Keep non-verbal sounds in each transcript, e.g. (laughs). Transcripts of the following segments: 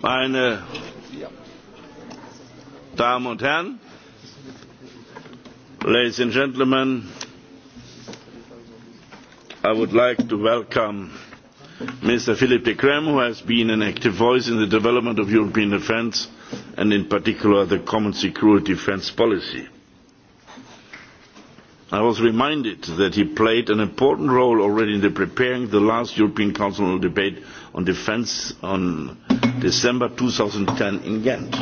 Meine Damen und Herren, ladies and gentlemen, I would like to welcome Mr. Philippe de Krem, who has been an active voice in the development of European defence and in particular the common security defence policy. I was reminded that he played an important role already in preparing the last European Council debate on defence on December 2010 in Ghent.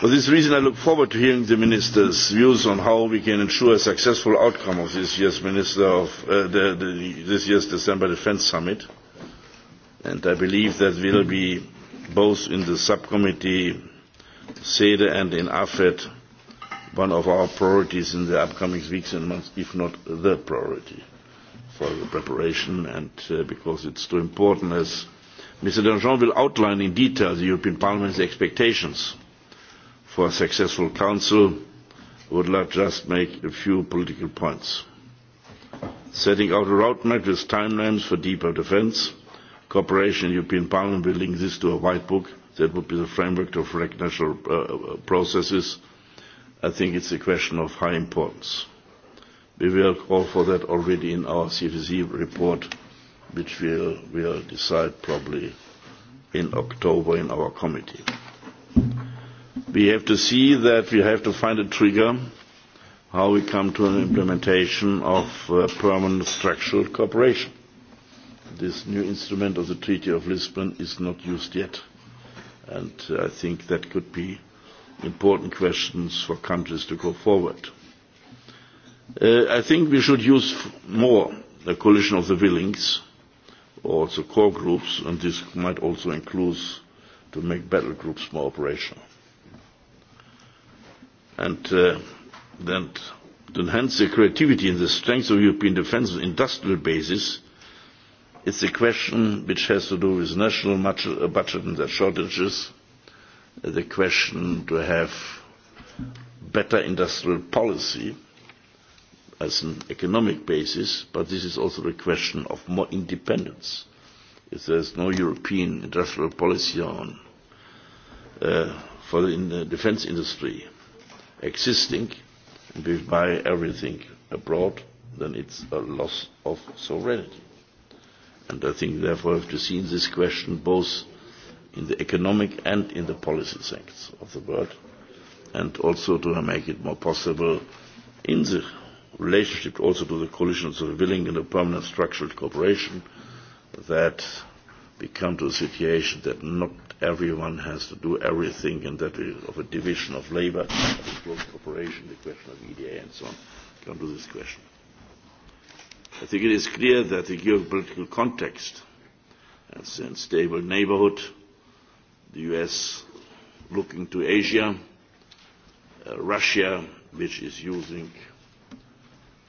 For this reason, I look forward to hearing the Minister's views on how we can ensure a successful outcome of this year's, Minister of, uh, the, the, this year's December Defence Summit. And I believe that will be both in the subcommittee SEDE and in AFET one of our priorities in the upcoming weeks and months, if not the priority for the preparation, and uh, because it's too important as Mr. Danjean will outline in detail the European Parliament's expectations for a successful Council. I would like just make a few political points. Setting out a roadmap with timelines for deeper defence, cooperation in the European Parliament will link this to a white book that would be the framework of recognition uh, uh processes i think it's a question of high importance. We will call for that already in our CDC report, which we we'll decide probably in October in our committee. We have to see that we have to find a trigger how we come to an implementation of uh, permanent structural cooperation. This new instrument of the Treaty of Lisbon is not used yet, and uh, I think that could be important questions for countries to go forward. Uh, I think we should use more the coalition of the willings, or the core groups, and this might also include to make battle groups more operational. And uh, then to enhance the creativity and the strength of European defence industrial basis, is a question which has to do with national uh, budget and their shortages the question to have better industrial policy as an economic basis, but this is also the question of more independence. If there is no European industrial policy on uh, for the, in the defense industry existing, and we buy everything abroad, then it's a loss of sovereignty. And I think therefore we have to see in this question both in the economic and in the policy sectors of the world, and also to make it more possible in the relationship also to the coalitions of the willing and a permanent structured cooperation that we come to a situation that not everyone has to do everything and that is of a division of labor, of close cooperation, the question of EDA and so on, come to this question. I think it is clear that the geopolitical context and stable neighborhood the US looking to Asia, uh, Russia, which is using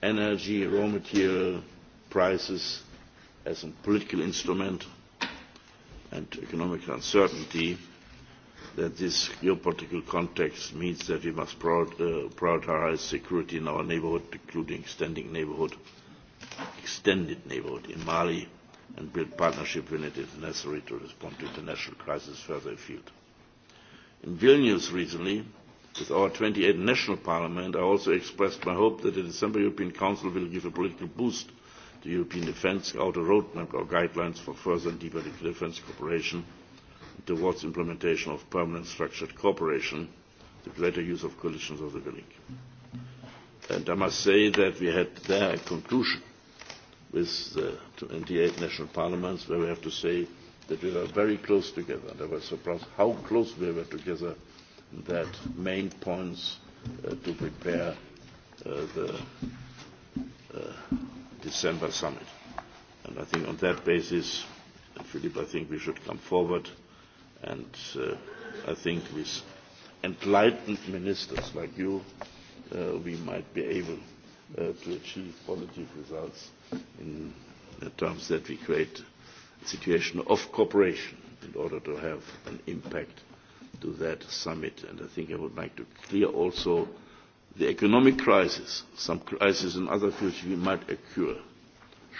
energy, raw material prices as a political instrument and economic uncertainty, that this geopolitical context means that we must uh, prioritize security in our neighborhood, including extending neighborhood, extended neighborhood in Mali, and build partnership when it is necessary to respond to international crises further afield. In Vilnius recently, with our 28 national parliament, I also expressed my hope that the December European Council will give a political boost to European defence, out a roadmap or guidelines for further and deeper defence cooperation towards implementation of permanent structured cooperation, the greater use of coalitions of the willing. And I must say that we had there a conclusion with the 28 national parliaments where we have to say that we were very close together. and I was surprised how close we were together that main points uh, to prepare uh, the uh, December summit. And I think on that basis, Philip, I think we should come forward and I think with enlightened ministers like you, we might be able to achieve positive results in the terms that we create a situation of cooperation in order to have an impact to that summit. And I think I would like to clear also the economic crisis, some crisis in other fields we might occur,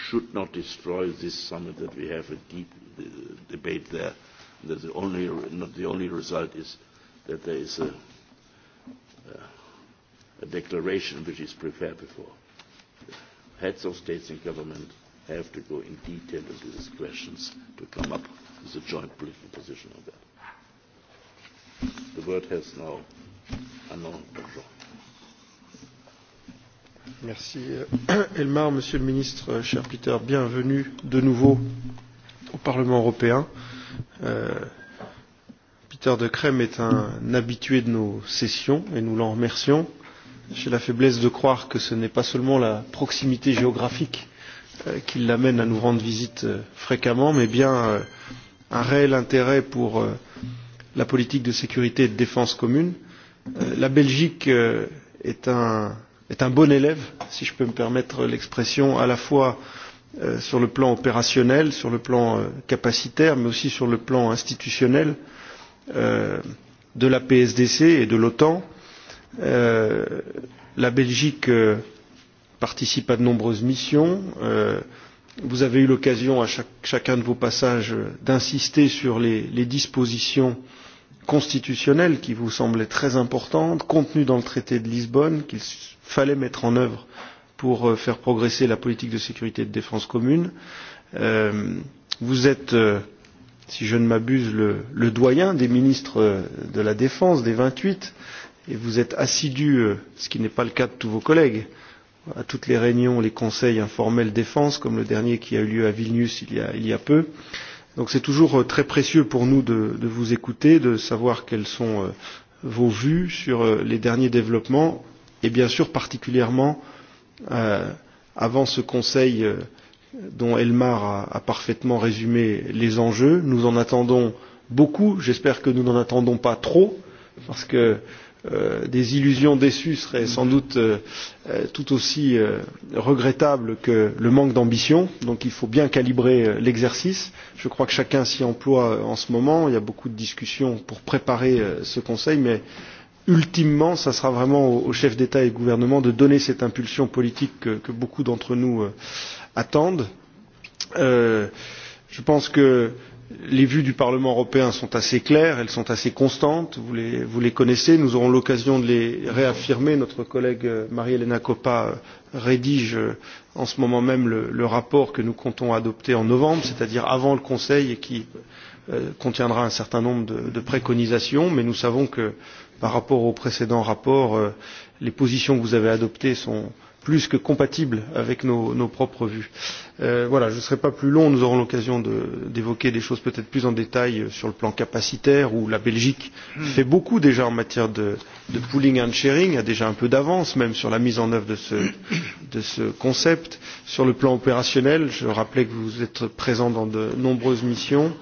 should not destroy this summit that we have a deep uh, debate there. That the only, not the only result is that there is a, uh, a declaration which is prepared before heads of states and government have to go in detail into these questions to come up with a joint political position on that. The word has now Anand Bonjour. Merci euh, (coughs) Elmar, Monsieur le Ministre, euh, cher Peter, bienvenue de nouveau au Parlement européen. Euh, Peter de Crème est un habitué de nos sessions et nous l'en remercions j'ai la faiblesse de croire que ce n'est pas seulement la proximité géographique euh, qui l'amène à nous rendre visite euh, fréquemment, mais bien euh, un réel intérêt pour la politique de sécurité et de défense commune. La Belgique est un, est un bon élève, si je peux me permettre l'expression, à la fois sur le plan opérationnel, sur le plan capacitaire, mais aussi sur le plan institutionnel de la PSDC et de l'OTAN Euh, la belgique euh, participe à de nombreuses missions euh, vous avez eu l'occasion à chaque, chacun de vos passages d'insister sur les, les dispositions constitutionnelles qui vous semblaient très importantes contenues dans le traité de lisbonne qu'il fallait mettre en œuvre pour faire progresser la politique de sécurité et de défense commune. vous êtes si je ne m'abuse le, doyen des ministres de la défense des vingt huit et vous êtes assidu, euh, ce qui n'est pas le cas de tous vos collègues, à toutes les réunions, les conseils informels défense, comme le dernier qui a eu lieu à Vilnius il y a, il y a peu. Donc c'est toujours euh, très précieux pour nous de, de vous écouter, de savoir quelles sont euh, vos vues sur les derniers développements et bien sûr particulièrement avant ce Conseil dont Elmar a, a parfaitement résumé les enjeux. Nous en attendons beaucoup, j'espère que nous n'en attendons pas trop, parce que Euh, des illusions déçues serait sans mhm. doute euh, euh, tout aussi regrettable que le manque d'ambition donc il faut bien calibrer l'exercice je crois que chacun s'y emploie en ce moment il y a beaucoup de discussions pour préparer ce conseil mais ultimement ce sera vraiment aux chefs d'état et gouvernement de donner cette impulsion politique que, beaucoup d'entre nous attendent. je pense que les vues du parlement européen sont assez claires elles sont assez constantes vous les, connaissez nous aurons l'occasion de les réaffirmer notre collègue euh, marie elena coppa euh, rédige euh, en ce moment même le, rapport que nous comptons adopter en novembre c'est à dire avant le conseil et qui contiendra un certain nombre de, préconisations mais nous savons que par rapport au précédent rapport les positions que vous avez adoptées sont plus que compatible avec nos, nos propres vues. Euh, voilà, je ne serai pas plus long, nous aurons l'occasion d'évoquer des choses peut-être plus en détail euh, sur le plan capacitaire, où la Belgique hmm. fait beaucoup déjà en matière de, de pooling and sharing, a déjà un peu d'avance même sur la mise en œuvre de ce, de ce concept. Sur le plan opérationnel, je rappelais que vous êtes présent dans de nombreuses missions,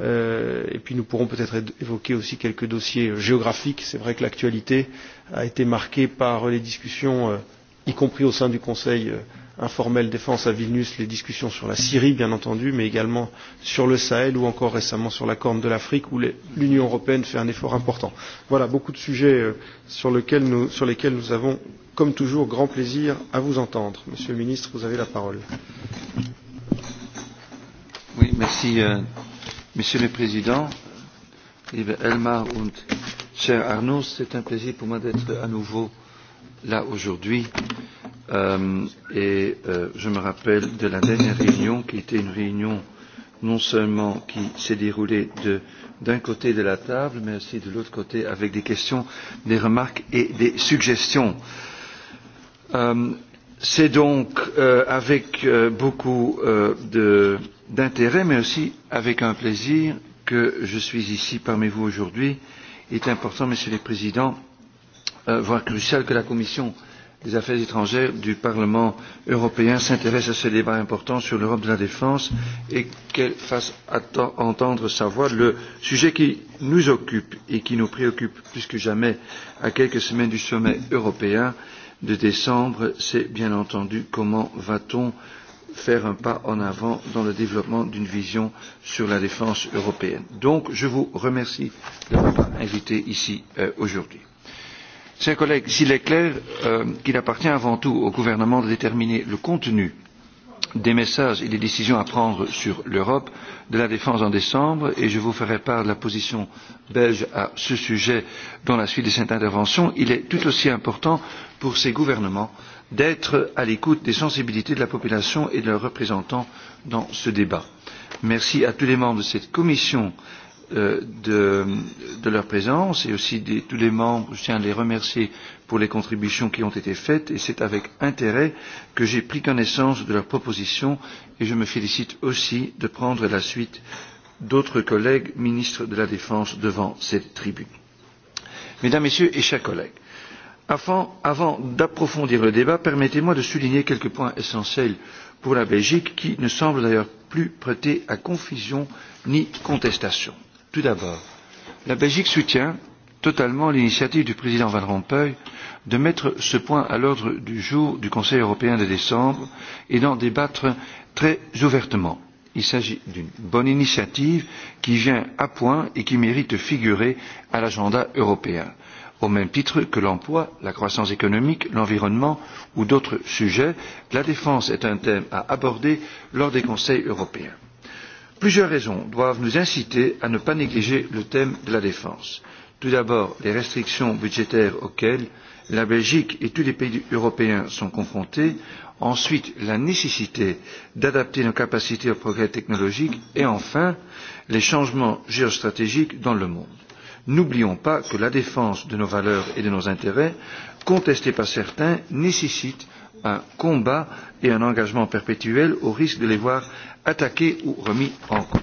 euh, et puis nous pourrons peut-être évoquer aussi quelques dossiers géographiques. C'est vrai que l'actualité a été marquée par les discussions y compris au sein du Conseil euh, informel défense à Vilnius, les discussions sur la Syrie, bien entendu, mais également sur le Sahel ou encore récemment sur la Corne de l'Afrique, où l'Union européenne fait un effort important. Voilà beaucoup de sujets euh, sur, lesquels nous, sur lesquels nous avons, comme toujours, grand plaisir à vous entendre. Monsieur le ministre, vous avez la parole. Oui, merci, euh, Monsieur le Président, eh Elmar und Cher Arnaud, c'est un plaisir pour moi d'être à nouveau là aujourd'hui. Euh, et euh, je me rappelle de la dernière réunion qui était une réunion non seulement qui s'est déroulée d'un côté de la table, mais aussi de l'autre côté avec des questions, des remarques et des suggestions. Euh, C'est donc euh, avec euh, beaucoup euh, d'intérêt, mais aussi avec un plaisir que je suis ici parmi vous aujourd'hui. Il est important, Monsieur le Président, Euh, voire crucial que la commission des affaires étrangères du parlement européen s'intéresse à ce débat important sur l'europe de la défense et qu'elle fasse entendre sa voix. le sujet qui nous occupe et qui nous préoccupe plus que jamais à quelques semaines du sommet européen de décembre c'est bien entendu comment va t on faire un pas en avant dans le développement d'une vision sur la défense européenne. donc je vous remercie de m'avoir invité ici euh, aujourd'hui chers collègues s'il est clair euh, qu'il appartient avant tout au gouvernement de déterminer le contenu des messages et des décisions à prendre sur l'europe de la défense en décembre et je vous ferai part de la position belge à ce sujet dans la suite de cette intervention il est tout aussi important pour ces gouvernements d'être à l'écoute des sensibilités de la population et de leurs représentants dans ce débat. merci à tous les membres de cette commission Euh, de, de leur présence et aussi de tous les membres. Je tiens à les remercier pour les contributions qui ont été faites et c'est avec intérêt que j'ai pris connaissance de leurs propositions et je me félicite aussi de prendre la suite d'autres collègues ministres de la Défense devant cette tribune. Mesdames, Messieurs et chers collègues, avant, avant d'approfondir le débat, permettez-moi de souligner quelques points essentiels pour la Belgique qui ne semblent d'ailleurs plus prêter à confusion ni contestation Tout d'abord, la Belgique soutient totalement l'initiative du président Van Rompuy de mettre ce point à l'ordre du jour du Conseil européen de décembre et d'en débattre très ouvertement. Il s'agit d'une bonne initiative qui vient à point et qui mérite de figurer à l'agenda européen, au même titre que l'emploi, la croissance économique, l'environnement ou d'autres sujets. La défense est un thème à aborder lors des conseils européens plusieurs raisons doivent nous inciter à ne pas négliger le thème de la défense tout d'abord les restrictions budgétaires auxquelles la belgique et tous les pays européens sont confrontés ensuite la nécessité d'adapter nos capacités aux progrès technologiques et enfin les changements géostratégiques dans le monde. n'oublions pas que la défense de nos valeurs et de nos intérêts contestée par certains nécessite un combat et un engagement perpétuel au risque de les voir attaqués ou remis en cause.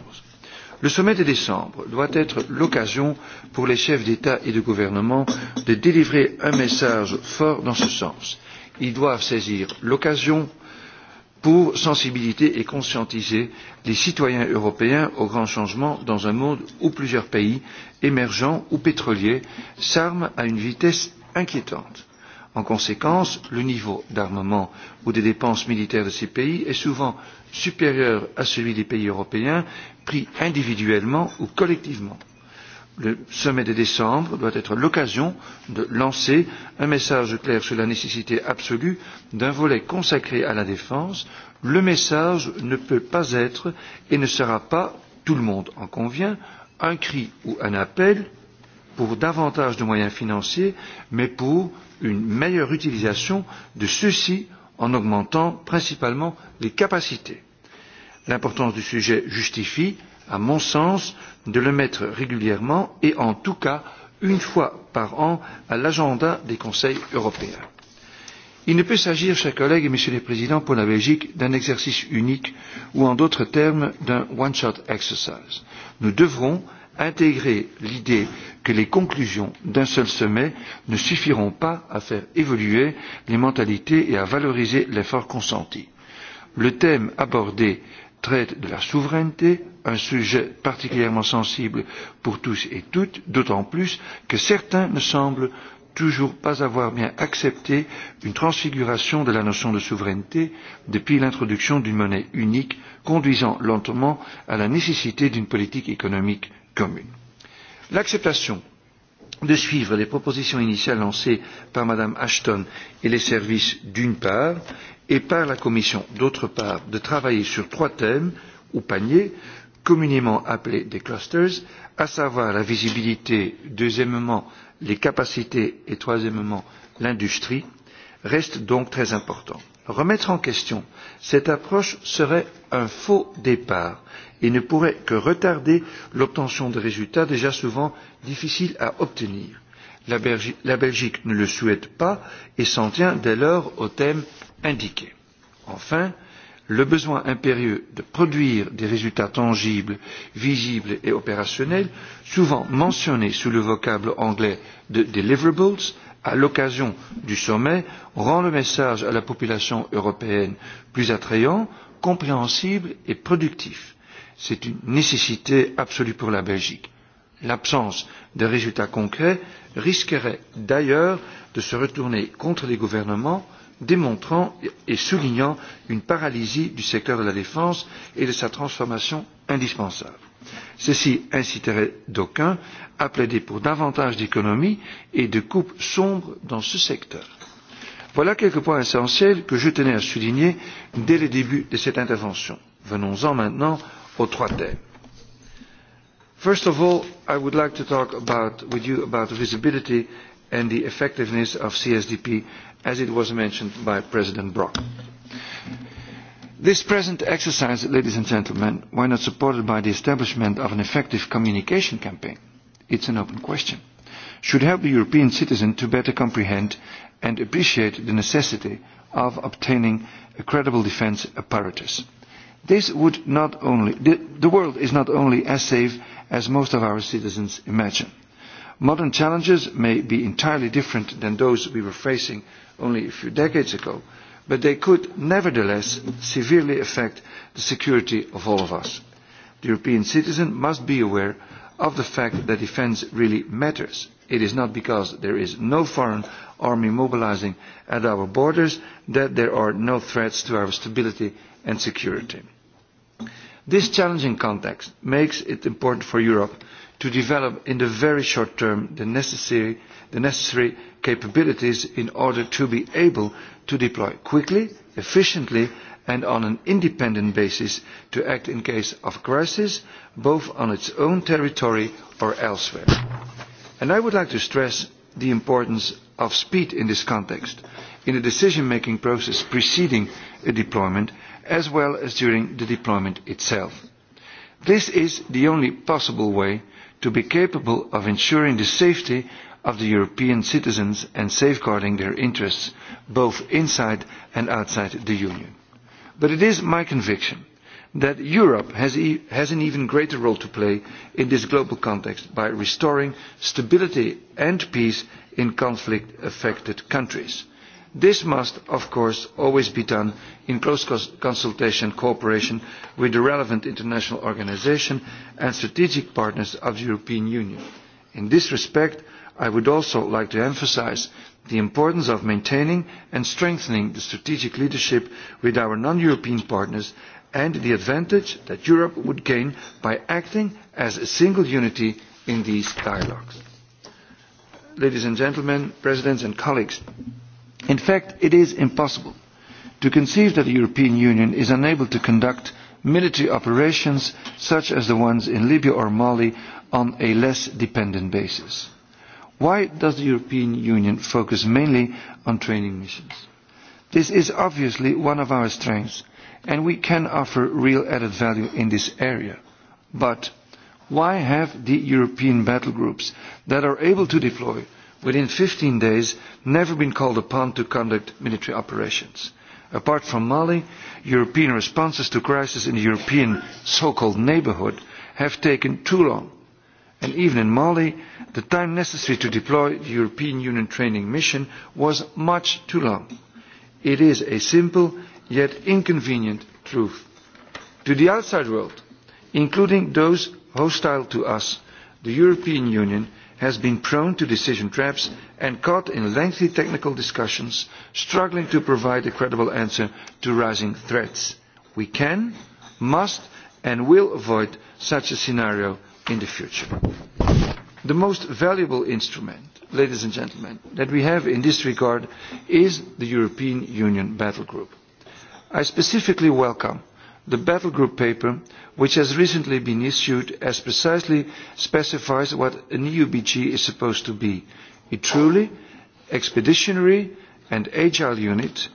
Le sommet de décembre doit être l'occasion pour les chefs d'État et de gouvernement de délivrer un message fort dans ce sens. Ils doivent saisir l'occasion pour sensibiliser et conscientiser les citoyens européens aux grands changements dans un monde où plusieurs pays émergents ou pétroliers s'arment à une vitesse inquiétante. En conséquence, le niveau d'armement ou des dépenses militaires de ces pays est souvent supérieur à celui des pays européens pris individuellement ou collectivement. Le sommet de décembre doit être l'occasion de lancer un message clair sur la nécessité absolue d'un volet consacré à la défense. Le message ne peut pas être et ne sera pas, tout le monde en convient, un cri ou un appel pour davantage de moyens financiers, mais pour une meilleure utilisation de ceux-ci en augmentant principalement les capacités. L'importance du sujet justifie, à mon sens, de le mettre régulièrement et en tout cas une fois par an à l'agenda des conseils européens. Il ne peut s'agir, chers collègues et messieurs les présidents, pour la Belgique d'un exercice unique ou en d'autres termes d'un one-shot exercise. Nous devrons intégrer l'idée que les conclusions d'un seul sommet ne suffiront pas à faire évoluer les mentalités et à valoriser l'effort consenti. Le thème abordé traite de la souveraineté, un sujet particulièrement sensible pour tous et toutes, d'autant plus que certains ne semblent toujours pas avoir bien accepté une transfiguration de la notion de souveraineté depuis l'introduction d'une monnaie unique, conduisant lentement à la nécessité d'une politique économique commune l'acceptation de suivre les propositions initiales lancées par mme ashton et les services d'une part et par la commission d'autre part de travailler sur trois thèmes ou paniers communément appelés des clusters à savoir la visibilité deuxièmement les capacités et troisièmement l'industrie reste donc très important. remettre en question cette approche serait un faux départ et ne pourrait que retarder l'obtention de résultats déjà souvent difficiles à obtenir. La Belgique, la Belgique ne le souhaite pas et s'en tient dès lors au thème indiqué. Enfin, le besoin impérieux de produire des résultats tangibles, visibles et opérationnels, souvent mentionné sous le vocable anglais de deliverables, à l'occasion du sommet, rend le message à la population européenne plus attrayant, compréhensible et productif c'est une nécessité absolue pour la Belgique. L'absence de résultats concrets risquerait d'ailleurs de se retourner contre les gouvernements, démontrant et soulignant une paralysie du secteur de la défense et de sa transformation indispensable. Ceci inciterait d'aucuns à plaider pour davantage d'économies et de coupes sombres dans ce secteur. Voilà quelques points essentiels que je tenais à souligner dès le début de cette intervention. Venons-en maintenant or trois thèmes. First of all, I would like to talk about, with you about the visibility and the effectiveness of CSDP as it was mentioned by President Brock. This present exercise, ladies and gentlemen, why not supported by the establishment of an effective communication campaign? It's an open question. Should help the European citizen to better comprehend and appreciate the necessity of obtaining a credible defence apparatus. This would not only, the, the world is not only as safe as most of our citizens imagine. Modern challenges may be entirely different than those we were facing only a few decades ago, but they could nevertheless severely affect the security of all of us. The European citizen must be aware of the fact that defence really matters. It is not because there is no foreign army mobilising at our borders that there are no threats to our stability and security. This challenging context makes it important for Europe to develop in the very short term the necessary, the necessary capabilities in order to be able to deploy quickly, efficiently and on an independent basis to act in case of crisis, both on its own territory or elsewhere. And I would like to stress the importance of speed in this context, in the decision-making process preceding a deployment as well as during the deployment itself. This is the only possible way to be capable of ensuring the safety of the European citizens and safeguarding their interests both inside and outside the Union. But it is my conviction that Europe has, e, has an even greater role to play in this global context by restoring stability and peace in conflict affected countries. This must, of course, always be done in close consultation and cooperation with the relevant international organisation and strategic partners of the European Union. In this respect, I would also like to emphasise the importance of maintaining and strengthening the strategic leadership with our non-European partners and the advantage that Europe would gain by acting as a single unity in these dialogues. Ladies and gentlemen, presidents and colleagues, in fact it is impossible to conceive that the european union is unable to conduct military operations such as the ones in libya or mali on a less dependent basis. why does the european union focus mainly on training missions? this is obviously one of our strengths and we can offer real added value in this area but why have the european battle groups that are able to deploy within 15 days, never been called upon to conduct military operations. Apart from Mali, European responses to crisis in the European so-called neighbourhood have taken too long. And even in Mali, the time necessary to deploy the European Union training mission was much too long. It is a simple yet inconvenient truth. To the outside world, including those hostile to us, the European Union has been prone to decision traps and caught in lengthy technical discussions struggling to provide a credible answer to rising threats. we can must and will avoid such a scenario in the future. the most valuable instrument ladies and gentlemen that we have in this regard is the european union battle group. i specifically welcome the battle group paper which has recently been issued as precisely specifies what an eu bg is supposed to be a truly expeditionary and agile unit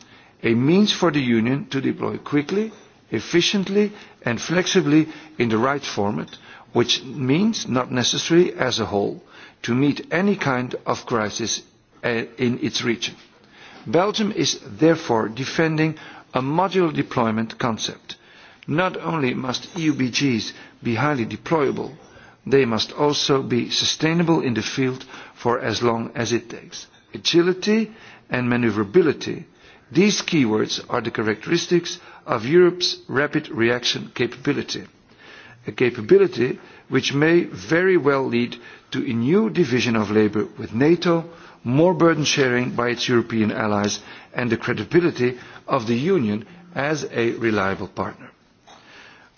a means for the union to deploy quickly efficiently and flexibly in the right format which means not necessary as a whole to meet any kind of crisis eh, in its region. belgium is therefore defending a modular deployment concept Not only must EUBGs be highly deployable, they must also be sustainable in the field for as long as it takes. Agility and maneuverability, these keywords are the characteristics of Europe's rapid reaction capability, a capability which may very well lead to a new division of labour with NATO, more burden sharing by its European allies and the credibility of the Union as a reliable partner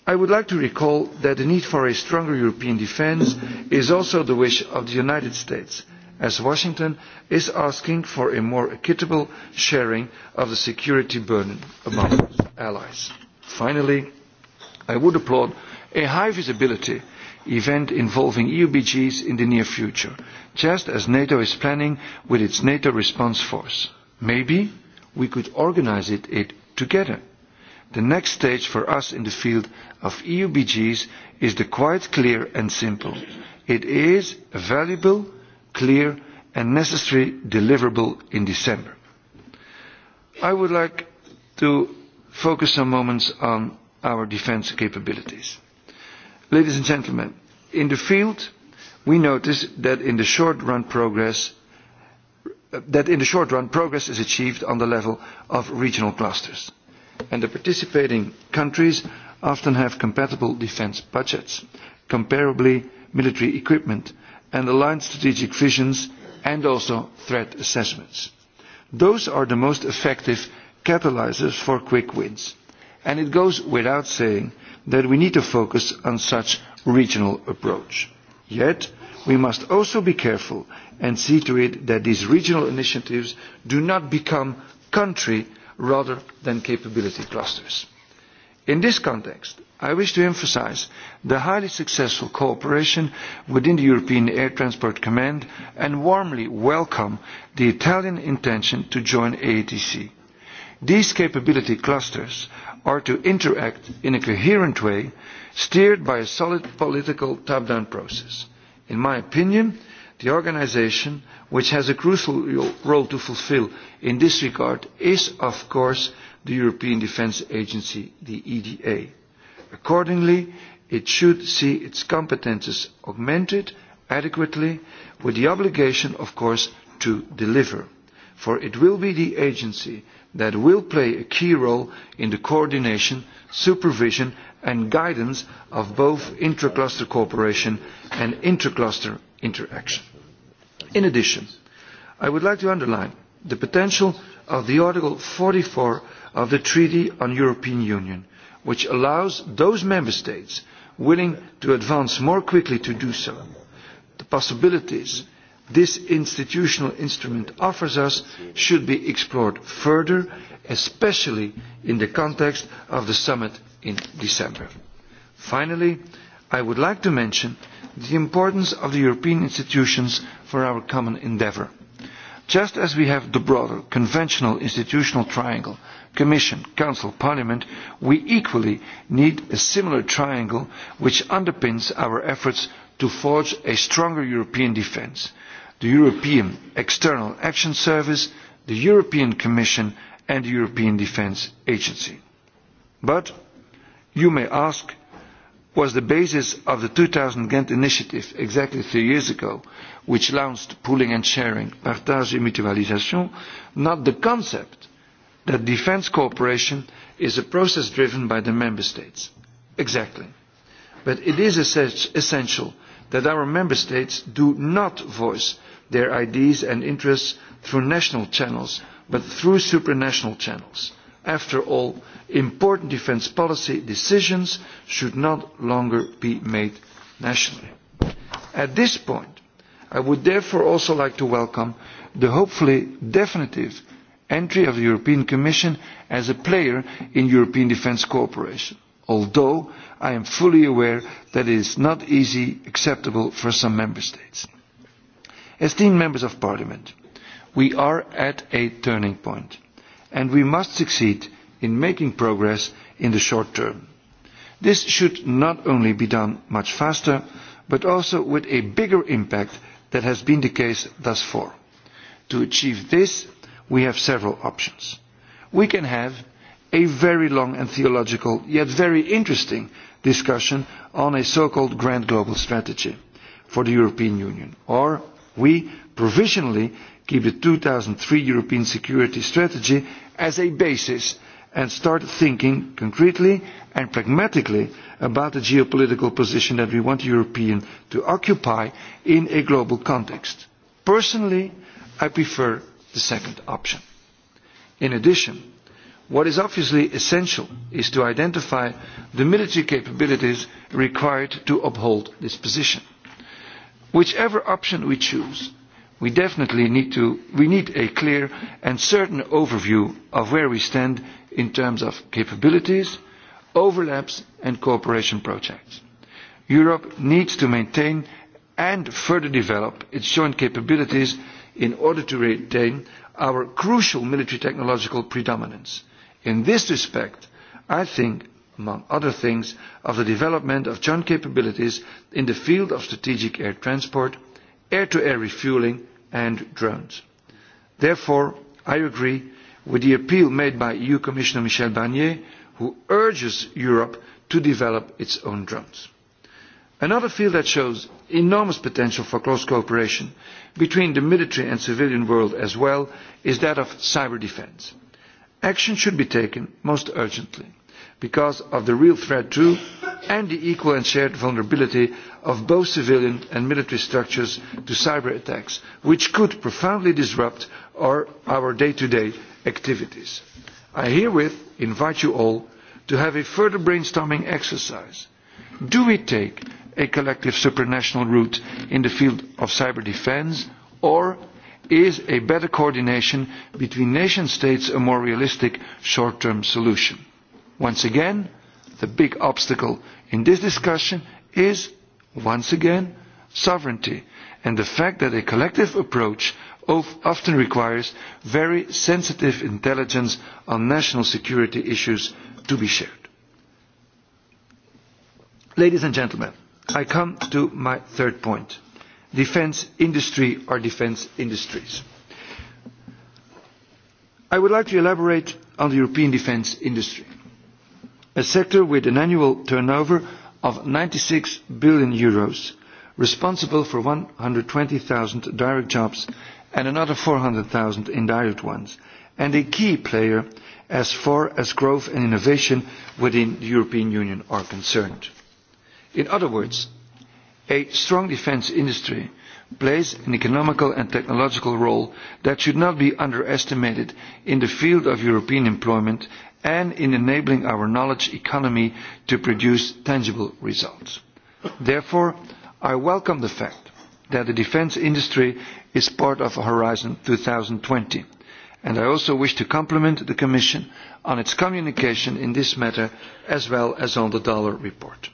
i would like to recall that the need for a stronger european defence is also the wish of the united states as washington is asking for a more equitable sharing of the security burden among allies. finally i would applaud a high visibility event involving eu bgs in the near future just as nato is planning with its nato response force. maybe we could organise it, it together The next stage for us in the field of EU BGs is the quite clear and simple. It is a valuable, clear and necessary deliverable in December. I would like to focus some moments on our defence capabilities. Ladies and gentlemen, in the field we notice that in the short run progress that in the short run progress is achieved on the level of regional clusters and the participating countries often have compatible defence budgets, comparably military equipment, and aligned strategic visions and also threat assessments. Those are the most effective catalyzers for quick wins. And it goes without saying that we need to focus on such regional approach. Yet, we must also be careful and see to it that these regional initiatives do not become country rather than capability clusters. In this context, I wish to emphasise the highly successful cooperation within the European Air Transport Command and warmly welcome the Italian intention to join AATC. These capability clusters are to interact in a coherent way, steered by a solid political top-down process. In my opinion, The organisation, which has a crucial role to fulfil in this regard, is of course the European Defence Agency, the EDA. Accordingly, it should see its competences augmented adequately, with the obligation, of course, to deliver. For it will be the agency that will play a key role in the coordination, supervision and guidance of both intra-cluster cooperation and intra-cluster interaction. In addition, I would like to underline the potential of the Article 44 of the Treaty on European Union, which allows those member states willing to advance more quickly to do so. The possibilities this institutional instrument offers us should be explored further, especially in the context of the summit in December. Finally, I would like to mention the importance of the European institutions for our common endeavour. Just as we have the broader conventional institutional triangle, Commission, Council, Parliament, we equally need a similar triangle which underpins our efforts to forge a stronger European defence. The European External Action Service, the European Commission and the European Defence Agency. But you may ask was the basis of the 2000 Ghent initiative exactly three years ago, which launched pooling and sharing, partage et mutualisation, not the concept that defence cooperation is a process driven by the member states. Exactly. But it is essential that our member states do not voice their ideas and interests through national channels, but through supranational channels After all, important defence policy decisions should not longer be made nationally. At this point, I would therefore also like to welcome the hopefully definitive entry of the European Commission as a player in European defence cooperation, although I am fully aware that it is not easy acceptable for some Member States. Esteemed Members of Parliament, we are at a turning point and we must succeed in making progress in the short term. This should not only be done much faster, but also with a bigger impact than has been the case thus far. To achieve this, we have several options. We can have a very long and theological, yet very interesting, discussion on a so-called grand global strategy for the European Union. Or we provisionally keep the 2003 European security strategy as a basis and start thinking concretely and pragmatically about the geopolitical position that we want Europeans to occupy in a global context. Personally, I prefer the second option. In addition, what is obviously essential is to identify the military capabilities required to uphold this position. Whichever option we choose, we definitely need to we need a clear and certain overview of where we stand in terms of capabilities overlaps and cooperation projects europe needs to maintain and further develop its joint capabilities in order to retain our crucial military technological predominance in this respect i think among other things of the development of joint capabilities in the field of strategic air transport air to air refuelling and drones. Therefore, I agree with the appeal made by EU Commissioner Michel Barnier, who urges Europe to develop its own drones. Another field that shows enormous potential for close cooperation between the military and civilian world as well is that of cyber defence. Action should be taken most urgently because of the real threat to and the equal and shared vulnerability of both civilian and military structures to cyber attacks which could profoundly disrupt our, our day to day activities. i herewith invite you all to have a further brainstorming exercise. do we take a collective supranational route in the field of cyber defence or is a better coordination between nation states a more realistic short term solution? Once again, the big obstacle in this discussion is, once again, sovereignty and the fact that a collective approach often requires very sensitive intelligence on national security issues to be shared. Ladies and gentlemen, I come to my third point, defence industry or defence industries. I would like to elaborate on the European defence industry a sector with an annual turnover of EUR ninety six billion Euros, responsible for one hundred and twenty direct jobs and another four hundred indirect ones, and a key player as far as growth and innovation within the European Union are concerned. In other words, a strong defence industry plays an economical and technological role that should not be underestimated in the field of European employment and in enabling our knowledge economy to produce tangible results. Therefore, I welcome the fact that the defence industry is part of Horizon 2020, and I also wish to compliment the Commission on its communication in this matter as well as on the dollar report.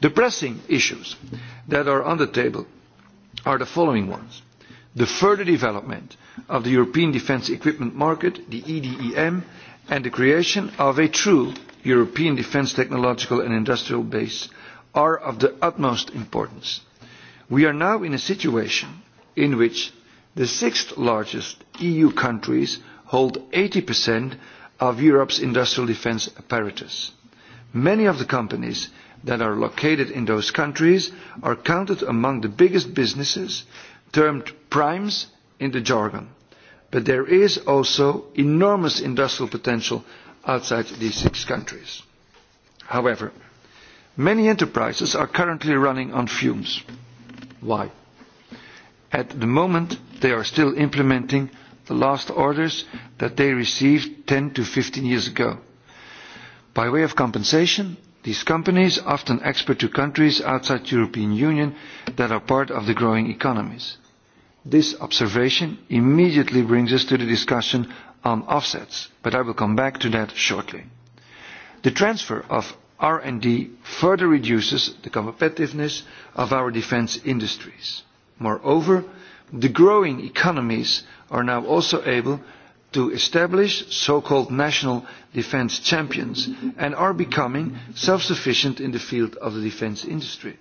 The pressing issues that are on the table are the following ones. The further development of the European Defence Equipment Market, the EDEM, and the creation of a true European defence technological and industrial base are of the utmost importance. We are now in a situation in which the sixth largest EU countries hold 80% of Europe's industrial defence apparatus. Many of the companies that are located in those countries are counted among the biggest businesses termed primes in the jargon but there is also enormous industrial potential outside these six countries. However, many enterprises are currently running on fumes. Why? At the moment, they are still implementing the last orders that they received 10 to 15 years ago. By way of compensation, these companies often export to countries outside the European Union that are part of the growing economies. This observation immediately brings us to the discussion on offsets, but I will come back to that shortly. The transfer of R&D further reduces the competitiveness of our defense industries. Moreover, the growing economies are now also able to establish so-called national defense champions and are becoming self-sufficient in the field of the defense industry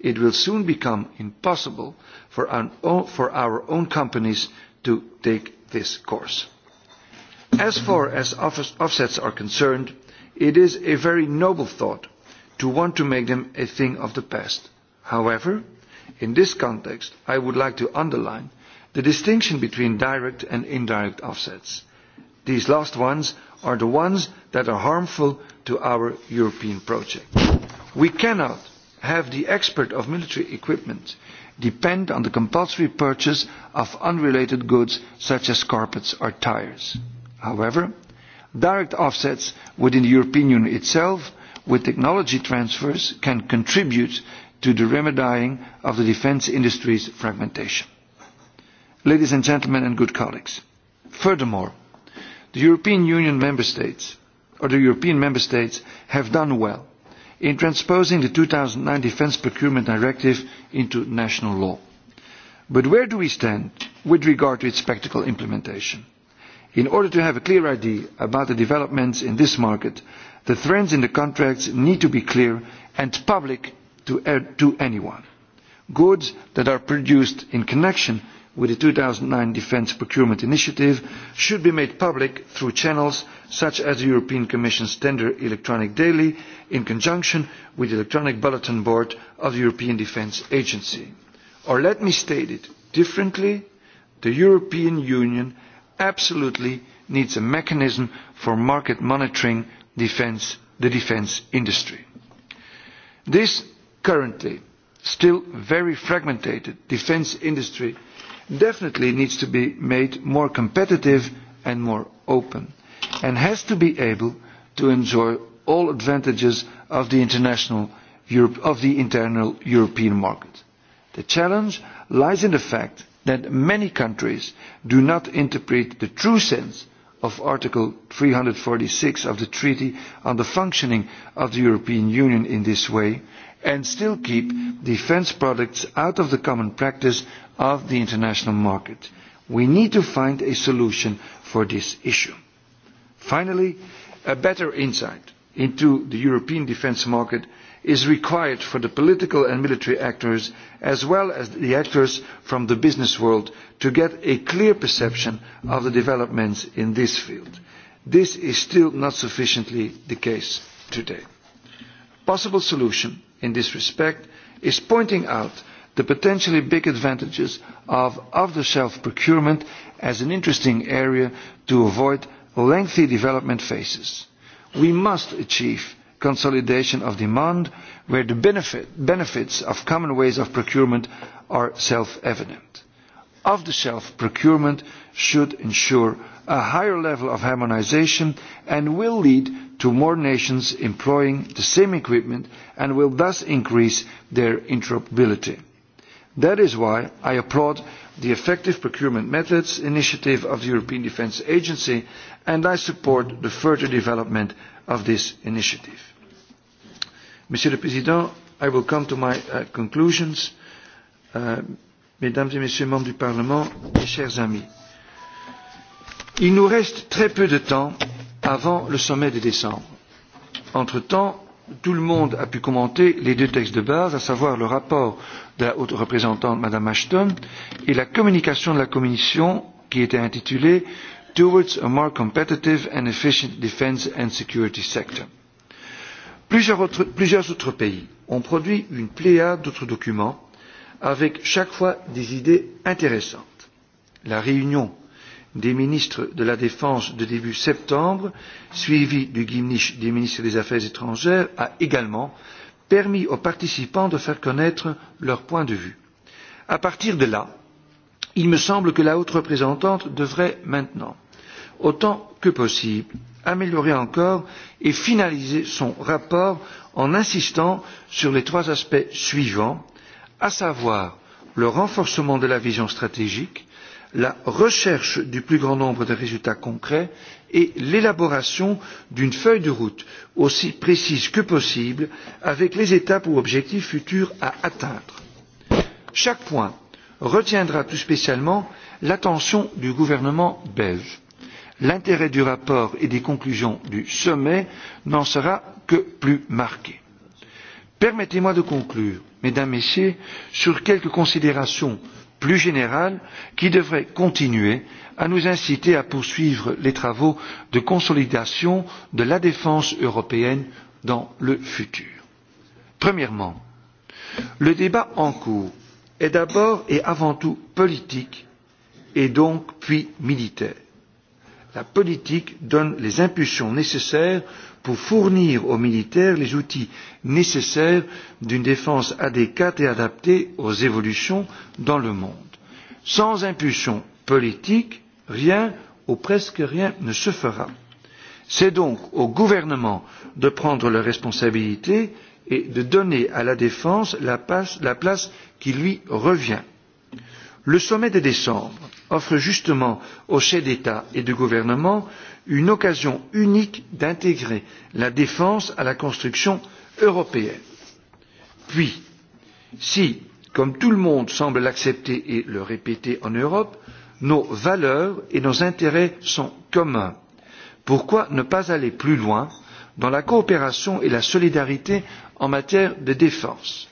it will soon become impossible for our own, for our own companies to take this course. As far as offsets are concerned, it is a very noble thought to want to make them a thing of the past. However, in this context, I would like to underline the distinction between direct and indirect offsets. These last ones are the ones that are harmful to our European project. We cannot have the export of military equipment depend on the compulsory purchase of unrelated goods such as carpets or tires. However, direct offsets within the European Union itself with technology transfers can contribute to the remedying of the defence industry's fragmentation. Ladies and gentlemen and good colleagues, furthermore, the European Union member states or the European member states have done well in transposing the 2009 Defence Procurement Directive into national law. But where do we stand with regard to its practical implementation? In order to have a clear idea about the developments in this market, the trends in the contracts need to be clear and public to, to anyone. Goods that are produced in connection with the 2009 Defence Procurement Initiative should be made public through channels such as the European Commission's Tender Electronic Daily in conjunction with the Electronic Bulletin Board of the European Defence Agency. Or let me state it differently, the European Union absolutely needs a mechanism for market monitoring the defence industry. This currently still very fragmented defence industry definitely needs to be made more competitive and more open and has to be able to enjoy all advantages of the international Europe, of the internal European market. The challenge lies in the fact that many countries do not interpret the true sense of Article 346 of the Treaty on the Functioning of the European Union in this way and still keep defence products out of the common practice of the international market. We need to find a solution for this issue. Finally, a better insight into the European defence market is required for the political and military actors as well as the actors from the business world to get a clear perception of the developments in this field. This is still not sufficiently the case today. A possible solution in this respect is pointing out the potentially big advantages of off the shelf procurement as an interesting area to avoid lengthy development phases. We must achieve consolidation of demand where the benefits of common ways of procurement are self evident of the shelf procurement should ensure a higher level of harmonisation and will lead to more nations employing the same equipment and will thus increase their interoperability. That is why I applaud the Effective Procurement Methods initiative of the European Defence Agency and I support the further development of this initiative. Monsieur le Président, I will come to my uh, conclusions. Uh, mesdames et messieurs membres du parlement mes chers amis il nous reste très peu de temps avant le sommet de décembre. entre temps tout le monde a pu commenter les deux textes de base à savoir le rapport de la haute représentante mme ashton et la communication de la commission qui était intitulée towards a more competitive and efficient defence and security sector. Plusieurs autres, plusieurs autres pays ont produit une pléiade d'autres documents avec chaque fois des idées intéressantes. La réunion des ministres de la Défense de début septembre, suivie du Gimnich des ministres des Affaires étrangères, a également permis aux participants de faire connaître leur point de vue. À partir de là, il me semble que la haute représentante devrait maintenant, autant que possible, améliorer encore et finaliser son rapport en insistant sur les trois aspects suivants à savoir le renforcement de la vision stratégique, la recherche du plus grand nombre de résultats concrets et l'élaboration d'une feuille de route aussi précise que possible avec les étapes ou objectifs futurs à atteindre. Chaque point retiendra tout spécialement l'attention du gouvernement belge. L'intérêt du rapport et des conclusions du sommet n'en sera que plus marqué. Permettez-moi de conclure mesdames, messieurs, sur quelques considérations plus générales qui devraient continuer à nous inciter à poursuivre les travaux de consolidation de la défense européenne dans le futur. Premièrement, le débat en cours est d'abord et avant tout politique et donc puis militaire. La politique donne les impulsions nécessaires pour fournir aux militaires les outils nécessaires d'une défense adéquate et adaptée aux évolutions dans le monde. Sans impulsion politique, rien ou presque rien ne se fera. C'est donc au gouvernement de prendre leurs responsabilités et de donner à la défense la place, la place qui lui revient. Le sommet de décembre offre justement aux chefs d'État et de gouvernement une occasion unique d'intégrer la défense à la construction européenne. puis si comme tout le monde semble l'accepter et le répéter en europe nos valeurs et nos intérêts sont communs pourquoi ne pas aller plus loin dans la coopération et la solidarité en matière de défense?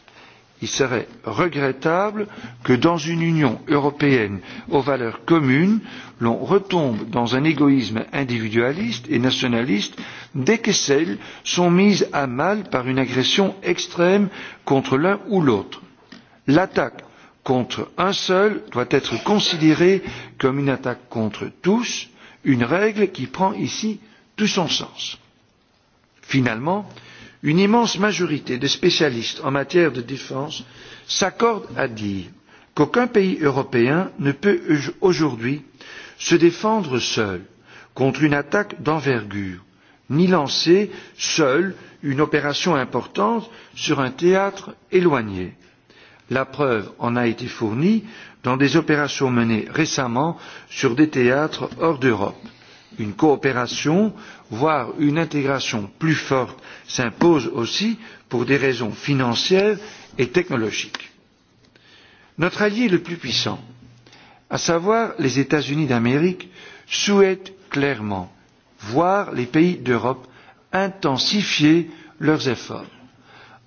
il serait regrettable que dans une union européenne aux valeurs communes l'on retombe dans un égoïsme individualiste et nationaliste dès que celles sont mises à mal par une agression extrême contre l'un ou l'autre. l'attaque contre un seul doit être considérée comme une attaque contre tous une règle qui prend ici tout son sens. finalement une immense majorité de spécialistes en matière de défense s'accordent à dire qu'aucun pays européen ne peut aujourd'hui se défendre seul contre une attaque d'envergure ni lancer seul une opération importante sur un théâtre éloigné. La preuve en a été fournie dans des opérations menées récemment sur des théâtres hors d'Europe. Une coopération, voire une intégration plus forte s'impose aussi pour des raisons financières et technologiques. Notre allié le plus puissant, à savoir les États-Unis d'Amérique, souhaite clairement voir les pays d'Europe intensifier leurs efforts.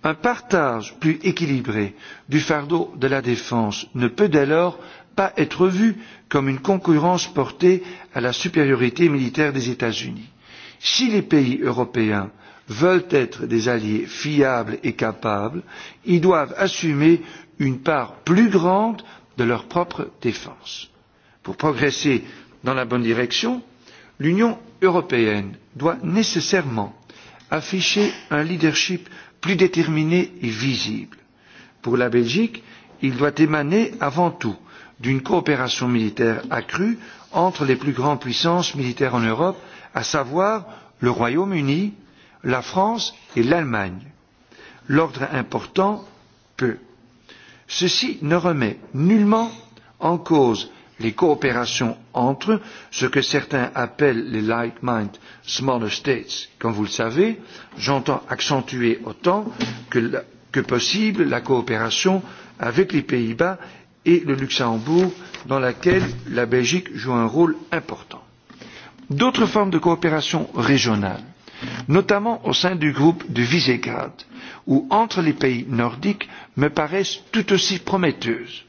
Un partage plus équilibré du fardeau de la défense ne peut dès lors pas être vu comme une concurrence portée à la supériorité militaire des États-Unis. Si les pays européens veulent être des alliés fiables et capables ils doivent assumer une part plus grande de leur propre défense. pour progresser dans la bonne direction l'union européenne doit nécessairement afficher un leadership plus déterminé et visible. pour la belgique il doit émaner avant tout d'une coopération militaire accrue entre les plus grandes puissances militaires en europe à savoir le royaume uni la France et l'Allemagne. L'ordre important peut. Ceci ne remet nullement en cause les coopérations entre ce que certains appellent les like mind smaller states. Comme vous le savez, j'entends accentuer autant que, la, que possible la coopération avec les Pays Bas et le Luxembourg, dans laquelle la Belgique joue un rôle important. D'autres formes de coopération régionale notamment au sein du groupe de Visegrad, où entre les pays nordiques, me paraissent tout aussi prometteuses.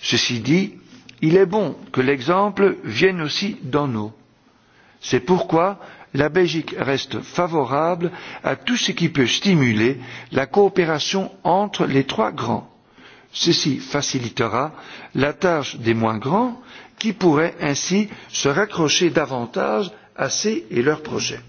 Ceci dit, il est bon que l'exemple vienne aussi dans nous. C'est pourquoi la Belgique reste favorable à tout ce qui peut stimuler la coopération entre les trois grands. Ceci facilitera la tâche des moins grands qui pourraient ainsi se raccrocher davantage à ces et leurs projets.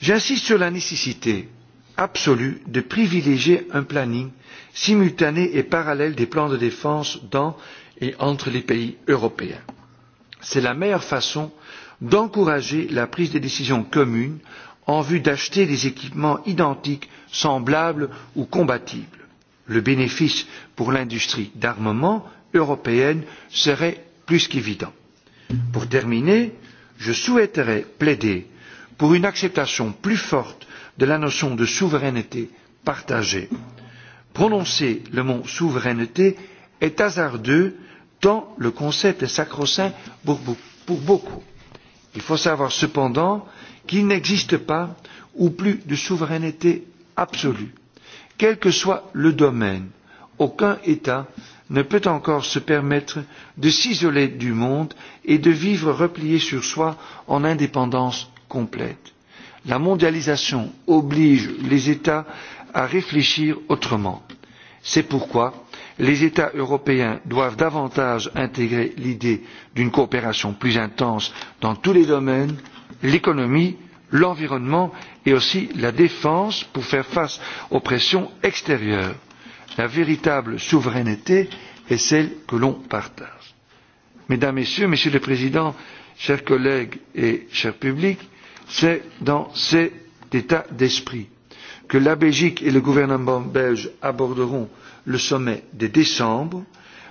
J'insiste sur la nécessité absolue de privilégier un planning simultané et parallèle des plans de défense dans et entre les pays européens. C'est la meilleure façon d'encourager la prise de décisions communes en vue d'acheter des équipements identiques, semblables ou compatibles. Le bénéfice pour l'industrie d'armement européenne serait plus qu'évident. Pour terminer, je souhaiterais plaider pour une acceptation plus forte de la notion de souveraineté partagée. Prononcer le mot souveraineté est hasardeux tant le concept est sacro-saint pour, pour beaucoup. Il faut savoir cependant qu'il n'existe pas ou plus de souveraineté absolue. Quel que soit le domaine, aucun État ne peut encore se permettre de s'isoler du monde et de vivre replié sur soi en indépendance complète. La mondialisation oblige les États à réfléchir autrement. C'est pourquoi les États européens doivent davantage intégrer l'idée d'une coopération plus intense dans tous les domaines l'économie, l'environnement et aussi la défense pour faire face aux pressions extérieures. La véritable souveraineté est celle que l'on partage. Mesdames, Messieurs, Messieurs le Président, chers collègues et chers publics, C'est dans cet état d'esprit que la Belgique et le gouvernement belge aborderont le sommet de décembre.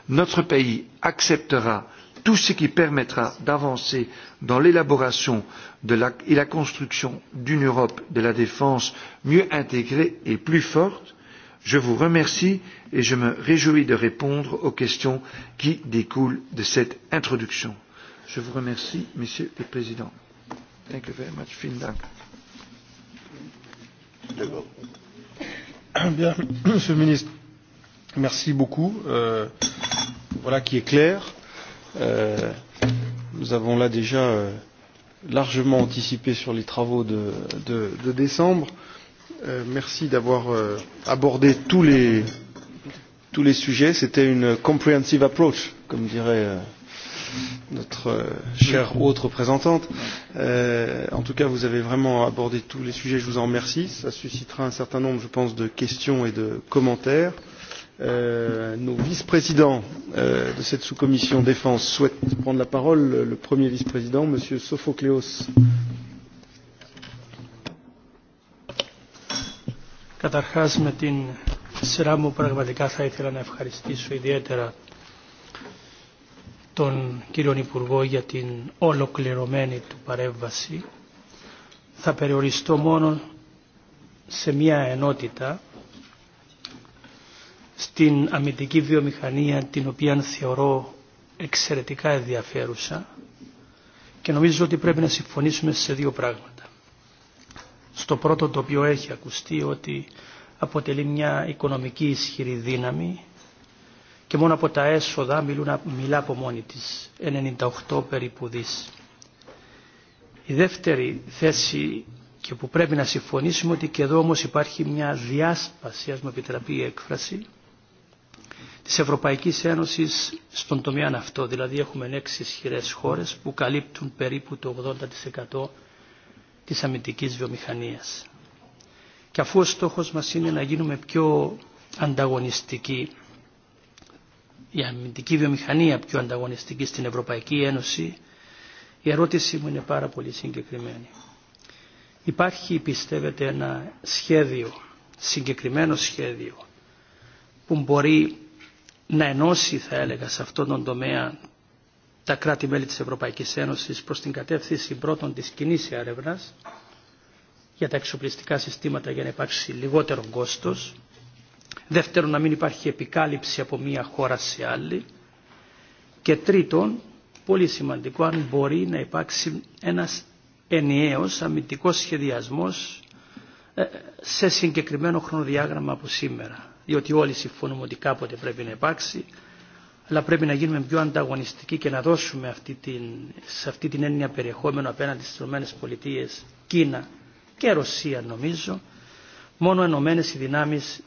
Notre pays acceptera tout ce qui permettra d'avancer dans l'élaboration et la construction d'une Europe de la défense mieux intégrée et plus forte. Je vous remercie et je me réjouis de répondre aux questions qui découlent de cette introduction. Je vous remercie, Monsieur le Président. Thank you very much. Vielen Dank. (coughs) Bien, (coughs) Monsieur le Ministre, merci beaucoup. Euh, voilà qui est clair. Euh, nous avons là déjà euh, largement anticipé sur les travaux de, de, de décembre. Euh, merci d'avoir euh, abordé tous les, tous les sujets. C'était une comprehensive approach, comme dirait euh, notre euh, chère haute représentante. Euh, en tout cas, vous avez vraiment abordé tous les sujets, je vous en remercie. Ça suscitera un certain nombre, je pense, de questions et de commentaires. Euh, nos vice-présidents euh, de cette sous-commission défense souhaitent prendre la parole. Le premier vice-président, Monsieur Sophocléos. Καταρχάς με την σειρά μου πραγματικά θα ήθελα να ευχαριστήσω ιδιαίτερα τον κύριο Υπουργό για την ολοκληρωμένη του παρέμβαση. Θα περιοριστώ μόνο σε μια ενότητα στην αμυντική βιομηχανία την οποία θεωρώ εξαιρετικά ενδιαφέρουσα και νομίζω ότι πρέπει να συμφωνήσουμε σε δύο πράγματα. Στο πρώτο το οποίο έχει ακουστεί ότι αποτελεί μια οικονομική ισχυρή δύναμη και μόνο από τα έσοδα μιλούν, μιλά από μόνη της, 98 περίπου δις. Η δεύτερη θέση και που πρέπει να συμφωνήσουμε ότι και εδώ όμως υπάρχει μια διάσπαση, ας μου επιτραπεί η έκφραση, της Ευρωπαϊκής Ένωσης στον τομέα αυτό. Δηλαδή έχουμε έξι ισχυρέ χώρες που καλύπτουν περίπου το 80% της αμυντικής βιομηχανίας. Και αφού ο στόχος μας είναι να γίνουμε πιο ανταγωνιστικοί η αμυντική βιομηχανία πιο ανταγωνιστική στην Ευρωπαϊκή Ένωση, η ερώτησή μου είναι πάρα πολύ συγκεκριμένη. Υπάρχει, πιστεύετε, ένα σχέδιο, συγκεκριμένο σχέδιο, που μπορεί να ενώσει, θα έλεγα, σε αυτόν τον τομέα τα κράτη-μέλη της Ευρωπαϊκής Ένωσης προς την κατεύθυνση πρώτων της κοινή έρευνα για τα εξοπλιστικά συστήματα για να υπάρξει λιγότερο κόστος Δεύτερον, να μην υπάρχει επικάλυψη από μία χώρα σε άλλη. Και τρίτον, πολύ σημαντικό, αν μπορεί να υπάρξει ένας ενιαίος αμυντικός σχεδιασμός σε συγκεκριμένο χρονοδιάγραμμα από σήμερα. Διότι όλοι συμφωνούμε ότι κάποτε πρέπει να υπάρξει, αλλά πρέπει να γίνουμε πιο ανταγωνιστικοί και να δώσουμε αυτή την, σε αυτή την έννοια περιεχόμενο απέναντι στις ΗΠΑ, Κίνα και Ρωσία νομίζω, μόνο ενωμένε οι δυνάμεις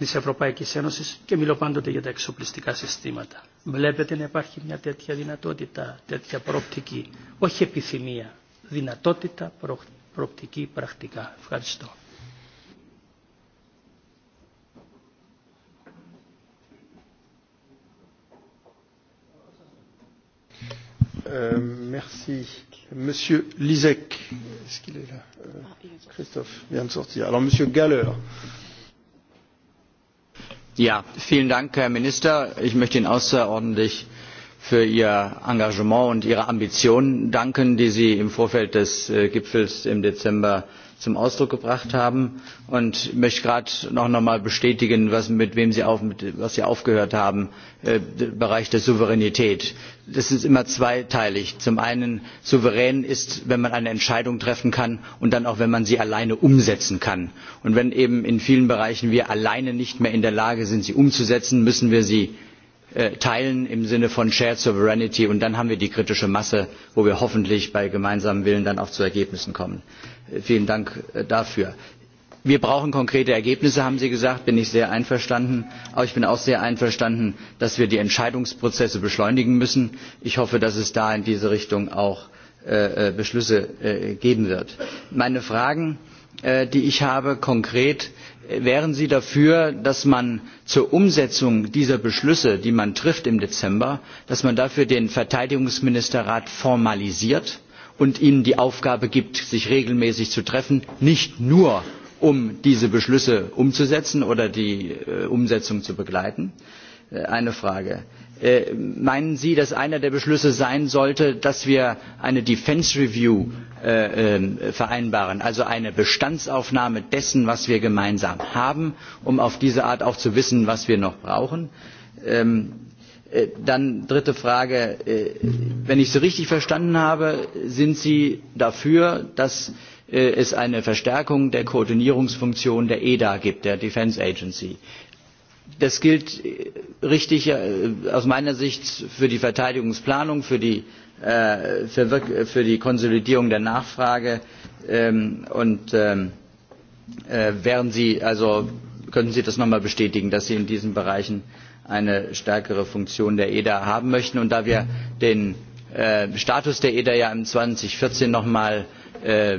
της Ευρωπαϊκής Ένωσης και μιλώ πάντοτε για τα εξοπλιστικά συστήματα. Βλέπετε να υπάρχει μια τέτοια δυνατότητα, τέτοια προοπτική, όχι επιθυμία, δυνατότητα προ, προοπτική πρακτικά. Ευχαριστώ. Euh, merci. Monsieur Lisek, est-ce qu'il est là euh, Christophe vient de sortir. Alors, Monsieur Galler. Euh, vielen Dank, Herr Minister. Ich möchte Ihnen außerordentlich für Ihr Engagement und Ihre Ambitionen danken, die Sie im Vorfeld des äh, Gipfels im Dezember zum Ausdruck gebracht haben. Und ich möchte gerade noch einmal bestätigen, mit wem Sie, auf, was Sie aufgehört haben, im äh, Bereich der Souveränität. Das ist immer zweiteilig. Zum einen, souverän ist, wenn man eine Entscheidung treffen kann und dann auch, wenn man sie alleine umsetzen kann. Und wenn eben in vielen Bereichen wir alleine nicht mehr in der Lage sind, sie umzusetzen, müssen wir sie Äh, teilen im sinne von shared sovereignty und dann haben wir die kritische masse wo wir hoffentlich bei gemeinsamem willen dann auch zu ergebnissen kommen. Äh, vielen dank äh, dafür. wir brauchen konkrete ergebnisse haben sie gesagt bin ich sehr einverstanden. aber ich bin auch sehr einverstanden dass wir die entscheidungsprozesse beschleunigen müssen. ich hoffe dass es da in diese richtung auch beschlüsse geben wird. meine fragen die ich habe konkret wären sie dafür dass man zur umsetzung dieser beschlüsse die man trifft im dezember dass man dafür den verteidigungsministerrat formalisiert und ihm die aufgabe gibt sich regelmäßig zu treffen nicht nur um diese beschlüsse umzusetzen oder die äh, umsetzung zu begleiten? Äh, eine frage äh, meinen sie dass einer der beschlüsse sein sollte dass wir eine defence review Äh, ähm, vereinbaren also eine bestandsaufnahme dessen was wir gemeinsam haben um auf diese art auch zu wissen was wir noch brauchen. Ähm, äh, dann dritte frage äh, wenn ich sie richtig verstanden habe sind sie dafür dass es eine verstärkung der koordinierungsfunktion der eda gibt der defence agency. das gilt richtig aus meiner sicht für die verteidigungsplanung für die Äh, für, die Konsolidierung der Nachfrage ähm, und ähm, äh, werden Sie also können Sie das nochmal bestätigen, dass Sie in diesen Bereichen eine stärkere Funktion der EDA haben möchten und da wir den äh, Status der EDA ja im 2014 nochmal Äh, äh,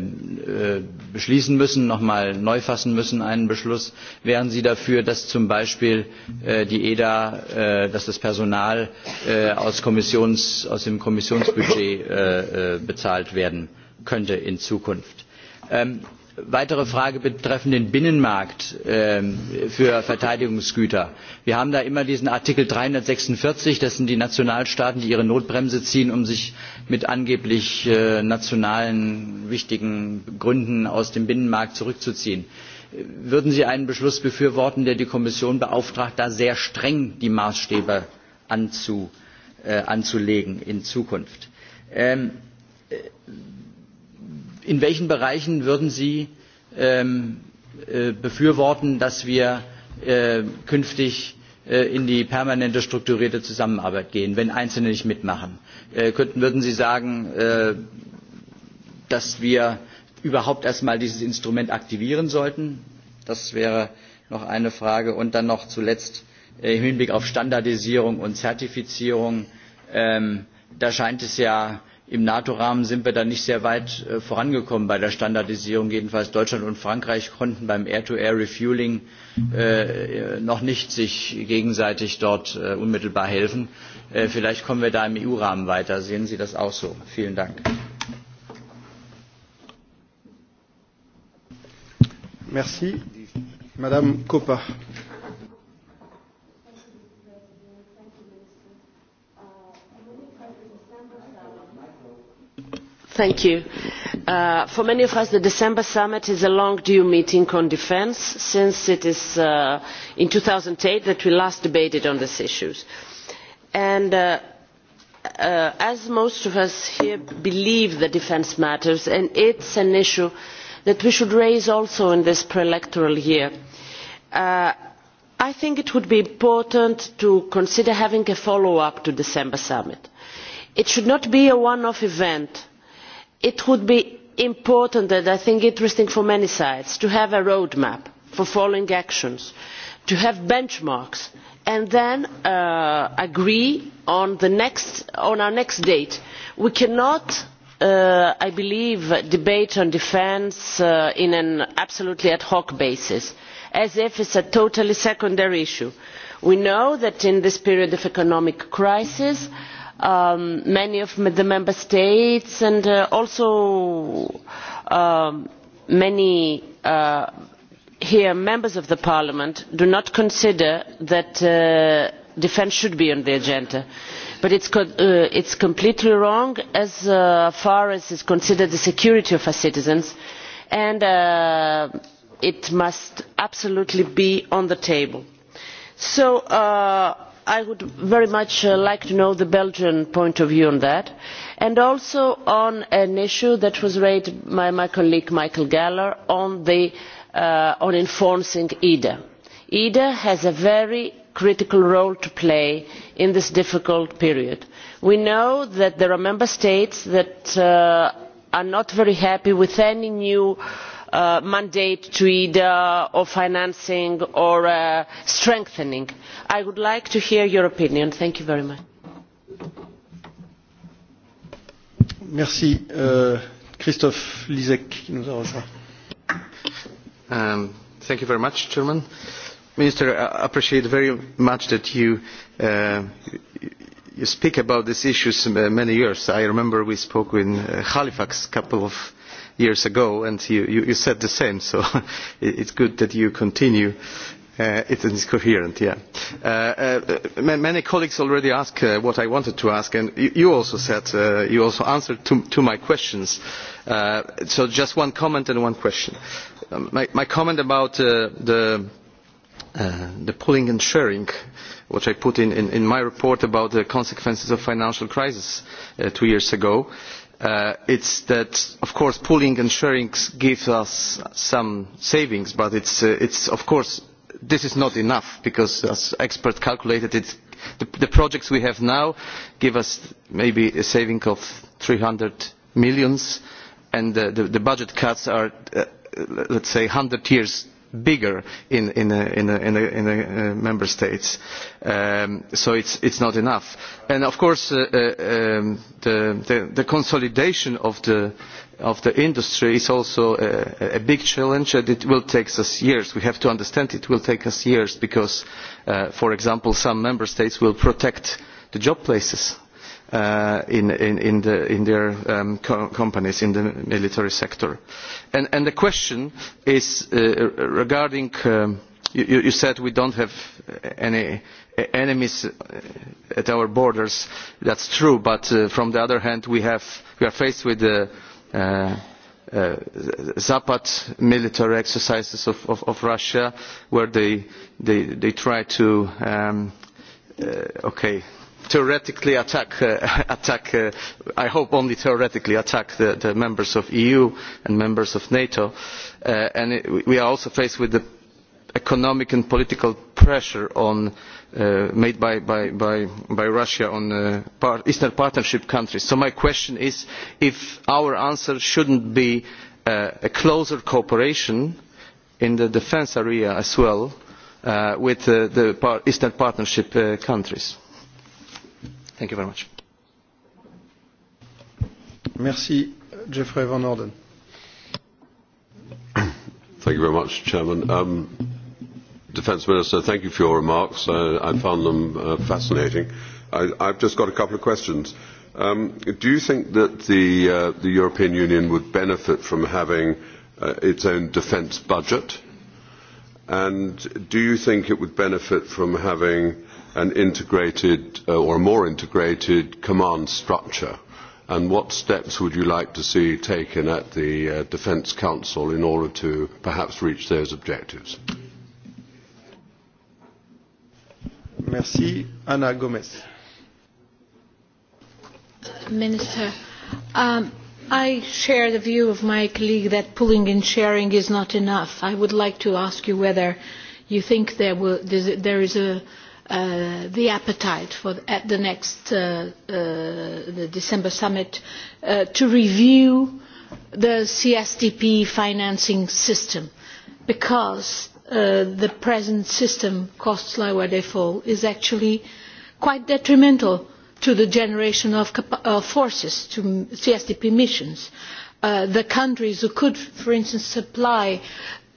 beschließen müssen noch einmal neu fassen müssen einen beschluss wären sie dafür dass zum beispiel äh, die eda dass das personal aus, dem kommissionsbudget bezahlt werden könnte in zukunft? Ähm, weitere frage betreffend den binnenmarkt ähm, für verteidigungsgüter wir haben da immer diesen artikel dreihundertsechsundvierzig das sind die nationalstaaten die ihre notbremse ziehen um sich mit angeblich äh, nationalen wichtigen gründen aus dem binnenmarkt zurückzuziehen. würden sie einen beschluss befürworten der die kommission beauftragt da sehr streng die maßstäbe äh, anzulegen in zukunft? Ähm, in welchen bereichen würden sie ähm, äh, befürworten dass wir äh, künftig äh, in die permanente strukturierte zusammenarbeit gehen wenn einzelne nicht mitmachen? Könnten, würden sie sagen dass wir überhaupt erst dieses instrument aktivieren sollten? das wäre noch eine frage. und dann noch zuletzt im hinblick auf standardisierung und zertifizierung ähm, da scheint es ja im nato rahmen sind wir da nicht sehr weit äh, vorangekommen bei der standardisierung jedenfalls deutschland und frankreich konnten beim air to air refueling äh, noch nicht gegenseitig dort äh, unmittelbar helfen. vielleicht kommen wir da im eu rahmen weiter. sehen sie das auch so? vielen dank. Mr president uh, for many of us the december summit is a long due meeting on defence since it is uh, in two thousand and eight that we last debated on these issues. And, uh, as most of us here believe that defence matters and it is an issue that we should raise also in this pre electoral year i think it would be important to consider having a follow up to the december summit. it should not be a one off event it would be important and i think interesting for many sides to have a road map for following actions to have benchmarks and then uh, agree on, our next date. we cannot uh, i believe debate on defence on uh, an absolutely ad hoc basis as if it is a totally secondary issue. we know that in this period of economic crisis Um, many of the member states and uh, also um, many uh, here members of the parliament do not consider that uh, defence should be on the agenda but it is completely wrong as far as is considered the security of our citizens and it must absolutely be on the table. so i would very much uh, like to know the belgian point of view on that and also on an issue that was raised by my colleague michael gahler uh, on enforcing eda. eda has a very critical role to play in this difficult period. we know that there are member states that uh, are not very happy with any new Uh, mandate to either uh, of financing or uh, strengthening. i would like to hear your opinion. thank you very much. Euh, um, Minister, I appreciate very much that you, speak about these issues many years. I remember we spoke in Halifax a couple of years ago and you, you, said the same so (laughs) it's good that you continue uh, it is coherent Yeah. Uh, uh, many colleagues already asked what i wanted to ask and you, you also said you also answered to, my questions so just one comment and one question. Um, my, comment about the, the pulling and sharing which i put in, in, in my report about the consequences of financial crisis two years ago Uh, it is that of course pooling and sharing gives us some savings but it's, uh, it's, of course this is not enough because as experts calculated it the, projects we have now give us maybe a saving of eur three hundred million and uh, the, the budget cuts are let us say one hundred years bigger in, the uh, member states. Um, so it is not enough. And of course, uh, uh, um, the, consolidation of the, industry is also a, big challenge and it will take us years. We have to understand it will take us years because, for example, some member states will protect the job places uh, in, in, in, the, in their um, co companies in the military sector. And, and the question is uh, regarding um, you, you said we don't have any enemies at our borders. That's true, but uh, from the other hand we, have, we are faced with the Uh, uh Zapad military exercises of, of, of Russia where they, they, they try to um, okay theoretically attack, uh, (laughs) attack uh, i hope only theoretically attack the, members of the eu and members of nato uh, and we are also faced with the economic and political pressure made by, russia on the eastern partnership countries. so my question is if our answer should not be a closer cooperation in the defence area as well with the eastern partnership countries. Thank you very much. Merci, Jeffrey Van Orden. Thank you very much, Chairman. Um, Defence Minister, thank you for your remarks. I found them uh, fascinating. I, I've just got a couple of questions. Um, do you think that the, uh, the European Union would benefit from having uh, its own defence budget? And do you think it would benefit from having an integrated uh, or more integrated command structure and what steps would you like to see taken at the uh, defence council in order to perhaps reach those objectives Merci Ana Gomez Minister um i share the view of my colleague that pulling and sharing is not enough. I would like to ask you whether you think there, will, there is a, Uh, the appetite for the, at the next uh, uh, December summit to review the CSDP financing system because the present system costs lie where they fall is actually quite detrimental to the generation of forces to CSDP missions. The countries who could, for instance, supply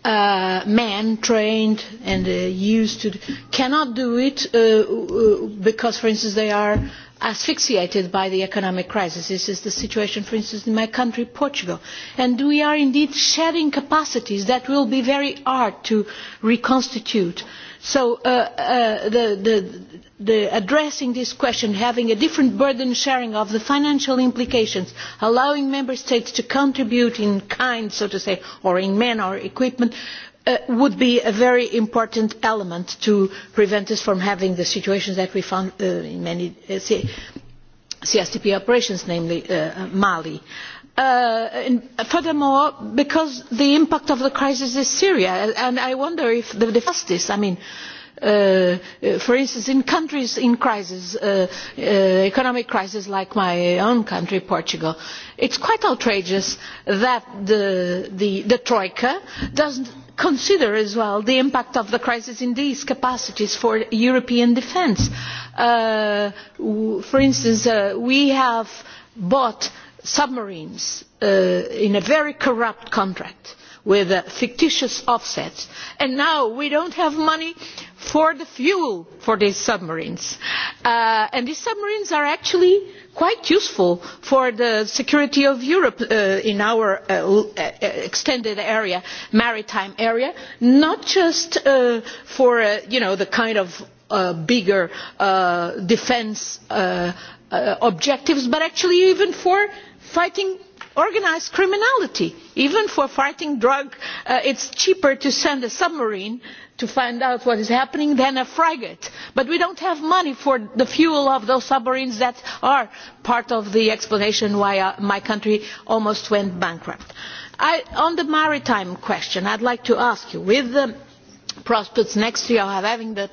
Uh, men trained and uh, used to cannot do it uh, because for instance they are asphyxiated by the economic crisis. This is the situation for instance in my country Portugal and we are indeed shedding capacities that will be very hard to reconstitute so uh, uh, addressing this question having a different burden sharing of the financial implications allowing member states to contribute in kind so to say or in men or equipment uh, would be a very important element to prevent us from having the situations that we found in many csdp operations namely mali. Uh, furthermore because the impact of the crisis is syria and i wonder if the, justice i mean uh, uh, for instance in countries in crisis economic crisis like my own country portugal it is quite outrageous that the, the troika does not consider as well the impact of the crisis in these capacities for european defence. for instance we have bought submarines uh, in a very corrupt contract with uh, fictitious offsets and now we do not have money for the fuel for these submarines. Uh, and these submarines are actually quite useful for the security of europe in our extended area maritime area not just for the kind of bigger defence objectives but actually even for fighting organised criminality even for fighting drugs uh, it is cheaper to send a submarine to find out what is happening than a frigate but we do not have money for the fuel of those submarines that are part of the explanation why uh, my country almost went bankrupt. on the maritime question i would like to ask you with the prospects next year of having the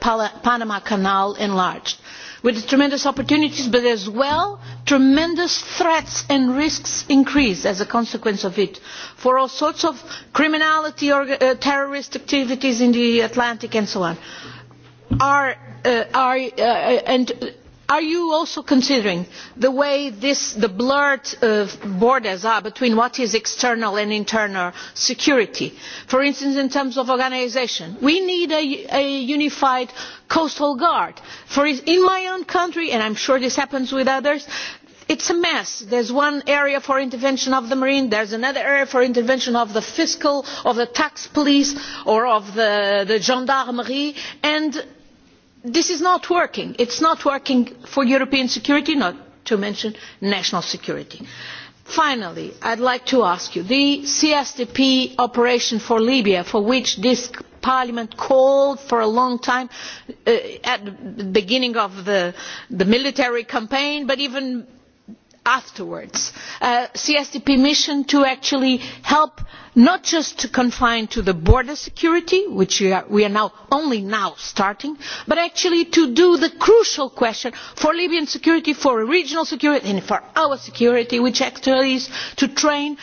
panama canal enlarged with tremendous opportunities but as well tremendous threats and risks increase as a consequence of it for all sorts of criminality or uh, terrorist activities in the atlantic and so on. Uh, uh, are you also considering the way the blurred uh, borders are between what is external and internal security for instance in terms of organisation? we need a, unified coastal guard. For in my own country and i am sure this happens with others it is a mess. there is one area for intervention of the marine there is another area for intervention of the fiscal of the tax police or of the gendarmerie and this is not working. it is not working for european security not to mention national security. finally i would like to ask you the csdp operation for libya for which this parliament called for a long time uh, at the beginning of the military campaign but even afterwards a uh, csdp mission to actually help not just to confine to the border security which we are, now only now starting but actually to do the crucial question for libyan security for regional security and for our security which actually is to train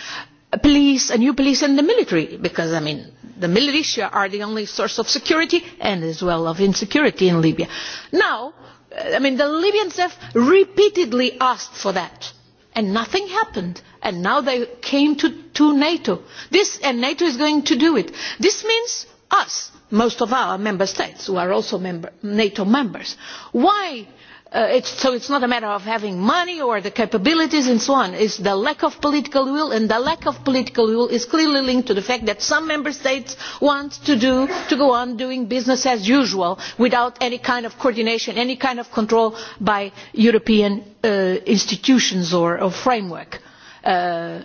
police a new police and the military because i mean the militia are the only source of security and as well of insecurity in libya now i mean the libyans have repeatedly asked for that and nothing happened and now they came to, to nato this and nato is going to do it this means us most of our member states who are also nato members why Uh, so it is not a matter of having money or the capabilities and so on it is the lack of political will and the lack of political will is clearly linked to the fact that some member states want to, go on doing business as usual without any kind of coordination any kind of control by european uh, institutions or, framework uh,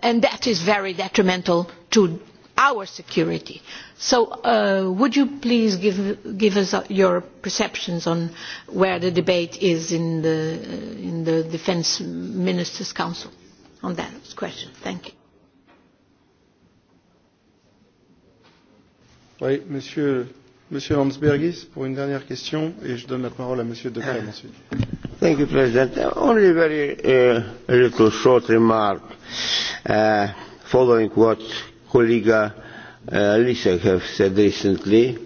and that is very detrimental to our security. So uh, would you please give, us your perceptions on where the debate is in the, uh, in the Defence Ministers' Council on that question? Thank you. Oui, Monsieur, Monsieur Hansbergis, pour une dernière question, et je donne la parole à Monsieur Deprez euh, ensuite. Thank you, President. Only very uh, little short remark uh, following what uh, Lisa have said recently.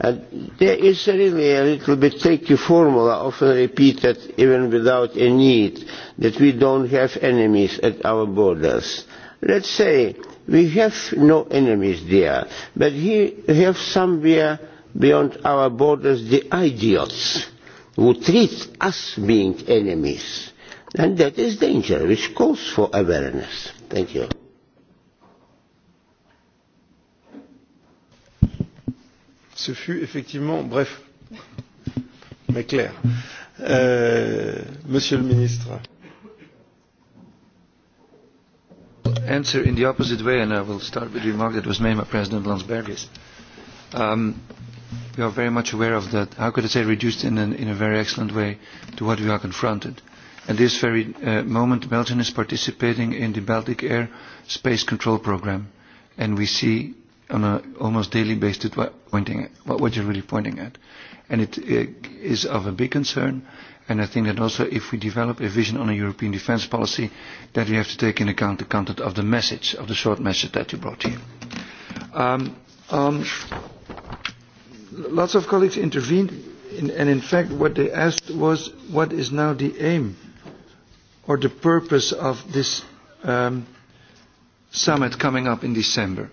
Uh, there is really a little bit tricky formula, often repeated even without a need, that we don't have enemies at our borders. Let's say we have no enemies there, but we have somewhere beyond our borders the idiots who treat us being enemies. And that is danger, which calls for awareness. Thank you. ce fut effectivement bref mais clair. Euh, monsieur le ministre answer in the opposite way and I will start with the remark that was made by President Landsbergis. Um, we are very much aware of that. How could I say reduced in, an, in a very excellent way to what we are confronted? At this very uh, moment, Belgium is participating in the Baltic Air Space Control Program, and we see on an almost daily basis pointing at, what you're really pointing at. And it, it is of a big concern. And I think that also if we develop a vision on a European defence policy, that we have to take into account the content of the message, of the short message that you brought here. Um, um, lots of colleagues intervened, in, and in fact what they asked was, what is now the aim or the purpose of this um, summit coming up in December?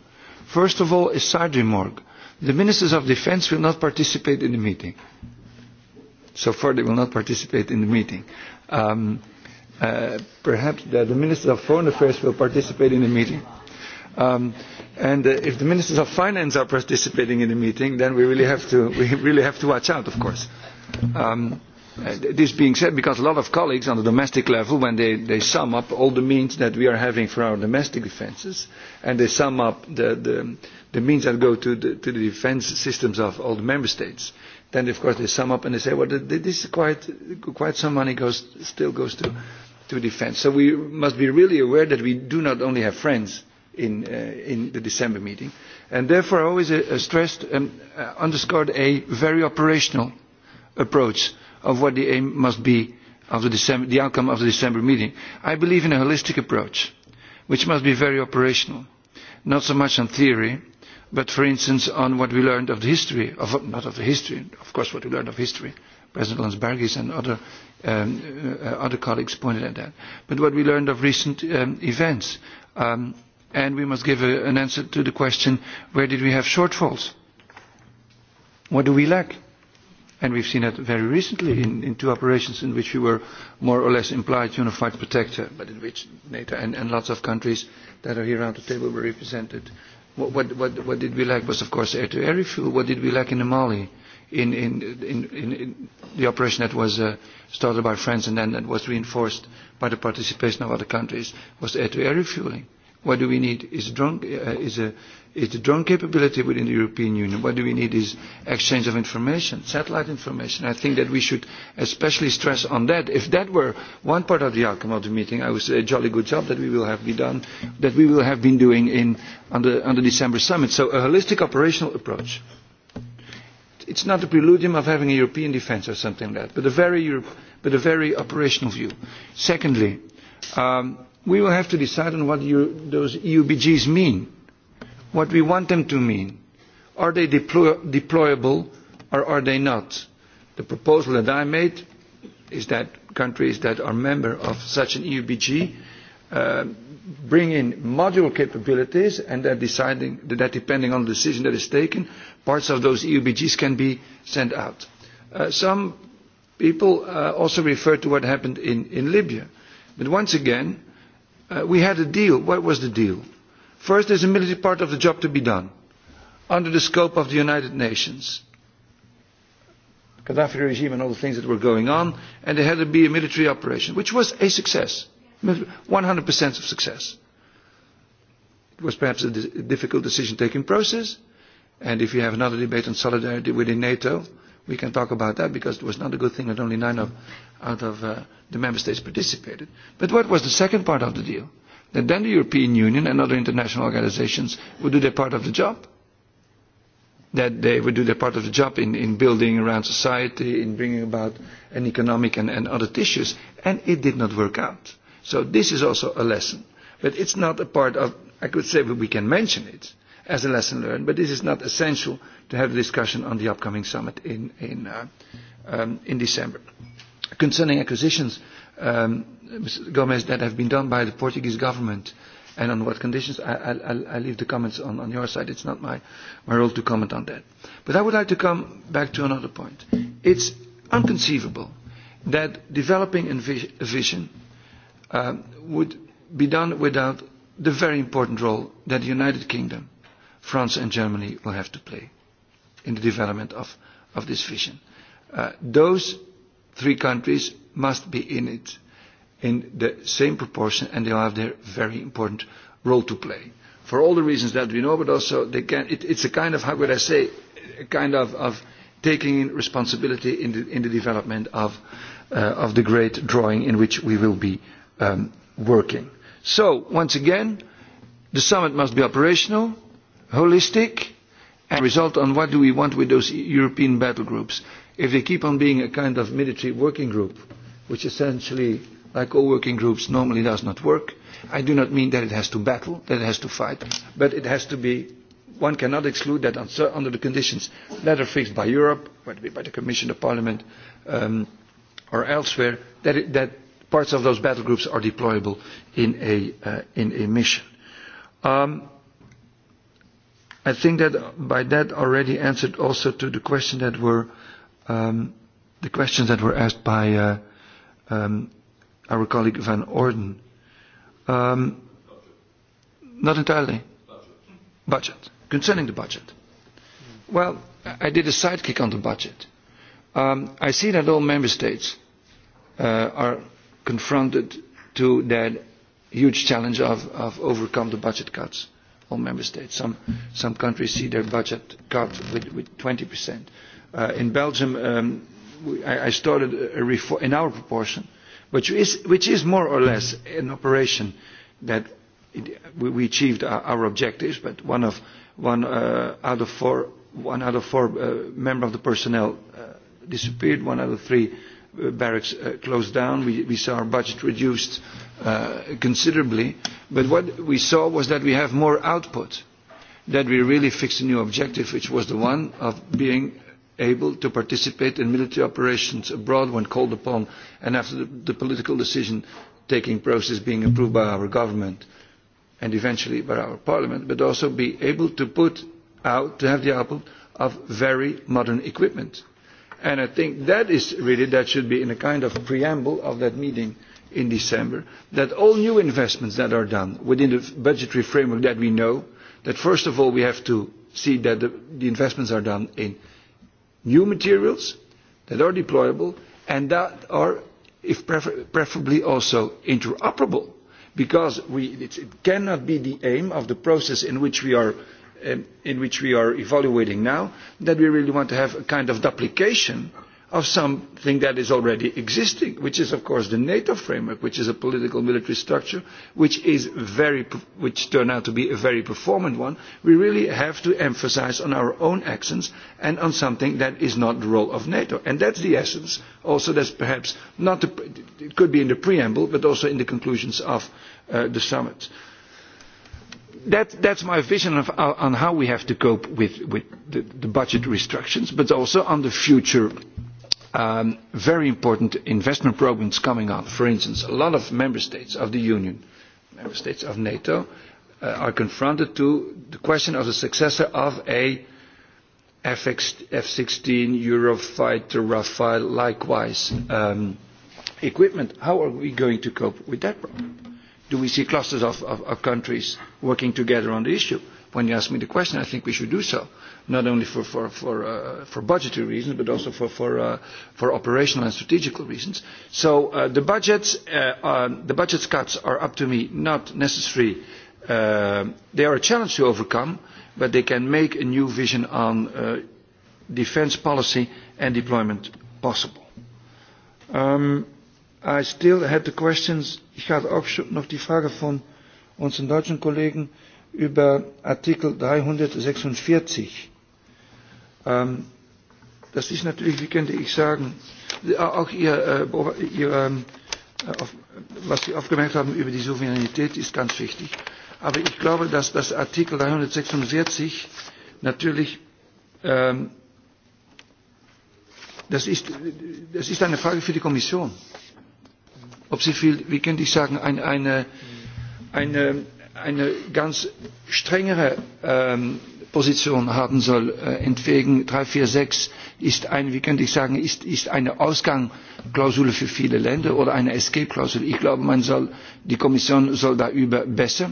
First of all is Sardimorg. The ministers of defense will not participate in the meeting. So far they will not participate in the meeting. Um, uh, perhaps the, the ministers of foreign affairs will participate in the meeting. Um, and uh, if the ministers of finance are participating in the meeting, then we really have to, (laughs) we really have to watch out, of course. Um, Uh, this being said, because a lot of colleagues on the domestic level, when they, they sum up all the means that we are having for our domestic defences, and they sum up the, the, the means that go to the, to the defence systems of all the member states, then of course they sum up and they say, well, this is quite, quite some money goes, still goes to, to defence. So we must be really aware that we do not only have friends in, uh, in the December meeting, and therefore I always uh, stressed and uh, underscored a very operational approach of what the aim must be of the, December, the outcome of the December meeting. I believe in a holistic approach, which must be very operational, not so much on theory, but for instance on what we learned of the history, of, not of the history, of course what we learned of history, President Landsbergis and other, um, uh, other colleagues pointed at that, but what we learned of recent um, events. Um, and we must give a, an answer to the question, where did we have shortfalls? What do we lack? and we've seen that very recently in, in two operations in which we were more or less implied unified protector, but in which NATO and, and lots of countries that are here around the table were represented. What, what, what, what did we lack was, of course, air-to-air refuel. What did we lack in the Mali? In, in, in, in, in the operation that was uh, started by France and then that was reinforced by the participation of other countries was air-to-air refueling. What do we need? Is, drunk, uh, is a is the drone capability within the European Union. What do we need is exchange of information, satellite information. I think that we should especially stress on that. If that were one part of the outcome of the meeting, I would say a jolly good job that we will have been done, that we will have been doing in, on, the, December summit. So a holistic operational approach. It's not a preludium of having a European defence or something like that, but a very, Europe but a very operational view. Secondly, um, we will have to decide on what those EUBGs mean what we want them to mean. Are they deployable or are they not? The proposal that I made is that countries that are member of such an EUBG uh, bring in module capabilities and that, deciding, that depending on the decision that is taken, parts of those EUBGs can be sent out. Uh, some people uh, also refer to what happened in, in Libya. But once again, we had a deal. What was the deal? first there is a military part of the job to be done under the scope of the united nations the gaddafi regime and all the things that were going on and there had to be a military operation which was a success 100% of success it was perhaps a difficult decision taking process and if you have another debate on solidarity within nato we can talk about that because it was not a good thing that only nine of, out of uh, the member states participated. But what was the second part of the deal? that then the European Union and other international organizations would do their part of the job. That they would do their part of the job in, in building around society, in bringing about an economic and, and other tissues. And it did not work out. So this is also a lesson. But it's not a part of, I could say we can mention it as a lesson learned, but this is not essential to have a discussion on the upcoming summit in, in, uh, um, in December. Concerning acquisitions, um, Gomes, Gomez, that have been done by the Portuguese government and on what conditions. I, I, I leave the comments on, your side. It's not my, my role to comment on that. But I would like to come back to another point. It's unconceivable that developing a vision um, would be done without the very important role that the United Kingdom, France and Germany will have to play in the development of, this vision. Uh, those three countries must be in it in the same proportion and they have their very important role to play. For all the reasons that we know, but also they can, it, it's a kind of, how would I say, a kind of, of taking in responsibility in the, in the development of, uh, of the great drawing in which we will be um, working. So, once again, the summit must be operational, holistic, and result on what do we want with those European battle groups. If they keep on being a kind of military working group, which essentially like all working groups normally does not work. I do not mean that it has to battle, that it has to fight, but it has to be, one cannot exclude that under the conditions that are fixed by Europe, whether it be by the Commission, the Parliament, um, or elsewhere, that, it, that parts of those battle groups are deployable in a, uh, in a mission. Um, I think that by that already answered also to the question that were um, the questions that were asked by uh, um, our colleague Van Orden. Um, not entirely. Budget. Concerning the budget. Well, I did a sidekick on the budget. Um, I see that all member states uh, are confronted to that huge challenge of, of overcome the budget cuts. All member states. Some, some countries see their budget cut with, with 20%. Uh, in Belgium, um, I, I started a reform in our proportion which is, which is more or less an operation that it, we achieved our, our objectives, but one of one uh, out of four one out of four uh, members of the personnel uh, disappeared, one out of three uh, barracks uh, closed down. We, we saw our budget reduced uh, considerably, but what we saw was that we have more output, that we really fixed a new objective, which was the one of being able to participate in military operations abroad when called upon and after the, the political decision taking process being approved by our government and eventually by our parliament but also be able to put out to have the output of very modern equipment and i think that is really that should be in a kind of preamble of that meeting in december that all new investments that are done within the budgetary framework that we know that first of all we have to see that the, the investments are done in new materials that are deployable and that are if prefer preferably also interoperable because we, it, it cannot be the aim of the process in which we are um, in which we are evaluating now that we really want to have a kind of duplication of something that is already existing, which is of course the NATO framework, which is a political military structure, which is very, which turned out to be a very performant one. We really have to emphasize on our own actions and on something that is not the role of NATO. And that's the essence. Also, that's perhaps not the, it could be in the preamble, but also in the conclusions of uh, the summit. That, that's my vision of, uh, on how we have to cope with, with the budget restrictions, but also on the future um, very important investment programs coming up. For instance, a lot of member states of the Union, member states of NATO, uh, are confronted to the question of the successor of a F-16 Eurofighter Rafale likewise um, equipment. How are we going to cope with that problem? Do we see clusters of, of, of countries working together on the issue? When you ask me the question, I think we should do so not only for, for, for, uh, for budgetary reasons, but also for, for, uh, for operational and strategical reasons. So uh, the, budgets, uh, um, the budget cuts are up to me not necessary. Uh, they are a challenge to overcome, but they can make a new vision on uh, defence policy and deployment possible. Um, I still had the questions, ich hatte auch noch die Frage von unseren deutschen Kollegen über Artikel 346 Ähm, das ist natürlich, wie könnte ich sagen, äh, auch Ihr, äh, ihr ähm, äh, was Sie aufgemerkt haben über die Souveränität ist ganz wichtig. Aber ich glaube, dass das Artikel 346 natürlich ähm, das ist, das ist eine Frage für die Kommission. Ob sie viel, wie könnte ich sagen, ein, eine, eine, eine ganz strengere Position haben soll. Äh, Entwegen 346 ist ein wie könnte ich sagen, ist, ist eine Ausgangsklausel für viele Länder oder eine Escape-Klausel. Ich glaube, man soll, die Kommission soll darüber besser,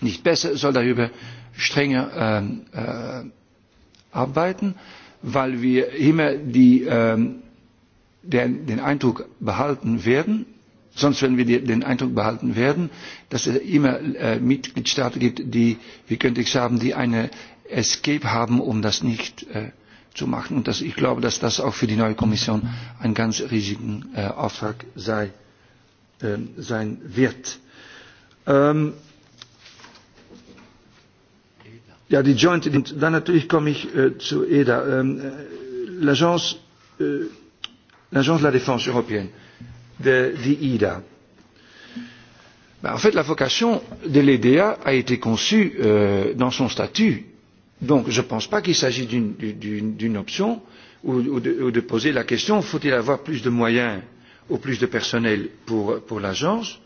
nicht besser, soll darüber strenger ähm, äh, arbeiten, weil wir immer die, ähm, den, Eindruck behalten werden, Sonst werden wir den Eindruck behalten werden, dass es immer äh, Mitgliedstaaten gibt, die, wie könnte ich sagen, die eine escape haben, um das nicht äh, zu machen. Und das, ich glaube, dass das auch für die neue Kommission ein ganz riesigen äh, Auftrag sei, äh, sein wird. Ähm, ja, die Joint, und dann natürlich komme ich äh, zu EDA. Ähm, äh, L'Agence äh, de la Défense européenne, de, die IDA. en fait, la vocation de l'EDA a été conçue euh, dans son statut Donc je ne pense pas qu'il s'agit d'une option ou, ou, de, poser la question faut il avoir plus de moyens ou plus de personnel pour, pour l'agence?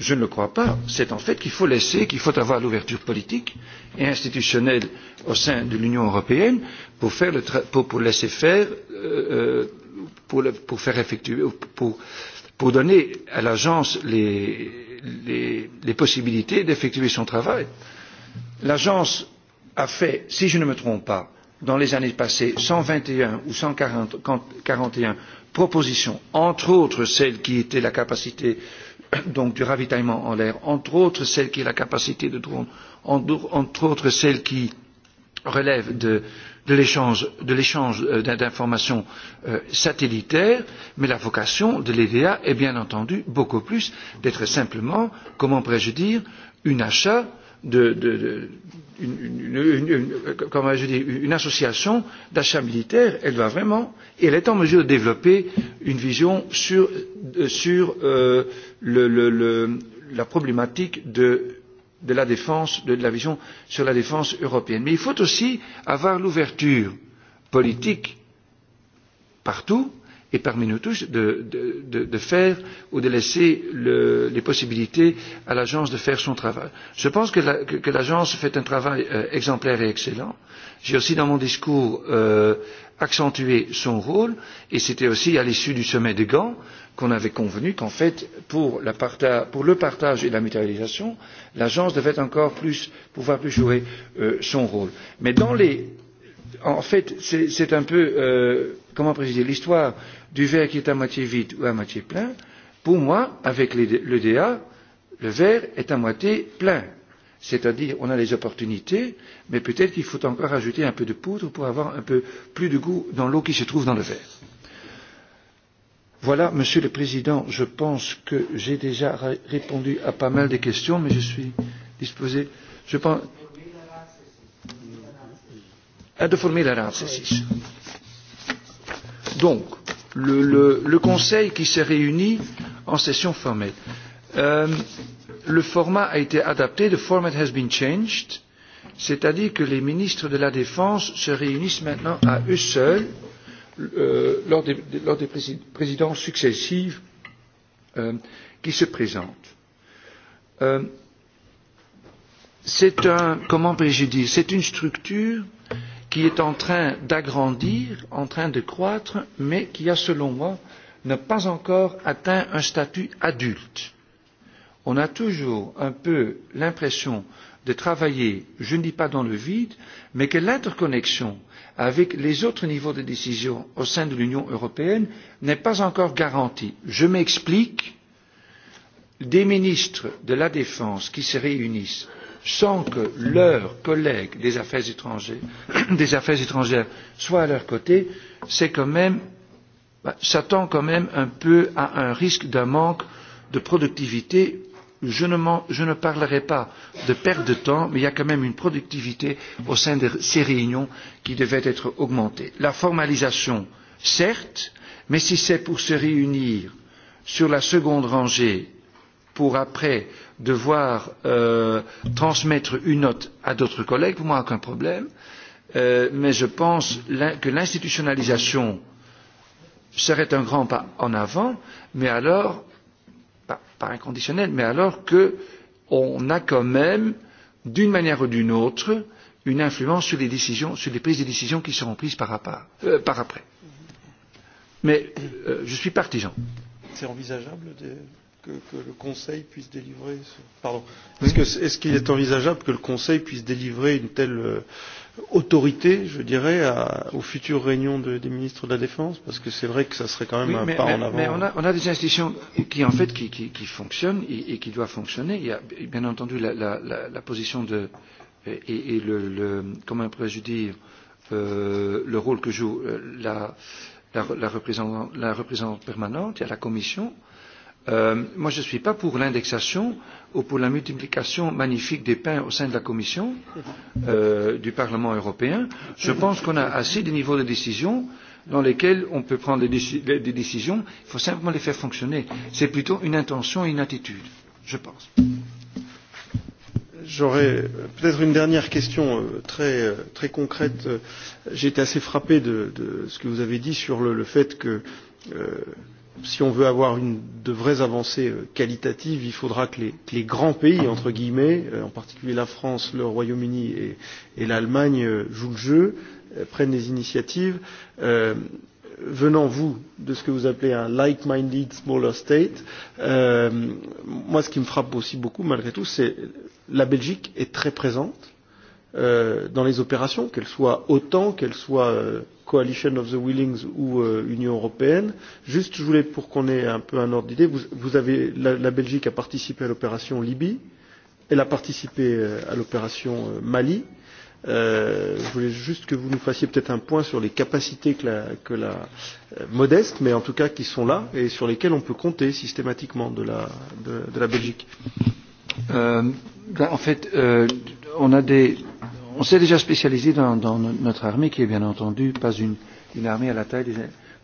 Je ne le crois pas. C'est en fait qu'il faut laisser, qu'il faut avoir l'ouverture politique et institutionnelle au sein de l'Union européenne pour, faire pour, laisser faire, euh, euh, pour, pour faire effectuer, pour, pour donner à l'agence les, les, les possibilités d'effectuer son travail. L'agence a fait si je ne me trompe pas dans les années passées cent vingt et un ou cent quarante et un propositions entre autres celle qui était la capacité (coughs) donc du ravitaillement en l'air entre autres celle qui est la capacité de drone entre autres celle qui relève de, de l'échange euh, d'informations euh, satellitaires mais la vocation de l'eda est bien entendu beaucoup plus d'être simplement comment pourrais je dire un achat de, de, une, une, une, une, je dis, une association d'achat militaire, elle va vraiment, elle est en mesure de développer une vision sur, euh, sur euh, le, le, le, la problématique de, de la défense, de, de la vision sur la défense européenne. Mais il faut aussi avoir l'ouverture politique partout et parmi nous tous de, de, de, faire ou de laisser les possibilités à l'agence de faire son travail. Je pense que l'agence que, fait un travail euh, exemplaire et excellent. J'ai aussi dans mon discours euh, accentué son rôle et c'était aussi à l'issue du sommet de Gand qu'on avait convenu qu'en fait pour, la pour le partage et la mutualisation, l'agence devait encore plus pouvoir plus jouer euh, son rôle. Mais dans les en fait c'est un peu comment préciser l'histoire du verre qui est à moitié vide ou à moitié plein, pour moi, avec l'EDA, le verre est à moitié plein. C'est-à-dire, on a les opportunités, mais peut-être qu'il faut encore ajouter un peu de poudre pour avoir un peu plus de goût dans l'eau qui se trouve dans le verre. Voilà, Monsieur le Président, je pense que j'ai déjà répondu à pas mal de questions, mais je suis disposé. Je pense... À de former la Donc, le, le, le Conseil qui s'est réuni en session formelle. Euh, le format a été adapté, the format has been changed, c'est-à-dire que les ministres de la Défense se réunissent maintenant à eux seuls euh, lors, des, lors des présidences successives euh, qui se présentent. Euh, c'est un, comment puis-je dire, c'est une structure qui est en train d'agrandir, en train de croître, mais qui a, selon moi, n'a pas encore atteint un statut adulte. On a toujours un peu l'impression de travailler, je ne dis pas dans le vide, mais que l'interconnexion avec les autres niveaux de décision au sein de l'Union européenne n'est pas encore garantie. Je m'explique des ministres de la défense qui se réunissent sans que leurs collègues des affaires étrangères, (clears throat) des affaires étrangères soient à leur côté, c'est quand même s'attend quand même un peu à un risque d'un manque de productivité. Je ne, je ne parlerai pas de perte de temps, mais il y a quand même une productivité au sein de ces réunions qui devait être augmentée. La formalisation, certes, mais si c'est pour se réunir sur la seconde rangée pour après devoir euh, transmettre une note à d'autres collègues, pour moi aucun problème, euh, mais je pense que l'institutionnalisation serait un grand pas en avant, mais alors pas, pas inconditionnel, mais alors qu'on a quand même, d'une manière ou d'une autre, une influence sur les décisions, sur les prises de décisions qui seront prises par, euh, par après. Mais euh, je suis partisan. C'est envisageable de que, le Conseil puisse délivrer ce... Pardon. Est-ce qu'il est, -ce qu est envisageable que le Conseil puisse délivrer une telle euh, autorité, je dirais, aux futures réunions des ministres de la Défense Parce que c'est vrai que ça serait quand même un pas en avant. Mais on a, on a des institutions qui, en fait, qui, qui, fonctionnent et, qui doivent fonctionner. Il y a, bien entendu, la, la, la, position de... Et, le, le, comment pourrais-je dire euh, le rôle que joue euh, la, la, la, représentante, la représentante permanente, il y a la commission, Euh, moi je ne suis pas pour l'indexation ou pour la multiplication magnifique des pains au sein de la commission euh, du parlement européen je pense qu'on a assez de niveaux de décision dans lesquels on peut prendre des, des décisions il faut simplement les faire fonctionner c'est plutôt une intention et une attitude je pense j'aurais peut être une dernière question euh, très, euh, très concrète j'ai été assez frappé de, de ce que vous avez dit sur le, le fait que euh, si on veut avoir une, de vraies avancées euh, qualitatives, il faudra que les, grands pays, entre guillemets, euh, en particulier la France, le Royaume-Uni et, l'Allemagne, euh, jouent le jeu, prennent des initiatives. venant vous de ce que vous appelez un like minded smaller state moi ce qui me frappe aussi beaucoup malgré tout c'est la Belgique est très présente Euh, dans les opérations, qu'elles soient OTAN, qu'elles soient euh, Coalition of the Willings ou euh, Union européenne. Juste, je voulais, pour qu'on ait un peu un ordre d'idée, vous, avez, la, Belgique a participé à l'opération Libye, elle a participé à l'opération Mali. je voulais juste que vous nous fassiez peut-être un point sur les capacités que la, que la modeste, mais en tout cas qui sont là et sur lesquelles on peut compter systématiquement de la, de, de la Belgique. en fait, on a des on s'est déjà spécialisé dans, dans notre armée qui est bien entendu pas une, une armée à la taille des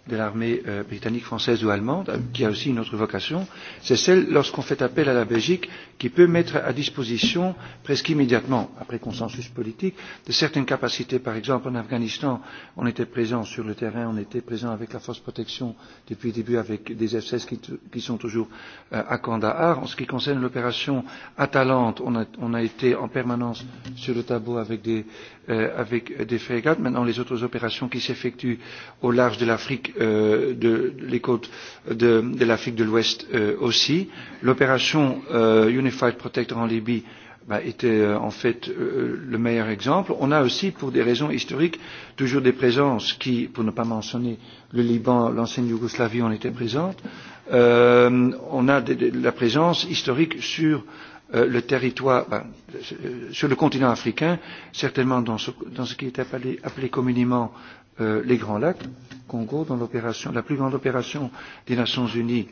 de l'armée euh, britannique, française ou allemande, euh, qui a aussi une autre vocation, c'est celle lorsqu'on fait appel à la Belgique, qui peut mettre à disposition, presque immédiatement, après consensus politique, de certaines capacités. Par exemple, en Afghanistan, on était présent sur le terrain, on était présent avec la force protection depuis le début, avec des F-16 qui, qui, sont toujours euh, à Kandahar. En ce qui concerne l'opération Atalante, on a, on a été en permanence sur le tableau avec des, Euh, avec des frégates. Maintenant, les autres opérations qui s'effectuent au large de l'Afrique, euh, de, de, les côtes de, l'Afrique de l'Ouest euh, aussi. L'opération Unified Protector en Libye était en fait le meilleur exemple. On a aussi, pour des raisons historiques, toujours des présences qui, pour ne pas mentionner le Liban, l'ancienne Yougoslavie, en étaient présentes. Euh, on a de, de, de la présence historique sur Euh, le territoire ben, euh, sur le continent africain, certainement dans ce, dans ce qui est appelé, appelé communément euh, les Grands Lacs, Congo, dans l'opération, la plus grande opération des Nations Unies,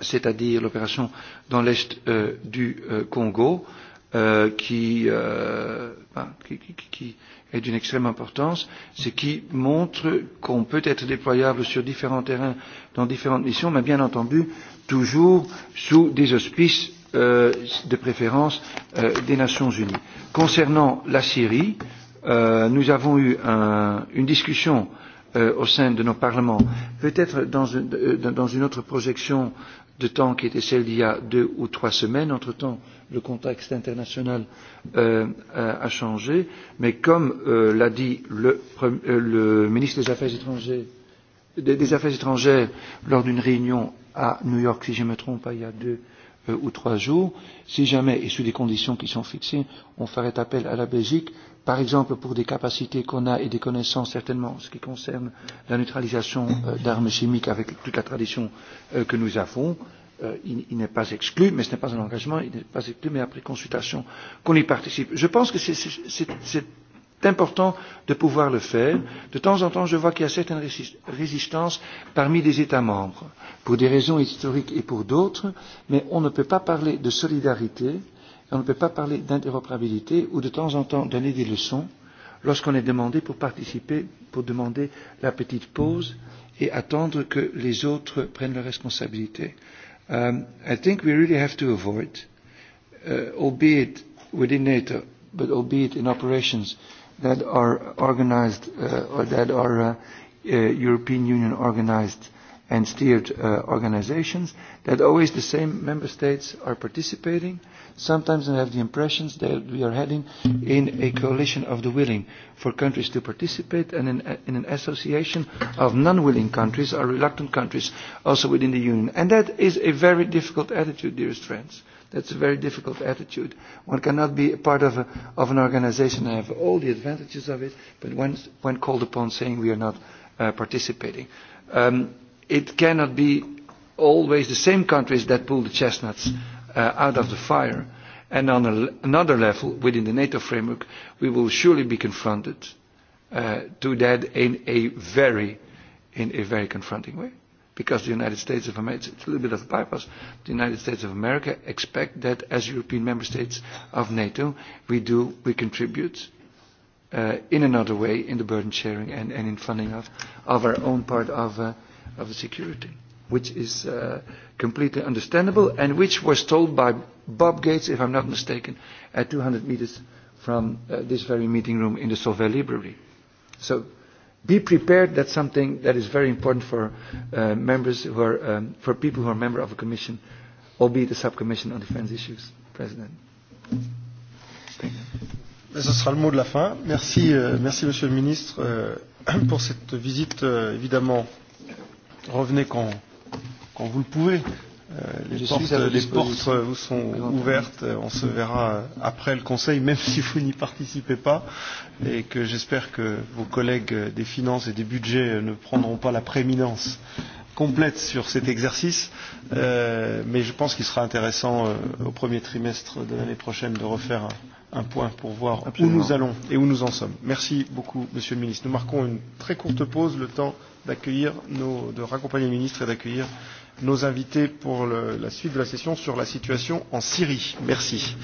c'est-à-dire l'opération dans l'Est euh, du euh, Congo, euh, qui, ben, qui, qui, qui est d'une extrême importance, ce qui montre qu'on peut être déployable sur différents terrains, dans différentes missions, mais bien entendu, toujours sous des auspices Euh, de préférence euh, des Nations Unies. Concernant la Syrie, euh, nous avons eu un, une discussion au sein de nos parlements, peut-être dans, dans une autre projection de temps qui était celle d'il y a deux ou trois semaines. Entre-temps, le contexte international euh, a changé, mais comme euh, l'a dit le, le ministre des Affaires étrangères, des, des Affaires étrangères lors d'une réunion à New York, si je ne me trompe pas, il y a deux Euh, ou trois jours. Si jamais, et sous des conditions qui sont fixées, on ferait appel à la Belgique, par exemple pour des capacités qu'on a et des connaissances certainement en ce qui concerne la neutralisation euh, d'armes chimiques avec toute la tradition euh, que nous avons, il, il n'est pas exclu, mais ce n'est pas un engagement, il n'est pas exclu, mais après consultation qu'on y participe. Je pense que c'est important de pouvoir le faire. De temps en temps, je vois qu'il y a certaines résistances parmi les États membres, pour des raisons historiques et pour d'autres, mais on ne peut pas parler de solidarité, on ne peut pas parler d'interopérabilité ou de temps en temps donner des leçons lorsqu'on est demandé pour participer, pour demander la petite pause et attendre que les autres prennent leurs responsabilités. Um, I think we really have to avoid, uh, albeit within NATO, but albeit in operations, that are organized uh, or that are uh, uh, European Union organized and steered uh, organizations that always the same member states are participating. Sometimes I have the impressions that we are heading in a coalition of the willing for countries to participate and in, in an association of non-willing countries or reluctant countries also within the Union. And that is a very difficult attitude, dearest friends. That's a very difficult attitude. One cannot be a part of, a, of an organization and have all the advantages of it, but when, when called upon saying we are not uh, participating. Um, it cannot be always the same countries that pull the chestnuts uh, out of the fire. And on a, another level, within the NATO framework, we will surely be confronted uh, to that in a very, in a very confronting way because the United States of America, it's a little bit of a bypass, the United States of America expect that as European member states of NATO, we do, we contribute uh, in another way in the burden sharing and, and in funding of, of our own part of, uh, of the security, which is uh, completely understandable and which was told by Bob Gates, if I'm not mistaken, at 200 meters from uh, this very meeting room in the Solvay Library. So be prepared that's something that is very important for uh, members who are um, for people who are member of a commission or albeit the subcommission on defense issues president Thank you. ce sera le mot de la fin merci euh, merci monsieur le ministre euh, (clears throat) pour cette visite euh, évidemment revenez quand quand vous le pouvez Euh, les portes, les portes vous sont ouvertes. Euh, on se verra euh, après le Conseil, même si vous n'y participez pas, et que j'espère que vos collègues des finances et des budgets ne prendront pas la prééminence complète sur cet exercice, euh, mais je pense qu'il sera intéressant euh, au premier trimestre de l'année prochaine de refaire un, un point pour voir Absolument. où nous allons et où nous en sommes. Merci beaucoup, Monsieur le Ministre. Nous marquons une très courte pause, le temps d'accueillir nos de raccompagner le ministre et d'accueillir nos invités pour le, la suite de la session sur la situation en Syrie. Merci.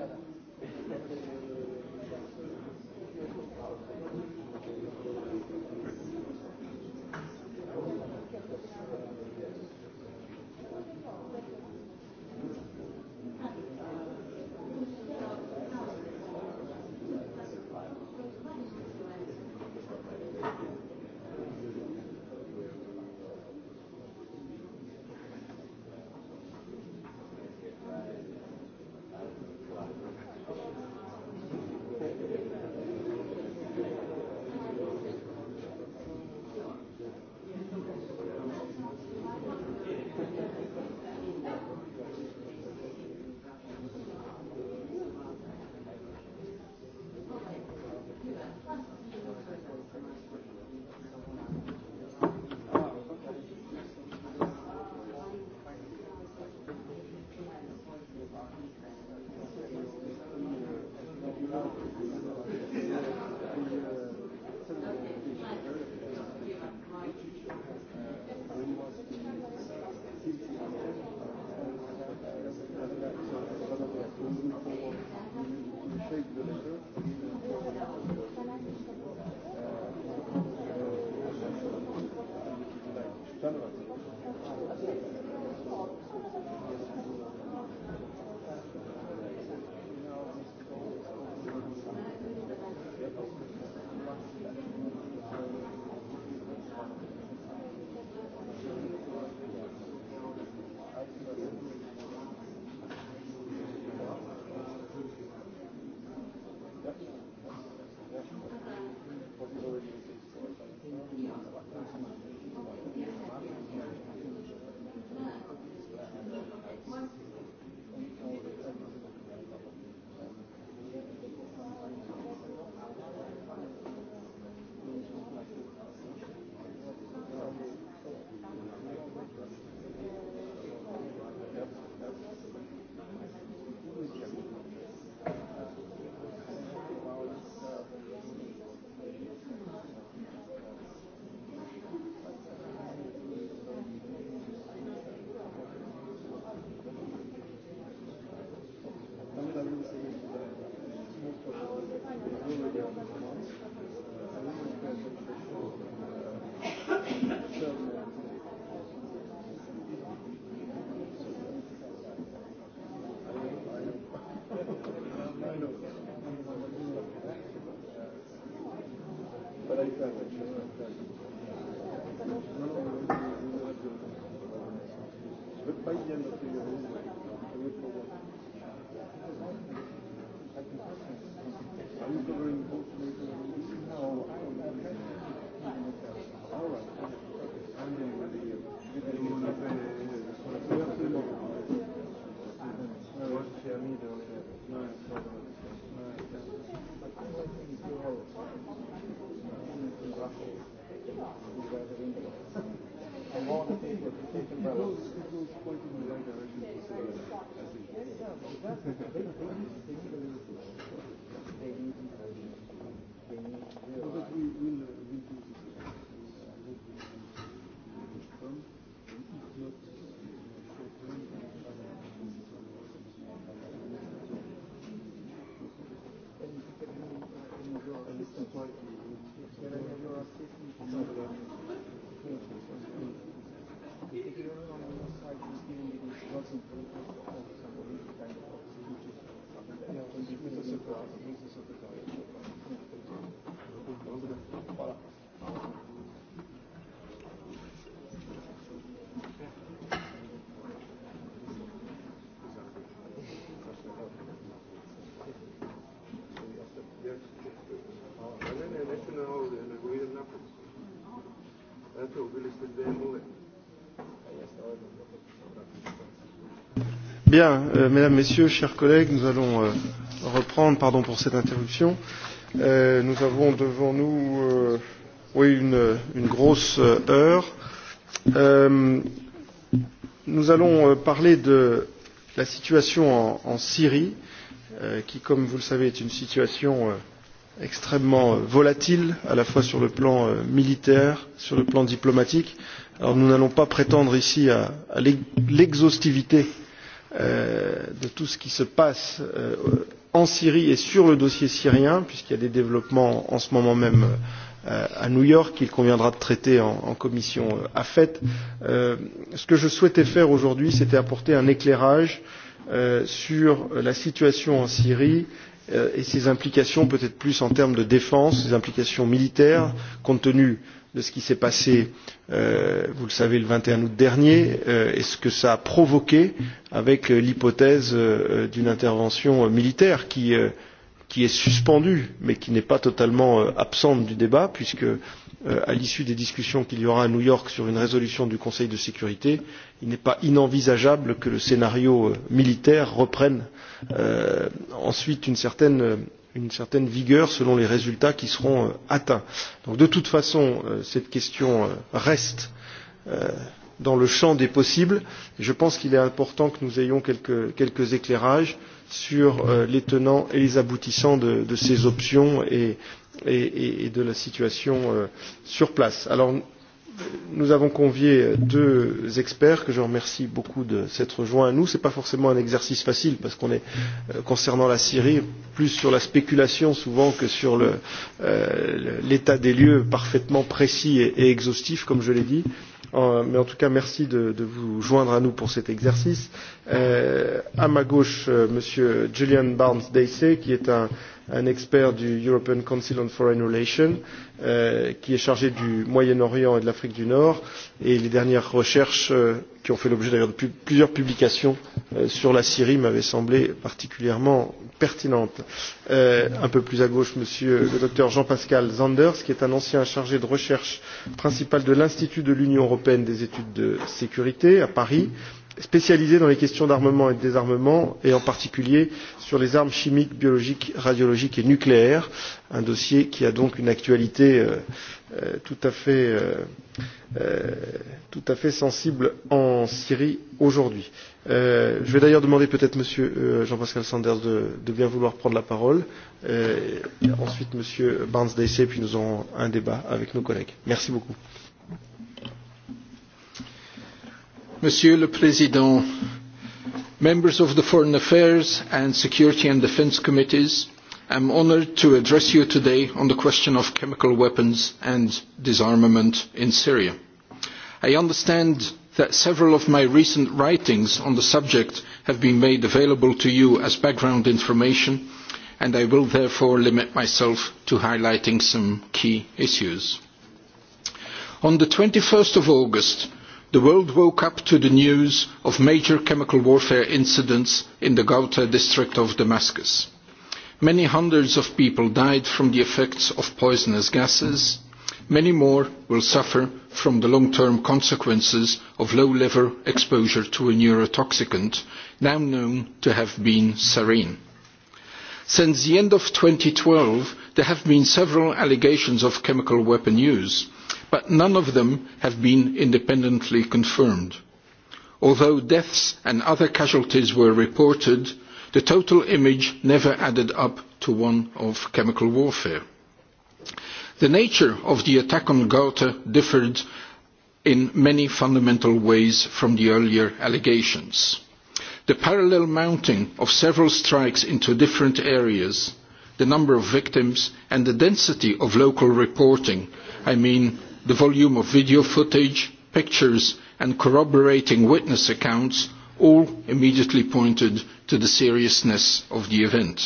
rasprava. Bien, euh, mesdames, messieurs, chers collègues, nous allons euh, reprendre, pardon pour cette interruption. Euh, nous avons devant nous euh, oui, une, une grosse euh, heure. Euh, nous allons euh, parler de la situation en, en Syrie, euh, qui, comme vous le savez, est une situation euh, extrêmement euh, volatile, à la fois sur le plan euh, militaire, sur le plan diplomatique. Alors nous n'allons pas prétendre ici à, à l'exhaustivité Euh, de tout ce qui se passe euh, en Syrie et sur le dossier syrien, puisqu'il y a des développements en ce moment même euh, à New York qu'il conviendra de traiter en, commission AFET. Ce que je souhaitais faire aujourd'hui, c'était apporter un éclairage sur la situation en Syrie Euh, et ses implications peut être plus en termes de défense ses implications militaires compte tenu de ce qui s'est passé euh, vous le savez le vingt et un août dernier euh, et ce que cela a provoqué avec l'hypothèse d'une intervention militaire qui qui est suspendue mais qui n'est pas totalement absente du débat puisque Euh, à l'issue des discussions qu'il y aura à New York sur une résolution du Conseil de sécurité, il n'est pas inenvisageable que le scénario euh, militaire reprenne euh, ensuite une certaine, une certaine vigueur selon les résultats qui seront atteints. Donc, de toute façon, cette question reste dans le champ des possibles. Je pense qu'il est important que nous ayons quelques, éclairages sur les tenants et les aboutissants de, de ces options et et, de la situation euh, sur place. Alors, nous avons convié deux experts que je remercie beaucoup de s'être joints à nous. Ce n'est pas forcément un exercice facile parce qu'on est, euh, concernant la Syrie, plus sur la spéculation souvent que sur euh, l'état des lieux parfaitement précis et, et exhaustif, comme je l'ai dit. Euh, mais en tout cas, merci de, de vous joindre à nous pour cet exercice. Euh, à ma gauche, euh, Monsieur Julian Barnes Dacey, qui est un, un expert du European Council on Foreign Relations Euh, qui est chargé du Moyen-Orient et de l'Afrique du Nord et les dernières recherches euh, qui ont fait l'objet d'ailleurs de plusieurs publications euh, sur la Syrie m'avaient semblé particulièrement pertinentes. Un peu plus à gauche, monsieur le docteur Jean-Pascal Zanders, qui est un ancien chargé de recherche principal de l'Institut de l'Union européenne des études de sécurité à Paris spécialisée dans les questions d'armement et de désarmement et en particulier sur les armes chimiques biologiques radiologiques et nucléaires un dossier qui a donc une actualité euh, euh, tout à fait euh, tout à fait sensible en Syrie aujourd'hui je vais d'ailleurs demander peut-être monsieur Jean-Pascal Sanders de, bien vouloir prendre la parole et ensuite monsieur Barnes Daisy puis nous aurons un débat avec nos collègues merci beaucoup Monsieur le Président, members of the Foreign Affairs and Security and Defence Committees, I am honoured to address you today on the question of chemical weapons and disarmament in Syria. I understand that several of my recent writings on the subject have been made available to you as background information and I will therefore limit myself to highlighting some key issues. On the 21st of August, the world woke up to the news of major chemical warfare incidents in the Ghouta district of Damascus. Many hundreds of people died from the effects of poisonous gases. Many more will suffer from the long-term consequences of low level exposure to a neurotoxicant, now known to have been sarin. Since the end of 2012, there have been several allegations of chemical weapon use but none of them have been independently confirmed. although deaths and other casualties were reported the total image never added up to one of chemical warfare. the nature of the attack on gotha differed in many fundamental ways from the earlier allegations. the parallel mounting of several strikes into different areas the number of victims and the density of local reporting i mean the volume of video footage pictures and corroborating witness accounts all immediately pointed to the seriousness of the event.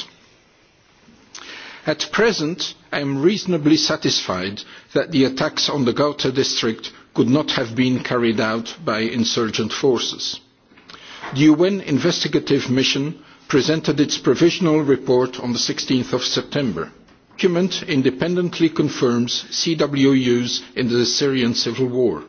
At present, I am reasonably satisfied that the attacks on the Gauta district could not have been carried out by insurgent forces. The UN investigative mission presented its provisional report on the 16th of September. The document independently confirms CWU's in the Syrian civil war.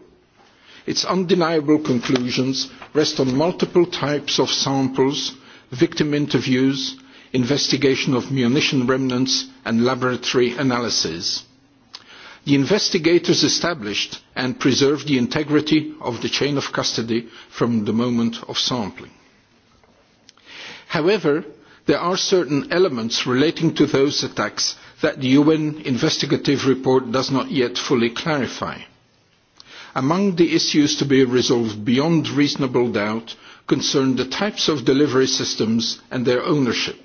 Its undeniable conclusions rest on multiple types of samples, victim interviews, investigation of munition remnants and laboratory analyses. The investigators established and preserved the integrity of the chain of custody from the moment of sampling however there are certain elements relating to those attacks that the un investigative report does not yet fully clarify. among the issues to be resolved beyond reasonable doubt concern the types of delivery systems and their ownership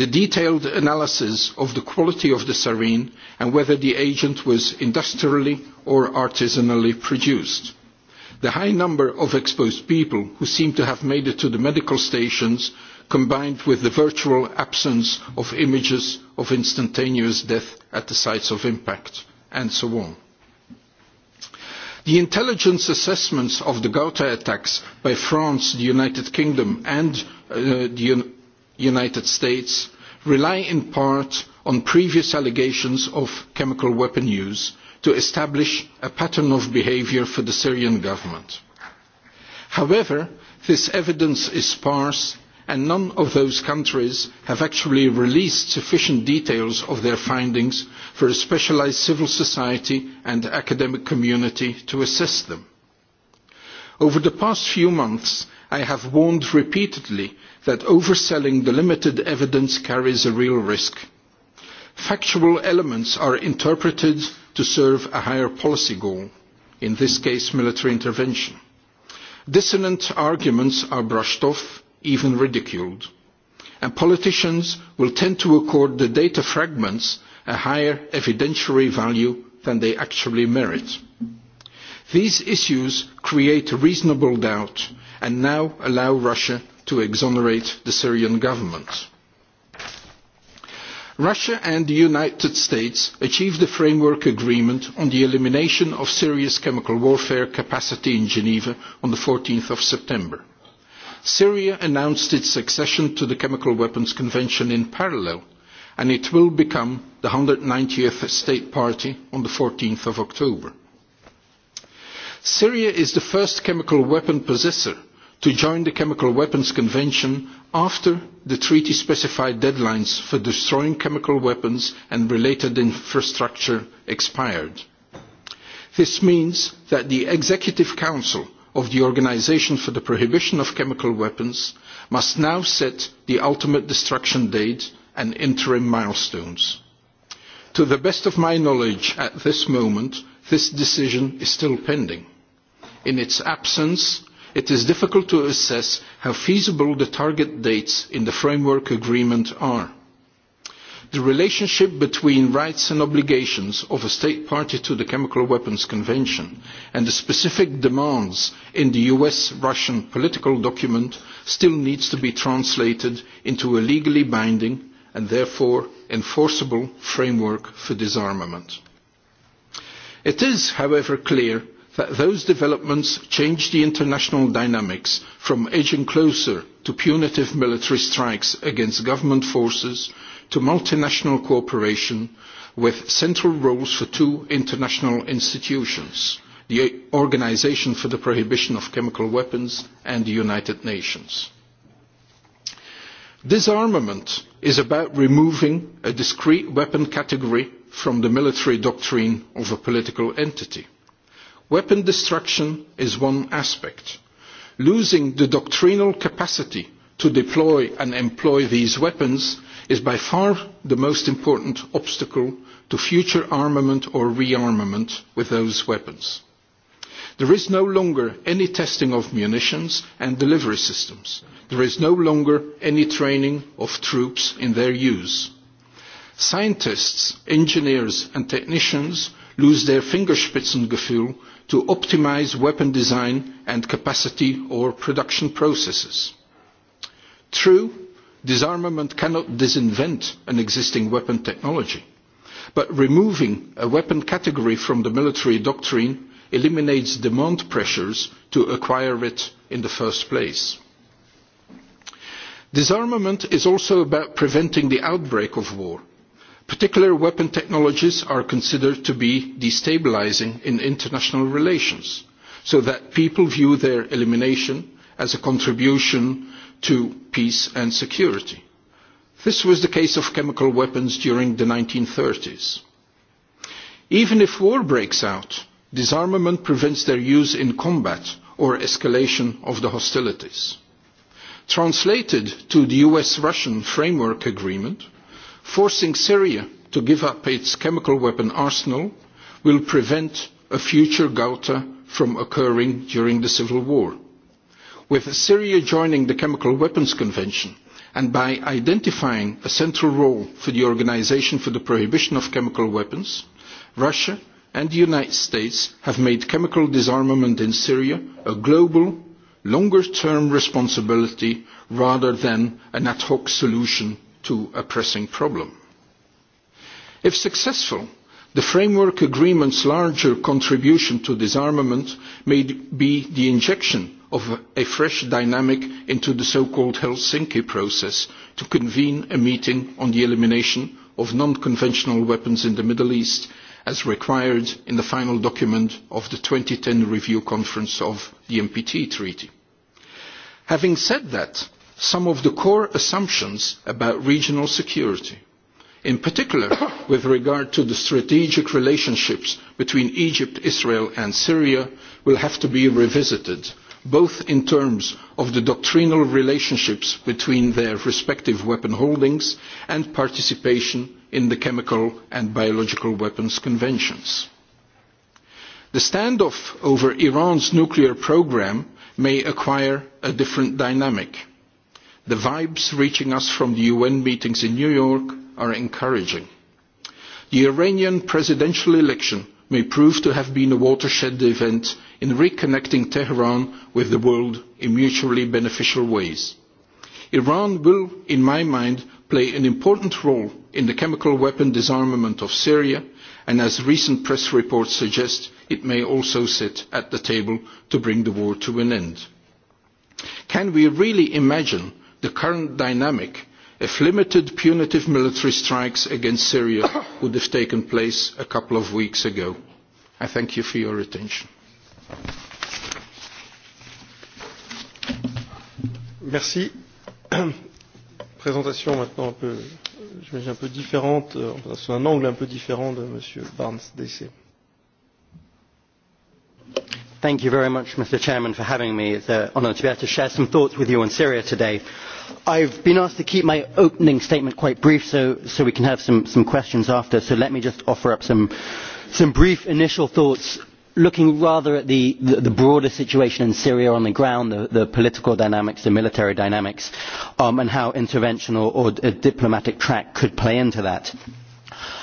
the detailed analysis of the quality of the sarin and whether the agent was industrially or artisanally produced the high number of exposed people who seem to have made it to the medical stations combined with the virtual absence of images of instantaneous death at the sites of impact and so on. The intelligence assessments of the Gauta attacks by France, the United Kingdom and uh, the United States rely in part on previous allegations of chemical weapon use to establish a pattern of behaviour for the Syrian government. However, this evidence is sparse and none of those countries have actually released sufficient details of their findings for a specialised civil society and academic community to assess them. Over the past few months, I have warned repeatedly that overselling the limited evidence carries a real risk. Factual elements are interpreted to serve a higher policy goal, in this case military intervention. Dissonant arguments are brushed off even ridiculed. And politicians will tend to accord the data fragments a higher evidentiary value than they actually merit. These issues create reasonable doubt and now allow Russia to exonerate the Syrian government. Russia and the United States achieved a framework agreement on the elimination of serious chemical warfare capacity in Geneva on the 14th of September. Syria announced its accession to the Chemical Weapons Convention in parallel, and it will become the 190th state party on the 14th of October. Syria is the first chemical weapon possessor to join the Chemical Weapons Convention after the treaty specified deadlines for destroying chemical weapons and related infrastructure expired. This means that the Executive Council of the organisation for the prohibition of chemical weapons must now set the ultimate destruction date and interim milestones. to the best of my knowledge at this moment this decision is still pending. in its absence it is difficult to assess how feasible the target dates in the framework agreement are the relationship between rights and obligations of a state party to the chemical weapons convention and the specific demands in the us russian political document still needs to be translated into a legally binding and therefore enforceable framework for disarmament. it is however clear that those developments change the international dynamics from edging closer to punitive military strikes against government forces to multinational cooperation with central roles for two international institutions the organisation for the prohibition of chemical weapons and the united nations. disarmament is about removing a discrete weapon category from the military doctrine of a political entity. weapon destruction is one aspect. losing the doctrinal capacity to deploy and employ these weapons is by far the most important obstacle to future armament or rearmament with those weapons. There is no longer any testing of munitions and delivery systems. There is no longer any training of troops in their use. Scientists, engineers and technicians lose their fingerspitzengefühl to optimize weapon design and capacity or production processes. True, disarmament cannot disinvent an existing weapon technology but removing a weapon category from the military doctrine eliminates demand pressures to acquire it in the first place. disarmament is also about preventing the outbreak of war. particular weapon technologies are considered to be destabilising in international relations so that people view their elimination as a contribution to peace and security. This was the case of chemical weapons during the 1930s. Even if war breaks out, disarmament prevents their use in combat or escalation of the hostilities. Translated to the US-Russian framework agreement, forcing Syria to give up its chemical weapon arsenal will prevent a future Gauta from occurring during the civil war with syria joining the chemical weapons convention and by identifying a central role for the organisation for the prohibition of chemical weapons russia and the united states have made chemical disarmament in syria a global longer term responsibility rather than an ad hoc solution to a pressing problem. if successful the framework agreement's larger contribution to disarmament may be the injection of a fresh dynamic into the so-called Helsinki process to convene a meeting on the elimination of non-conventional weapons in the Middle East as required in the final document of the 2010 review conference of the MPT treaty. Having said that, some of the core assumptions about regional security, in particular with regard to the strategic relationships between Egypt, Israel and Syria, will have to be revisited both in terms of the doctrinal relationships between their respective weapon holdings and participation in the chemical and biological weapons conventions. The standoff over Iran's nuclear program may acquire a different dynamic. The vibes reaching us from the UN meetings in New York are encouraging. The Iranian presidential election may prove to have been a watershed event in reconnecting Tehran with the world in mutually beneficial ways. Iran will, in my mind, play an important role in the chemical weapon disarmament of Syria and, as recent press reports suggest, it may also sit at the table to bring the war to an end. Can we really imagine the current dynamic if limited punitive military strikes against syria (coughs) would have taken place a couple of weeks ago. i thank you for your attention. Merci. (coughs) présentation maintenant un peu j'imagine un peu différente euh, sur un angle un peu différent de m. barnes DC. Thank you very much, Mr. Chairman, for having me. It's an uh, honour to be able to share some thoughts with you on Syria today i have been asked to keep my opening statement quite brief so, we can have some, questions after so let me just offer up some, brief initial thoughts looking rather at the, broader situation in syria on the ground the, the political dynamics the military dynamics um, and how intervention or a diplomatic track could play into that.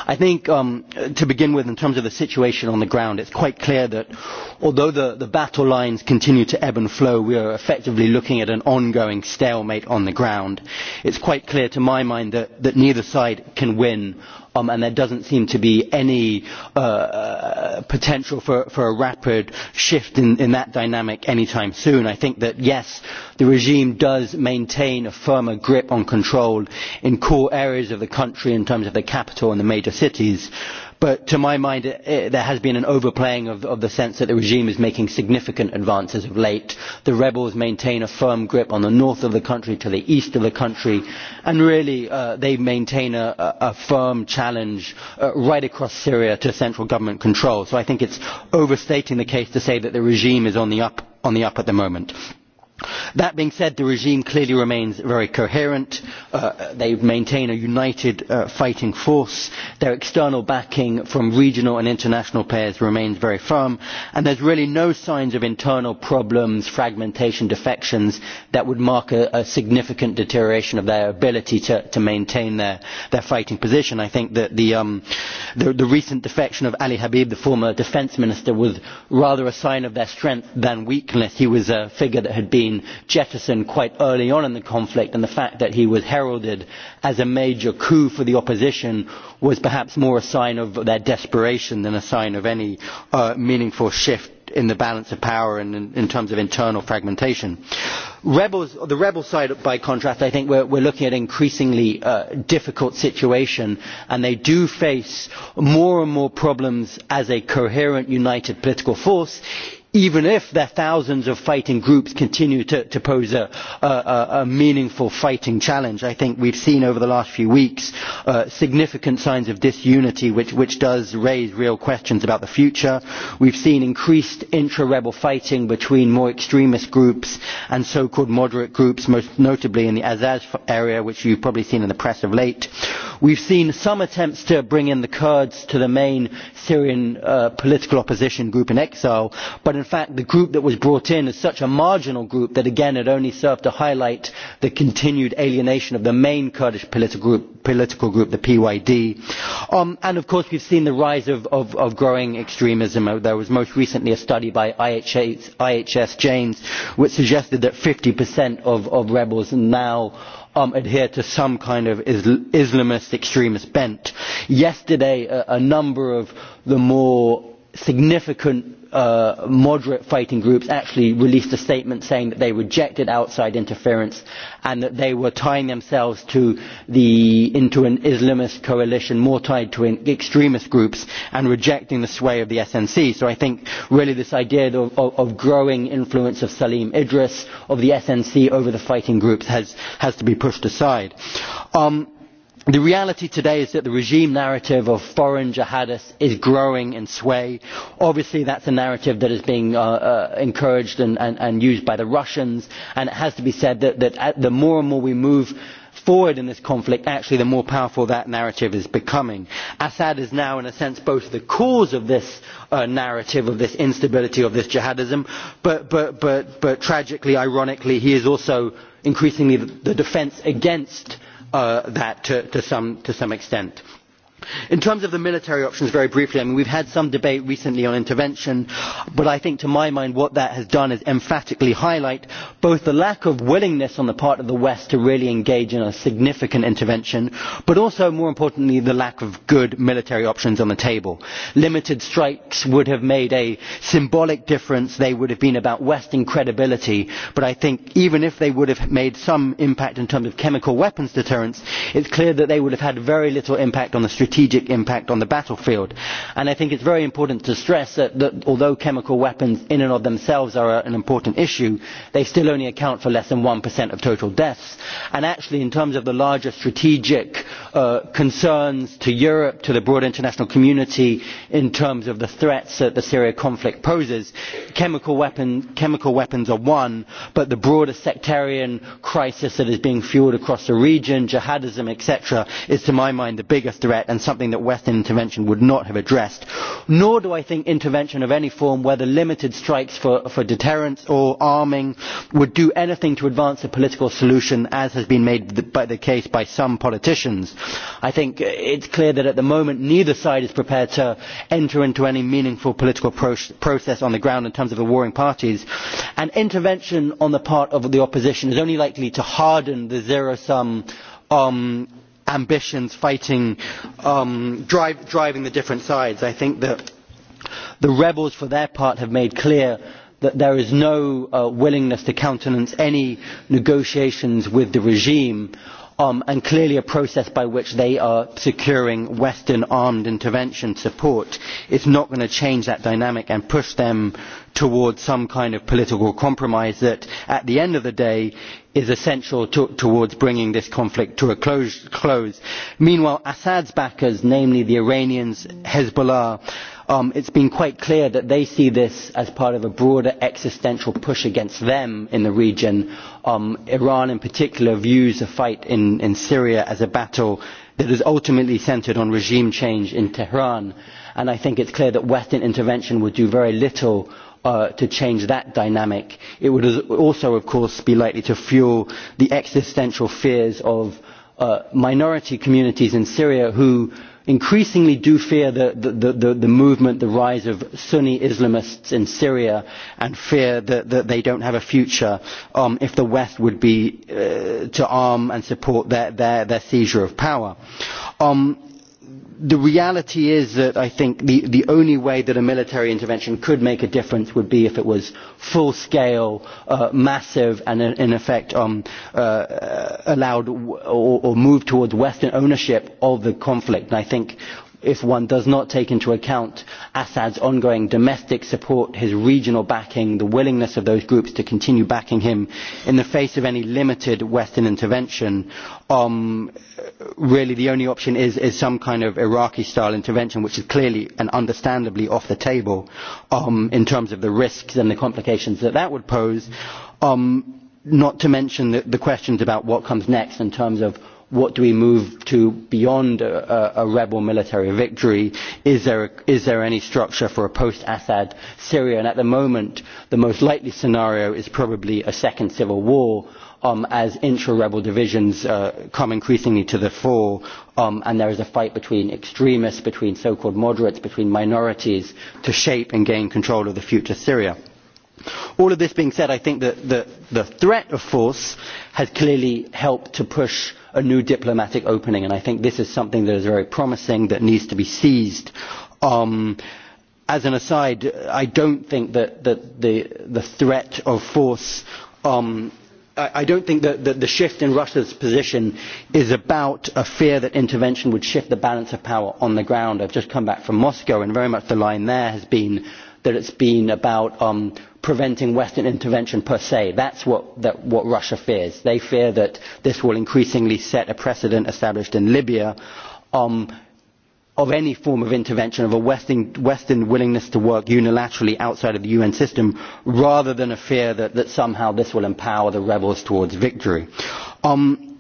I think um, to begin with, in terms of the situation on the ground, it's quite clear that although the, the battle lines continue to ebb and flow, we are effectively looking at an ongoing stalemate on the ground. It's quite clear to my mind that, that neither side can win Um, and there does not seem to be any uh, uh, potential for, a rapid shift in, in that dynamic any time soon. i think that yes the regime does maintain a firmer grip on control in core areas of the country in terms of the capital and the major cities but but to my mind eh, eh, there has been an overplaying of, the sense that the regime is making significant advances of late. the rebels maintain a firm grip on the north of the country to the east of the country and really uh, they maintain a, firm challenge uh, right across syria to central government control so i think it is overstating the case to say that the regime is on the up, on the up at the moment. That being said, the regime clearly remains very coherent. Uh, they maintain a united uh, fighting force. Their external backing from regional and international players remains very firm. And there there's really no signs of internal problems, fragmentation, defections that would mark a, significant deterioration of their ability to, maintain their, fighting position. I think that um, the, recent defection of Ali Habib, the former Defence minister, was rather a sign of their strength than weakness. He was a figure that had been jettisoned quite early on in the conflict and the fact that he was heralded as a major coup for the opposition was perhaps more a sign of their desperation than a sign of any uh, meaningful shift in the balance of power and in, terms of internal fragmentation. Rebels, the rebel side by contrast i think we are looking at an increasingly uh, difficult situation and they do face more and more problems as a coherent united political force even if their thousands of fighting groups continue to, pose a, meaningful fighting challenge. i think we have seen over the last few weeks uh, significant signs of disunity which, does raise real questions about the future. we have seen increased intra rebel fighting between more extremist groups and so called moderate groups most notably in the azaz area which you have probably seen in the press of late. we have seen some attempts to bring in the kurds to the main syrian uh, political opposition group in exile but fact the group that was brought in is such a marginal group that again it only served to highlight the continued alienation of the main kurdish political group, the pyd. Um, and of course we have seen the rise of, of, growing extremism. there was most recently a study by ihs, IHS janes which suggested that fifty of, of rebels now um, adhere to some kind of islamist extremist bent. yesterday a number of the more significant Uh, moderate fighting groups actually released a statement saying that they rejected outside interference and that they were tying themselves to the, into an Islamist coalition more tied to extremist groups and rejecting the sway of the SNC. So I think really this idea of, growing influence of Salim Idris, of the SNC over the fighting groups has, has to be pushed aside. Um, the reality today is that the regime narrative of foreign jihadists is growing in sway. obviously that is a narrative that is being uh, uh, encouraged and, used by the russians and it has to be said that, the more and more we move forward in this conflict actually the more powerful that narrative is becoming. assad is now in a sense both the cause of this uh, narrative of this instability of this jihadism but, but, but, but tragically ironically he is also increasingly the defence against Uh, that to some, to some extent in terms of the military options very briefly we have had some debate recently on intervention but i think to my mind what that has done is emphatically highlight both the lack of willingness on the part of the west to really engage in a significant intervention but also more importantly the lack of good military options on the table. limited strikes would have made a symbolic difference they would have been about western credibility but i think even if they would have made some impact in terms of chemical weapons deterrence it is clear that they would have had very little impact on the strategic impact on the battlefield. I think it is very important to stress that, although chemical weapons in and of themselves are an important issue, they still only account for less than 1% of total deaths. And actually in terms of the larger strategic uh, concerns to Europe, to the broader international community, in terms of the threats that the Syria conflict poses, chemical, chemical weapons are one, but the broader sectarian crisis that is being fuelled across the region, jihadism, etc., is to my mind the biggest threat and something that western intervention would not have addressed nor do i think intervention of any form whether limited strikes for, deterrence or arming would do anything to advance a political solution as has been made the case by some politicians. i think it is clear that at the moment neither side is prepared to enter into any meaningful political process on the ground in terms of the warring parties and intervention on the part of the opposition is only likely to harden the zero sum um, ambitions fighting um, driving the different sides. i think that the rebels for their part have made clear that there is no uh, willingness to countenance any negotiations with the regime Um, and clearly a process by which they are securing Western armed intervention support is not going to change that dynamic and push them towards some kind of political compromise that at the end of the day is essential towards bringing this conflict to a close, meanwhile assad's backers namely the iranians hezbollah um, it has been quite clear that they see this as part of a broader existential push against them in the region um, Iran in particular views the fight in, in Syria as a battle that is ultimately centred on regime change in Tehran. And I think it's clear that Western intervention would do very little uh, to change that dynamic. It would also, of course, be likely to fuel the existential fears of uh, minority communities in Syria who increasingly do fear the, the, the, the movement, the rise of Sunni Islamists in Syria and fear that, that they don't have a future um, if the West would be uh, to arm and support their, their, their seizure of power. Um, the reality is that i think the, the only way that a military intervention could make a difference would be if it was full scale uh, massive and in effect um, uh, uh, allowed or, or moved towards western ownership of the conflict and i think if one does not take into account assad's ongoing domestic support his regional backing the willingness of those groups to continue backing him in the face of any limited western intervention um, really the only option is, some kind of iraqi style intervention which is clearly and understandably off the table um, in terms of the risks and the complications that that would pose um, not to mention the questions about what comes next in terms of what do we move to beyond a, rebel military victory? Is there, is there any structure for a post-Assad Syria? And at the moment, the most likely scenario is probably a second civil war um, as intra-rebel divisions uh, come increasingly to the fore um, and there is a fight between extremists, between so-called moderates, between minorities to shape and gain control of the future Syria. All of this being said, I think that the, the threat of force has clearly helped to push a new diplomatic opening and i think this is something that is very promising that needs to be seized um as an aside i don't think that that the the threat of force um i don't think that the shift in Russia's position is about a fear that intervention would shift the balance of power on the ground. I've just come back from Moscow and very much the line there has been that it's been about um, preventing western intervention per se that's what that what russia fears they fear that this will increasingly set a precedent established in libya um, of any form of intervention of a western, western willingness to work unilaterally outside of the un system rather than a fear that, that somehow this will empower the rebels towards victory. Um,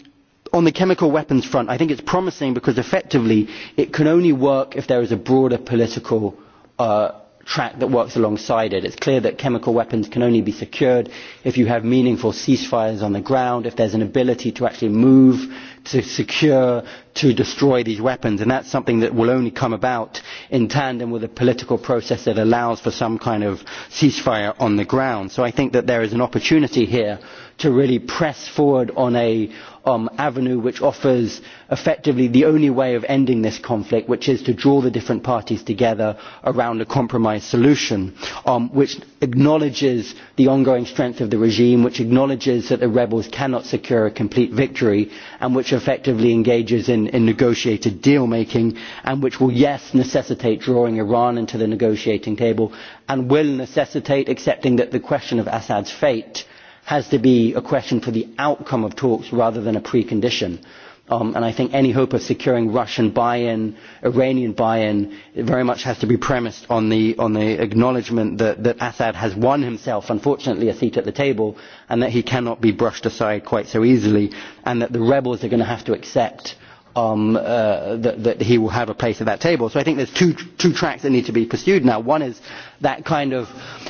on the chemical weapons front i think it's promising because effectively it can only work if there is a broader political uh, track that works alongside it. It's clear that chemical weapons can only be secured if you have meaningful ceasefires on the ground, if there's an ability to actually move to secure to destroy these weapons and that is something that will only come about in tandem with a political process that allows for some kind of ceasefire on the ground. so i think that there is an opportunity here to really press forward on an um, avenue which offers effectively the only way of ending this conflict which is to draw the different parties together around a compromise solution um, which acknowledges the ongoing strength of the regime which acknowledges that the rebels cannot secure a complete victory and which effectively engages in in, negotiated deal making and which will yes necessitate drawing iran into the negotiating table and will necessitate accepting that the question of assad's fate has to be a question for the outcome of talks rather than a precondition. Um, and I think any hope of securing Russian buy-in, Iranian buy-in, very much has to be premised on the, on the acknowledgement that Assad has won himself, unfortunately, a seat at the table, and that he cannot be brushed aside quite so easily, and that the rebels are going to have to accept um, uh, that, that he will have a place at that table. So I think there's two, two tracks that need to be pursued now. One is that kind of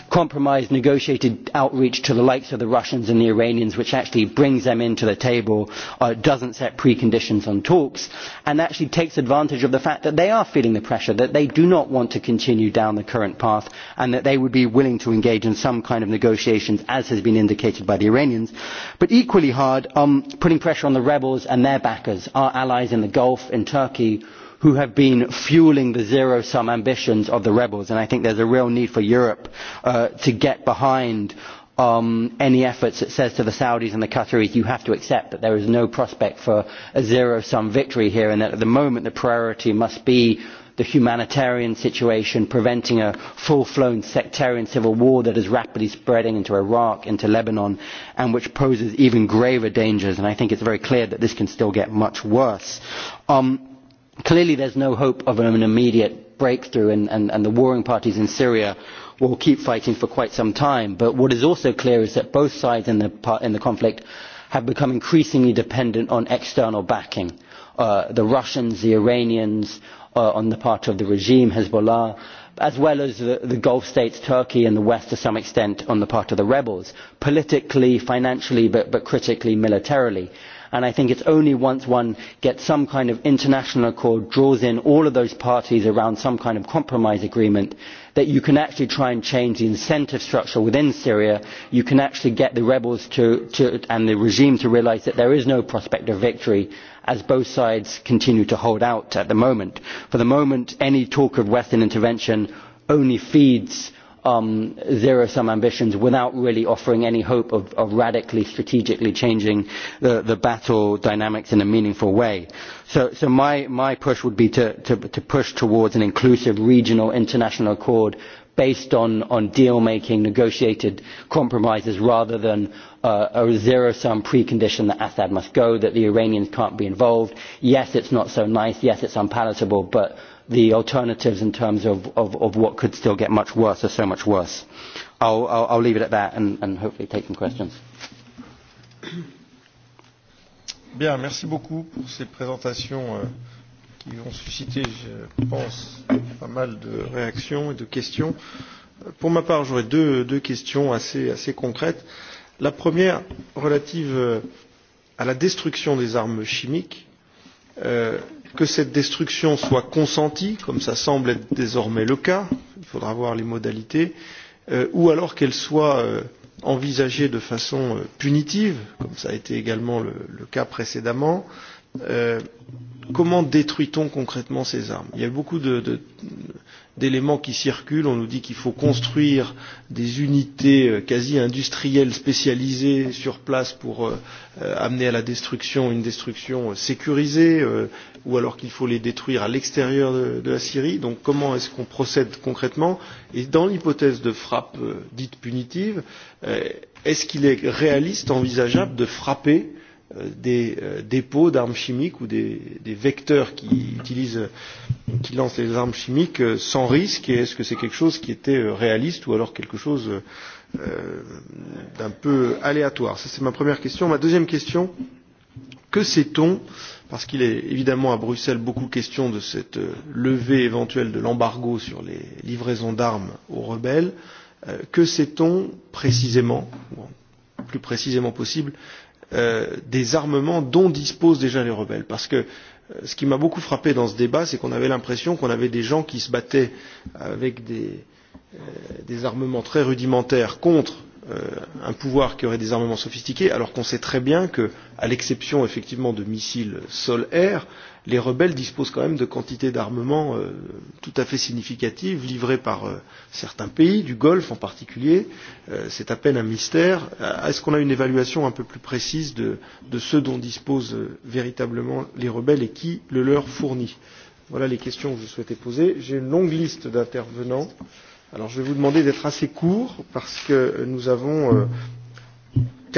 compromise negotiated outreach to the likes of the Russians and the Iranians, which actually brings them into the table, uh, doesn't set preconditions on talks, and actually takes advantage of the fact that they are feeling the pressure, that they do not want to continue down the current path, and that they would be willing to engage in some kind of negotiations, as has been indicated by the Iranians. But equally hard, on um, putting pressure on the rebels and their backers, our allies in the Gulf, in Turkey, who have been fuelling the zero sum ambitions of the rebels and i think there is a real need for europe uh, to get behind um, any efforts that says to the saudis and the qataris you have to accept that there is no prospect for a zero sum victory here and that at the moment the priority must be the humanitarian situation preventing a full flown sectarian civil war that is rapidly spreading into iraq into lebanon and which poses even graver dangers and i think it is very clear that this can still get much worse. Um, clearly there is no hope of an immediate breakthrough and, and, the warring parties in syria will keep fighting for quite some time but what is also clear is that both sides in the, in the conflict have become increasingly dependent on external backing uh, the russians the iranians uh, on the part of the regime hezbollah as well as the, gulf states turkey and the west to some extent on the part of the rebels politically financially but, but critically militarily and i think it's only once one gets some kind of international accord draws in all of those parties around some kind of compromise agreement that you can actually try and change the incentive structure within syria you can actually get the rebels and the regime to realise that there is no prospect of victory as both sides continue to hold out at the moment. for the moment any talk of western intervention only feeds Um, zero-sum ambitions without really offering any hope of, radically strategically changing the, battle dynamics in a meaningful way. So, my, push would be to, push towards an inclusive regional international accord based on, deal making negotiated compromises rather than uh, a zero sum precondition that assad must go that the iranians can't be involved. yes it's not so nice yes it's unpalatable but the alternatives in terms of, of, of what could still get much worse or so much worse. I'll, I'll, I'll leave it at that and, and hopefully take some questions. Bien, merci beaucoup pour ces présentations euh, qui ont suscité, je pense, pas mal de réactions et de questions. Euh, pour ma part, j'aurais deux, deux questions assez, assez concrètes. La première, relative euh, à la destruction des armes chimiques. Euh, que cette destruction soit consentie comme cela semble être désormais le cas il faudra voir les modalités euh, ou alors qu'elle soit euh, envisagée de façon euh, punitive comme ça a été également le, cas précédemment comment détruit on concrètement ces armes? il y a beaucoup de, d'éléments qui circulent. On nous dit qu'il faut construire des unités euh, quasi industrielles spécialisées sur place pour euh, euh, amener à la destruction une destruction sécurisée, ou alors qu'il faut les détruire à l'extérieur de, la Syrie. Donc comment est-ce qu'on procède concrètement Et dans l'hypothèse de frappe dite punitive, est-ce qu'il est réaliste, envisageable de frapper Euh, des euh, dépôts d'armes chimiques ou des, des vecteurs qui utilisent euh, qui lancent les armes chimiques sans risque et est-ce que c'est quelque chose qui était réaliste ou alors quelque chose d'un peu aléatoire ça c'est ma première question ma deuxième question que sait-on parce qu'il est évidemment à Bruxelles beaucoup question de cette levée éventuelle de l'embargo sur les livraisons d'armes aux rebelles que sait-on précisément plus précisément possible Euh, des armements dont disposent déjà les rebelles parce que euh, ce qui m'a beaucoup frappé dans ce débat c'est qu'on avait l'impression qu'on avait des gens qui se battaient avec des, euh, des armements très rudimentaires contre un pouvoir qui aurait des armements sophistiqués alors qu'on sait très bien que à l'exception effectivement de missiles sol air les rebelles disposent quand même de quantités d'armements euh, tout à fait significatives livrées par euh, certains pays du golfe en particulier euh, c'est à peine un mystère est-ce qu'on a une évaluation un peu plus précise de de ce dont disposent véritablement les rebelles et qui le leur fournit voilà les questions que je souhaitais poser j'ai une longue liste d'intervenants alors je vais vous demander d'être assez court parce que nous avons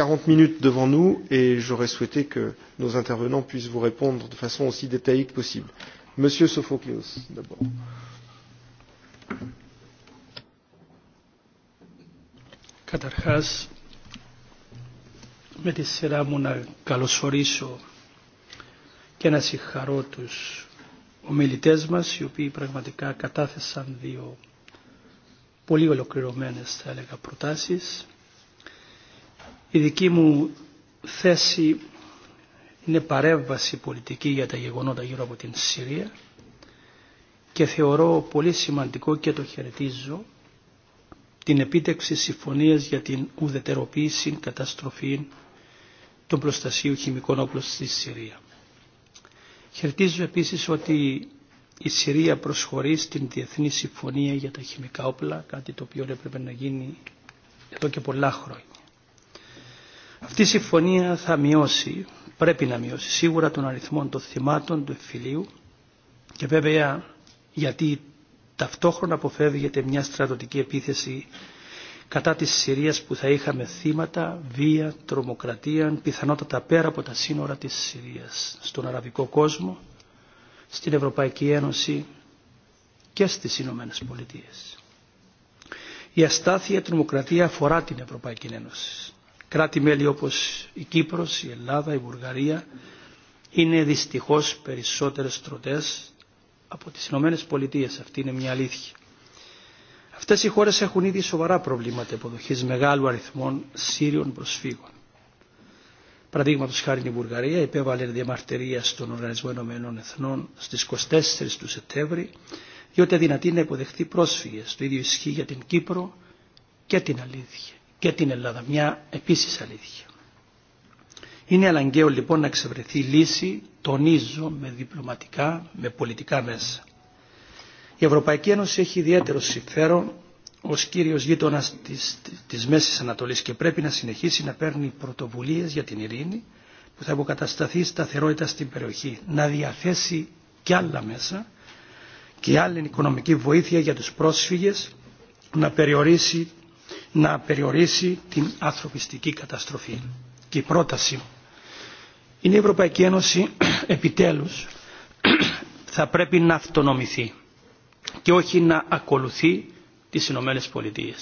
quarante minutes devant nous et j'aurais souhaité que nos intervenants puissent vous répondre de façon aussi détaillée que possible. monsieur sophocleos d'abord. καταρχάς με τη σειρά μου να καλωσορίσω Η δική μου θέση είναι παρέμβαση πολιτική για τα γεγονότα γύρω από την Συρία και θεωρώ πολύ σημαντικό και το χαιρετίζω την επίτευξη συμφωνίας για την ουδετεροποίηση καταστροφή των προστασίου χημικών όπλων στη Συρία. Χαιρετίζω επίσης ότι η Συρία προσχωρεί στην Διεθνή Συμφωνία για τα Χημικά Όπλα, κάτι το οποίο έπρεπε να γίνει εδώ και πολλά χρόνια. Αυτή η συμφωνία θα μειώσει, πρέπει να μειώσει σίγουρα τον αριθμό των θυμάτων του εφηλίου και βέβαια γιατί ταυτόχρονα αποφεύγεται μια στρατοτική επίθεση κατά της Συρίας που θα είχαμε θύματα, βία, τρομοκρατία, πιθανότατα πέρα από τα σύνορα της Συρίας, στον αραβικό κόσμο, στην Ευρωπαϊκή Ένωση και στις Ηνωμένε Πολιτείε. Η αστάθεια τρομοκρατία αφορά την Ευρωπαϊκή Ένωση κράτη-μέλη όπως η Κύπρος, η Ελλάδα, η Βουλγαρία είναι δυστυχώς περισσότερες στρωτές από τις Ηνωμένες Πολιτείες. Αυτή είναι μια αλήθεια. Αυτές οι χώρες έχουν ήδη σοβαρά προβλήματα υποδοχής μεγάλου αριθμών Σύριων προσφύγων. Παραδείγματο χάρη η Βουλγαρία υπέβαλε διαμαρτυρία στον Οργανισμό Ηνωμένων Εθνών στις 24 του Σεπτέμβρη, διότι αδυνατεί να υποδεχθεί πρόσφυγες. Το ίδιο ισχύει για την Κύπρο και την αλήθεια και την Ελλάδα. Μια επίσης αλήθεια. Είναι αναγκαίο λοιπόν να εξευρεθεί λύση, τονίζω, με διπλωματικά, με πολιτικά μέσα. Η Ευρωπαϊκή Ένωση έχει ιδιαίτερο συμφέρον ως κύριος γείτονας της, της Μέσης Ανατολής και πρέπει να συνεχίσει να παίρνει πρωτοβουλίες για την ειρήνη που θα αποκατασταθεί σταθερότητα στην περιοχή, να διαθέσει και άλλα μέσα και άλλη οικονομική βοήθεια για τους πρόσφυγες, να περιορίσει να περιορίσει την ανθρωπιστική καταστροφή. Και η πρόταση είναι η Ευρωπαϊκή Ένωση επιτέλους θα πρέπει να αυτονομηθεί και όχι να ακολουθεί τις Ηνωμένε Πολιτείε.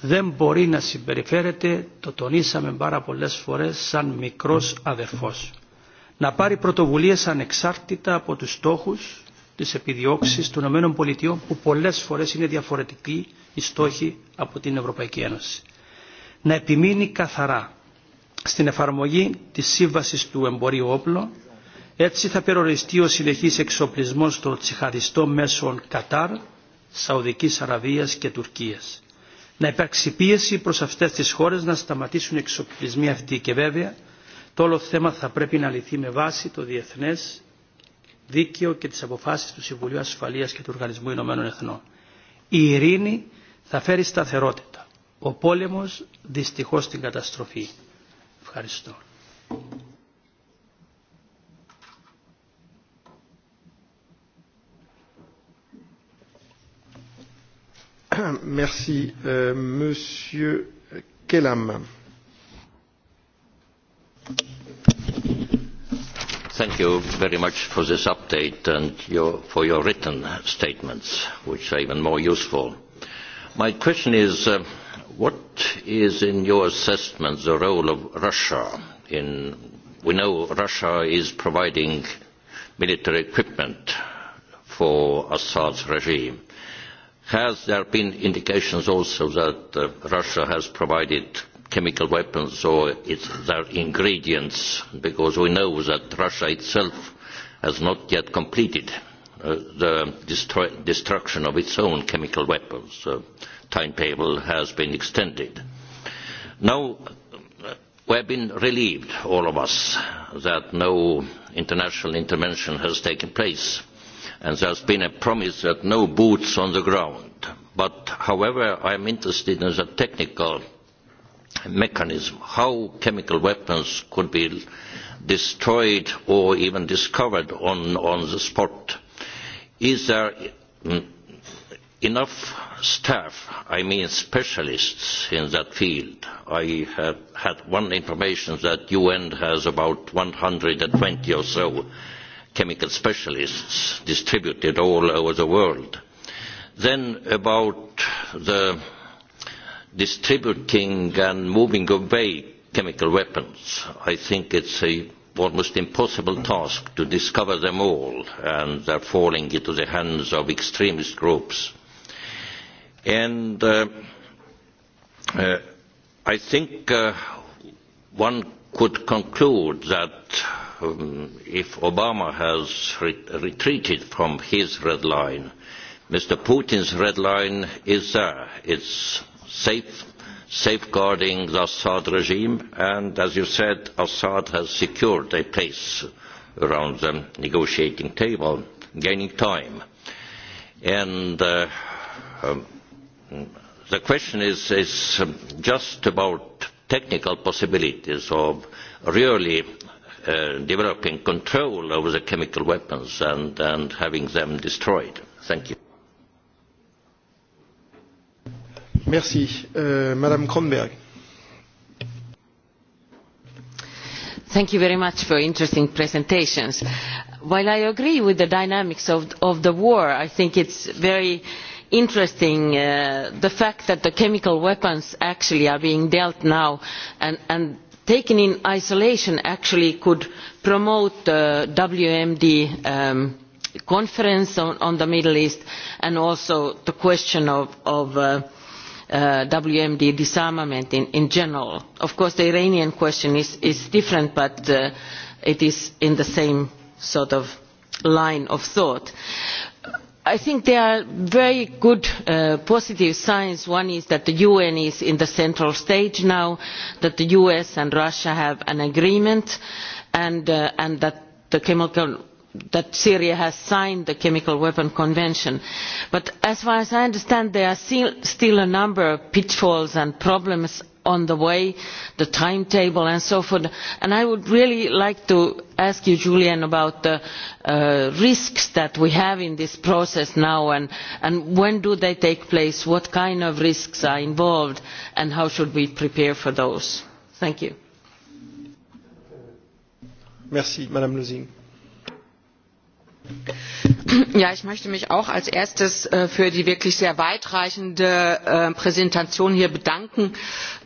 Δεν μπορεί να συμπεριφέρεται, το τονίσαμε πάρα πολλές φορές, σαν μικρός αδερφός. Να πάρει πρωτοβουλίες ανεξάρτητα από τους στόχους, τις επιδιώξεις των ΗΠΑ που πολλές φορές είναι διαφορετικοί οι στόχοι από την Ευρωπαϊκή Ένωση. Να επιμείνει καθαρά στην εφαρμογή της σύμβασης του εμπορίου όπλων, έτσι θα περιοριστεί ο συνεχής εξοπλισμός των τσιχαριστών μέσων Κατάρ, Σαουδικής Αραβίας και Τουρκίας. Να υπάρξει πίεση προς αυτές τις χώρες να σταματήσουν οι εξοπλισμοί αυτοί και βέβαια το όλο θέμα θα πρέπει να λυθεί με βάση το διεθνές δίκαιο και τις αποφάσεις του Συμβουλίου Ασφαλείας και του Οργανισμού Ηνωμένων Εθνών. Η ειρήνη θα φέρει σταθερότητα. Ο πόλεμος δυστυχώς την καταστροφή. Ευχαριστώ. (coughs) Merci, euh, Monsieur Kellam. Thank you very much for this update and your, for your written statements, which are even more useful My question is uh, what is in your assessment the role of Russia in we know Russia is providing military equipment for Assad's regime. Has there been indications also that uh, Russia has provided chemical weapons or its, their ingredients because we know that Russia itself has not yet completed Uh, the destruction of its own chemical weapons. The uh, timetable has been extended. Now uh, we have been relieved, all of us, that no international intervention has taken place and there has been a promise that no boots on the ground. But however, I am interested in the technical mechanism, how chemical weapons could be destroyed or even discovered on, on the spot is there enough staff, I mean specialists in that field? I have had one information that UN has about 120 or so chemical specialists distributed all over the world. Then about the distributing and moving away chemical weapons, I think it's a almost impossible task to discover them all and they are falling into the hands of extremist groups. And uh, uh, I think uh, one could conclude that um, if Obama has re retreated from his red line, Mr Putin's red line is there. It's safe safeguarding the Assad regime and, as you said, Assad has secured a place around the negotiating table, gaining time. And uh, um, the question is, is just about technical possibilities of really uh, developing control over the chemical weapons and having them destroyed. Thank you. Merci. Euh, Thank you very much for interesting presentations. While I agree with the dynamics of, the war, I think it's very interesting uh, the fact that the chemical weapons actually are being dealt now and, taken in isolation actually could promote the WMD um, conference on, the Middle East and also the question of, uh, Uh, WMD disarmament in, general. Of course the Iranian question is, different but uh, it is in the same sort of line of thought. I think there are very good uh, positive signs. One is that the UN is in the central stage now, that the US and Russia have an agreement and that the chemical that syria has signed the chemical weapons convention but as far as i understand there are still a number of pitfalls and problems on the way the timetable and so forth and i would really like to ask you julian about the uh, risks that we have in this process now and, when do they take place what kind of risks are involved and how should we prepare for those? thank you. (clears throat) Ja, ich möchte mich auch als erstes äh, für die wirklich sehr weitreichende äh, präsentation hier bedanken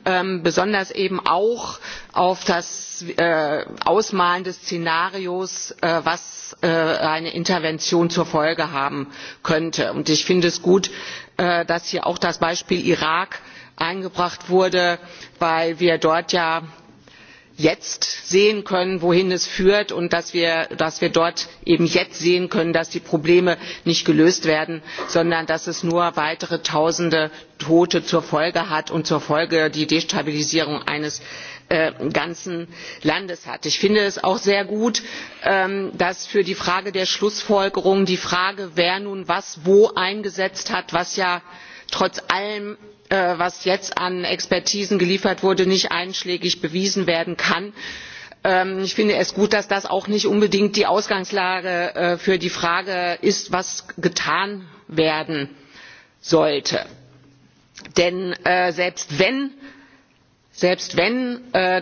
ähm, besonders eben auch auf das äh, ausmalen des szenarios was eine intervention zur folge haben könnte. Und ich finde es gut dass hier auch das beispiel irak eingebracht wurde weil wir dort ja jetzt sehen können wohin es führt und dass wir, dort eben jetzt sehen können dass die probleme nicht gelöst werden sondern dass es nur weitere tausende tote zur folge hat und zur folge die destabilisierung eines äh, ganzen landes hat. ich finde es auch sehr gut ähm, dass für die frage der Schlussfolgerung die frage wer nun was wo eingesetzt hat was ja trotz allem äh, was jetzt an expertisen geliefert wurde nicht einschlägig bewiesen werden kann. Ähm, ich finde es gut dass das auch nicht unbedingt die ausgangslage äh, für die frage ist was getan werden sollte. denn äh, selbst wenn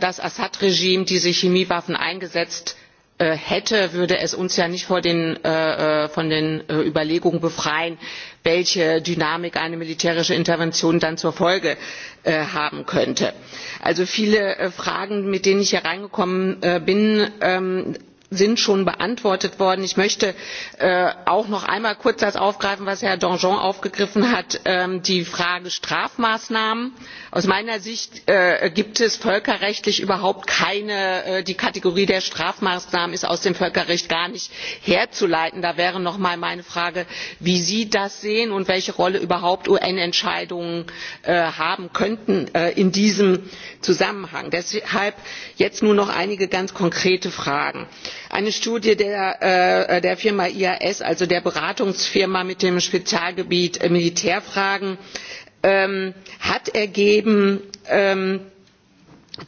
das assad regime diese chemiewaffen eingesetzt Äh, hätte würde es uns ja nicht äh, äh, von den überlegungen befreien welche dynamik eine militärische intervention dann zur folge haben könnte. also viele fragen mit denen ich hier reingekommen bin ähm, sind schon beantwortet worden. ich möchte äh, auch noch einmal kurz das aufgreifen was herr danjean aufgegriffen hat ähm, die frage strafmaßnahmen. aus meiner sicht äh, gibt es völkerrechtlich überhaupt keine äh, die kategorie der strafmaßnahmen ist aus dem völkerrecht gar nicht herzuleiten. da wäre noch einmal meine frage wie sie das sehen und welche rolle überhaupt un entscheidungen haben könnten in diesem zusammenhang. deshalb jetzt nur noch einige ganz konkrete fragen eine studie der, äh, firma ias also der beratungsfirma mit dem spezialgebiet äh, militärfragen ähm, hat ergeben ähm,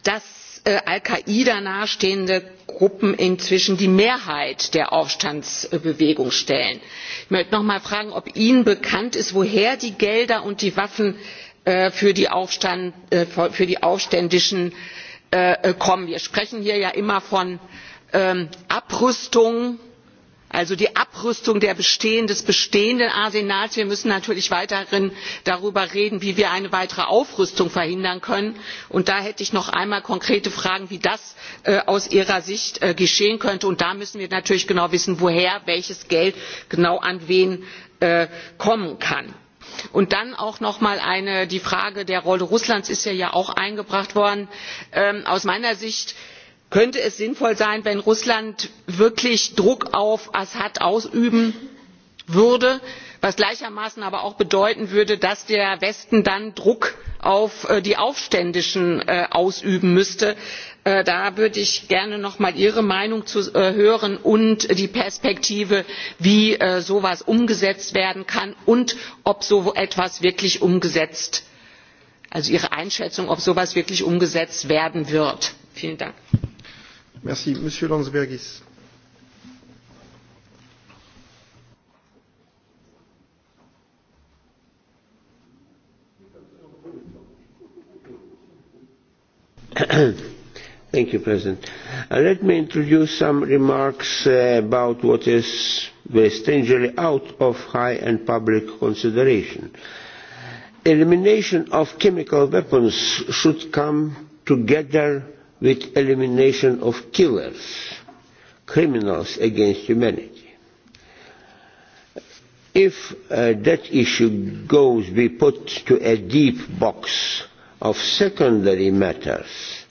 dass äh, al qaida nahestehende gruppen inzwischen die mehrheit der aufstandsbewegung stellen. ich möchte noch einmal fragen ob ihnen bekannt ist woher die gelder und die waffen für die, für die aufständischen kommen. wir sprechen hier ja immer von Ähm, abrüstung also die abrüstung des bestehenden arsenals wir müssen natürlich weiterhin darüber reden wie wir eine weitere aufrüstung verhindern können und da hätte ich noch einmal konkrete fragen wie das äh, aus ihrer sicht äh, geschehen könnte und da müssen wir natürlich genau wissen woher welches geld genau an wen äh, kommen kann. und dann auch noch mal eine, die frage der rolle russlands ist ja, ja auch eingebracht worden. Ähm, aus meiner sicht könnte es sinnvoll sein wenn russland wirklich druck auf assad ausüben würde was gleichermaßen aber auch bedeuten würde dass der westen dann druck auf äh, die aufständischen äh, ausüben müsste. Äh, da würde ich gerne noch mal ihre meinung zu hören und die perspektive wie so etwas umgesetzt werden kann und ob so etwas wirklich umgesetzt also ihre einschätzung ob so etwas wirklich umgesetzt werden wird. vielen dank. Monsieur (coughs) President. Uh, let me introduce some remarks uh, about what is strangely out of high and public consideration. Elimination of chemical weapons should come together with elimination of killers, criminals against humanity. If uh, that issue goes be put to a deep box of secondary matters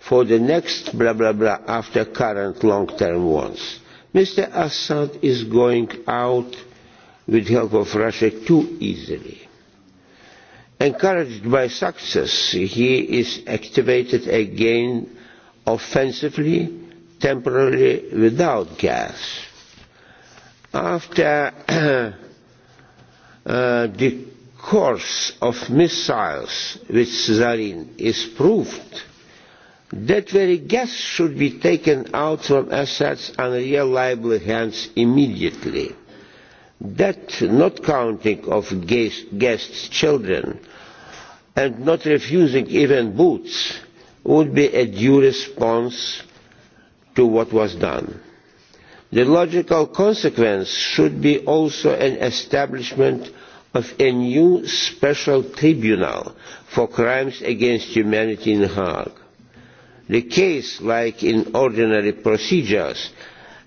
for the next blah blah blah after current long term ones, Mr Assad is going out with the help of Russia too easily Encouraged by success, he is activated again offensively, temporarily without gas. After (clears throat) uh, the course of missiles with Caesarin is proved, that very gas should be taken out from Assad's unreliable hands immediately That not counting of guests' children and not refusing even boots would be a due response to what was done. The logical consequence should be also an establishment of a new special tribunal for crimes against humanity in Hague. The case, like in ordinary procedures,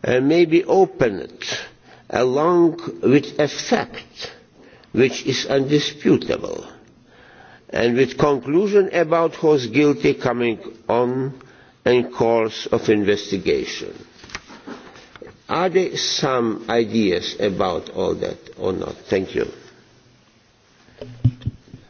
uh, may be opened along with a fact which is undisputable and with conclusion about who is guilty coming on in course of investigation. Are there some ideas about all that or not? Thank you.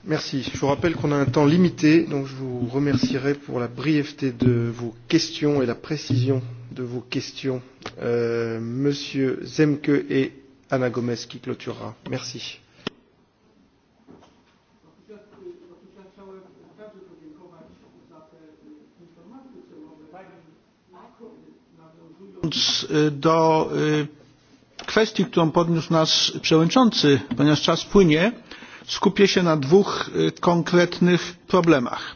Merci. Je vous rappelle qu'on a un temps limité, donc je vous remercierai pour la brièveté de vos questions et la précision de vos questions. Euh, Monsieur Zemke et Anna Gomez qui clôturera. Merci. do kwestii którą podniósł nasz przewodniczący ponieważ czas płynie skupię się na dwóch konkretnych problemach.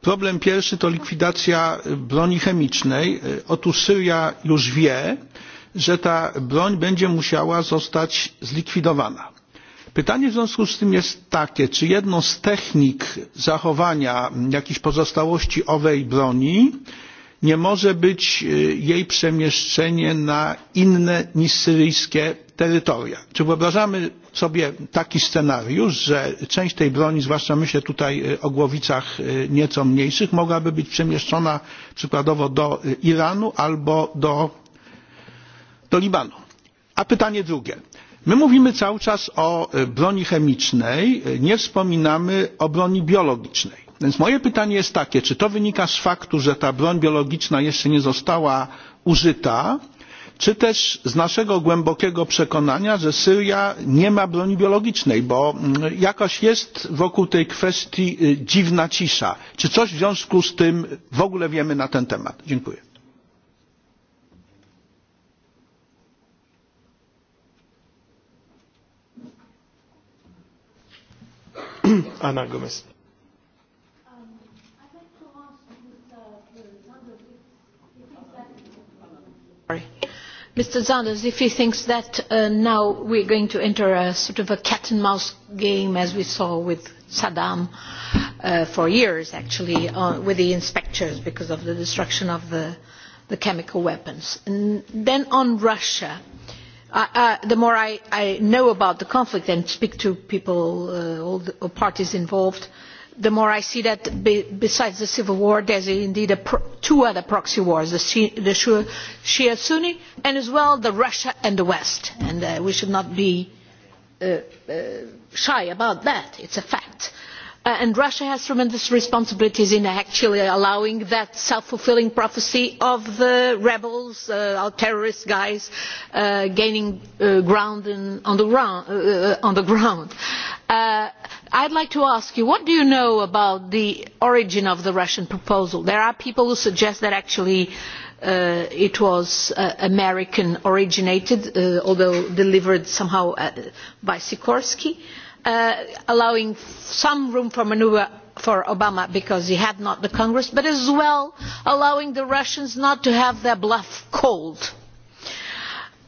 problem pierwszy to likwidacja broni chemicznej. otóż syria już wie że ta broń będzie musiała zostać zlikwidowana. pytanie w związku z tym jest takie czy jedną z technik zachowania jakichś pozostałości owej broni nie może być jej przemieszczenie na inne niż syryjskie terytoria. czy wyobrażamy sobie taki scenariusz, że część tej broni, zwłaszcza myślę tutaj o głowicach nieco mniejszych, mogłaby być przemieszczona przykładowo do Iranu albo do, do Libanu. A pytanie drugie. My mówimy cały czas o broni chemicznej, nie wspominamy o broni biologicznej. Więc moje pytanie jest takie, czy to wynika z faktu, że ta broń biologiczna jeszcze nie została użyta, czy też z naszego głębokiego przekonania że syria nie ma broni biologicznej bo mm, jakoś jest wokół tej kwestii dziwna cisza. czy coś w związku z tym w ogóle wiemy na ten temat? dziękuję. Mr. Zanders, if he thinks that uh, now we are going to enter a sort of a cat and mouse game as we saw with Saddam uh, for years actually uh, with the inspectors because of the destruction of the, chemical weapons. then on Russia, I, the more I, know about the conflict and speak to people, all the parties involved, the more i see that besides the civil war there are indeed two other proxy wars the shia sunni and as well the russia and the west and uh, we should not be uh, uh, shy about that it is a fact. russia has tremendous responsibilities in actually allowing that self fulfilling prophecy of the rebels our terrorist guys gaining ground on the ground Uh, i would like to ask you what do you know about the origin of the russian proposal? there are people who suggest that actually uh, it was uh, American originated, although delivered somehow by Sikorsky, allowing some room for manoeuvre for Obama because he had not the Congress, but as well allowing the Russians not to have their bluff called.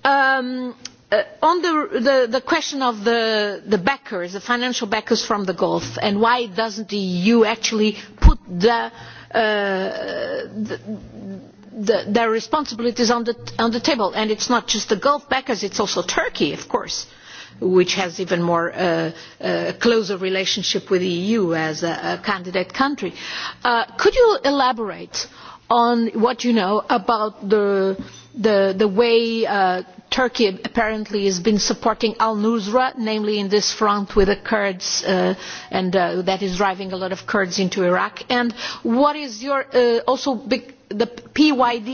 Um, Uh, on the, the, question of the, backers the financial backers from the gulf and why does the eu actually put uh, the their responsibilities on, the table and it is not just the gulf backers it is also turkey of course which has an even more uh, closer relationship with the eu as a, candidate country. could you elaborate on what you know about the the, way turkey apparently has been supporting al nusra namely in this front with the kurds uh, and uh, that is driving a lot of kurds into iraq and what is your uh, also the pyd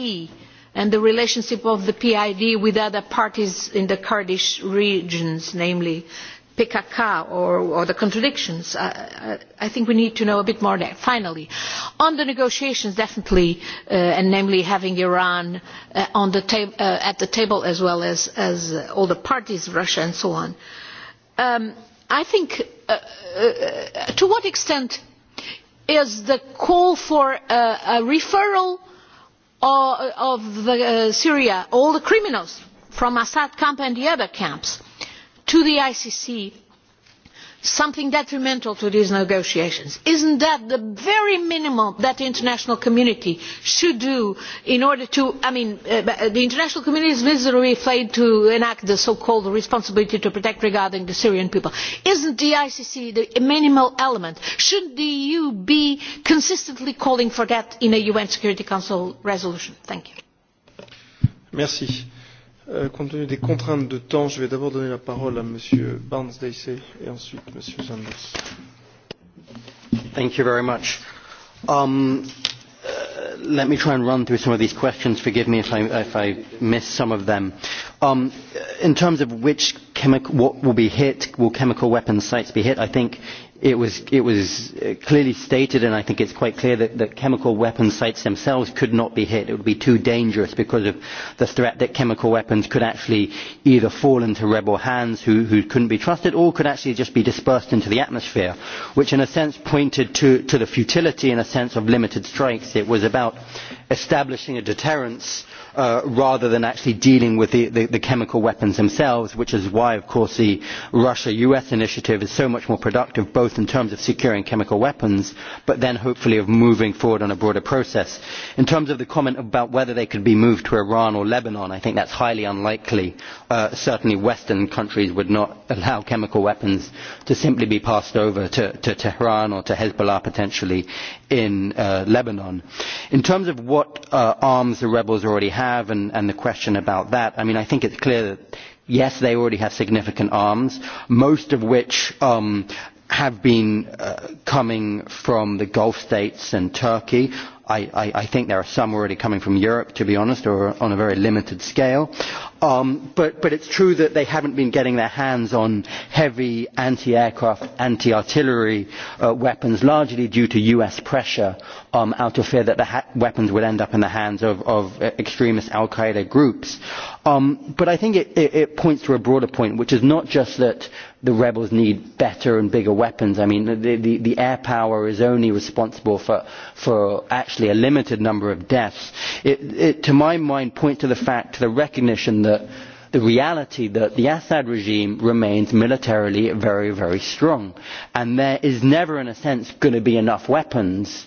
and the relationship of the pyd with other parties in the kurdish regions namely PKK or, the contradictions. Uh, uh, I, think we need to know a bit more Finally, on the negotiations, definitely, uh, and namely having Iran at the table as well as, all the parties, Russia and so on. Um, I think to what extent is the call for a, referral of, Syria, all the criminals from Assad camp and the other camps to the icc something detrimental to these negotiations. is that not the very minimum that the international community should do in order to i mean uh, uh, the international community is miserably failed to enact the so called responsibility to protect regarding the syrian people. is the icc the minimal element? should the eu be consistently calling for that in a un security council resolution? Thank Euh, compte tenu des contraintes de temps, je vais d'abord donner la parole à Monsieur Barnes Daisy et ensuite Monsieur Sanders. Thank you very much. Um, uh, let me try and run through some of these questions. Forgive me if I, if I miss some of them. Um, in terms of which chemical, what will be hit, will chemical weapons sites be hit? I think it was, it was uh, clearly stated and i think it is quite clear that, that chemical weapons sites themselves could not be hit it would be too dangerous because of the threat that chemical weapons could actually either fall into rebel hands who, who could not be trusted or could actually just be dispersed into the atmosphere which in a sense pointed to, to the futility in a sense of limited strikes. it was about establishing a deterrence Uh, rather than actually dealing with the, chemical weapons themselves which is why of course the russia us initiative is so much more productive both in terms of securing chemical weapons but then hopefully of moving forward on a broader process. in terms of the comment about whether they could be moved to iran or lebanon i think that is highly unlikely. Uh, certainly western countries would not (laughs) allow chemical weapons to simply be passed over to, to tehran or to hezbollah potentially in uh, lebanon. in terms of what arms the rebels already have have and, and the question about that. I mean, I think it's clear that, yes, they already have significant arms, most of which um, have been uh, coming from the Gulf states and Turkey i, I, I think there are some already coming from Europe, to be honest, or on a very limited scale. Um, but, but it's true that they haven't been getting their hands on heavy anti-aircraft, anti-artillery uh, weapons, largely due to US pressure um, out of fear that the weapons would end up in the hands of, uh, extremist Al-Qaeda groups. Um, but I think it, it, it points to a broader point, which is not just that the rebels need better and bigger weapons. I mean, the, the, the air power is only responsible for, for actually a limited number of deaths. It, it, to my mind, points to the fact, to the recognition that the reality that the Assad regime remains militarily very, very strong. And there is never, in a sense, going to be enough weapons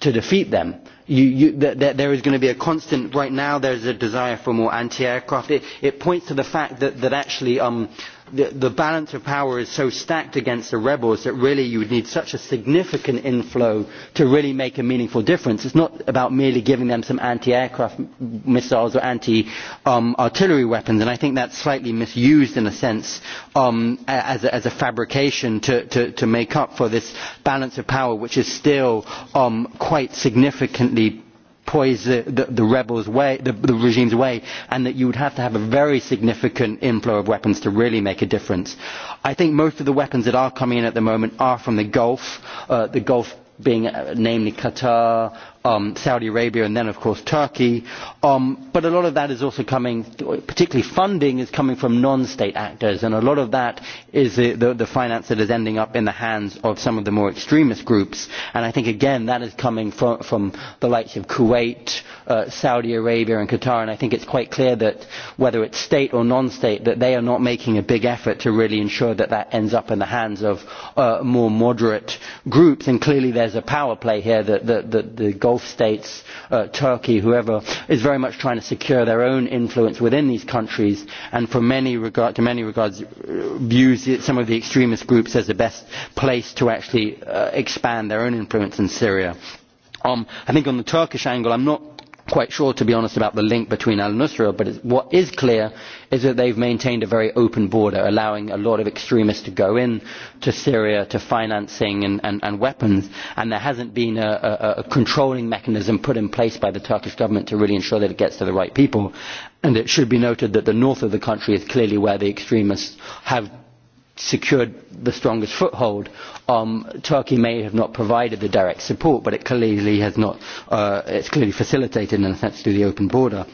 to defeat them. You, you, th th there is going to be a constant right now there is a desire for more anti aircraft. It, it points to the fact that, that actually um, the, balance of power is so stacked against the rebels that really you would need such a significant inflow to really make a meaningful difference. it is not about merely giving them some anti aircraft missiles or anti um, artillery weapons and i think that is slightly misused in a sense um, as, a, fabrication to, make up for this balance of power which is still um, quite significantly poise the, the rebels' way, the, the regime's way, and that you would have to have a very significant inflow of weapons to really make a difference. I think most of the weapons that are coming in at the moment are from the Gulf, uh, the Gulf being uh, namely Qatar, Um, Saudi Arabia and then of course Turkey um, but a lot of that is also coming particularly funding is coming from non-state actors and a lot of that is the, finance that is ending up in the hands of some of the more extremist groups and I think again that is coming from, the likes of Kuwait uh, Saudi Arabia and Qatar and I think it's quite clear that whether it's state or non-state that they are not making a big effort to really ensure that that ends up in the hands of uh, more moderate groups and clearly is a power play here that the Gulf states, uh, Turkey, whoever, is very much trying to secure their own influence within these countries and for many to many regards uh, views some of the extremist groups as the best place to actually uh, expand their own influence in Syria. Um, I think on the Turkish angle, I'm not quite sure to be honest about the link between al nusra but what is clear is that they have maintained a very open border allowing a lot of extremists to go in to syria to financing and, and, and weapons and there has not been a, a, a controlling mechanism put in place by the turkish government to really ensure that it gets to the right people and it should be noted that the north of the country is clearly where the extremists have secured the strongest foothold. Um, Turkey may have not provided the direct support, but it clearly has not, uh, it's clearly facilitated in a sense through the open border.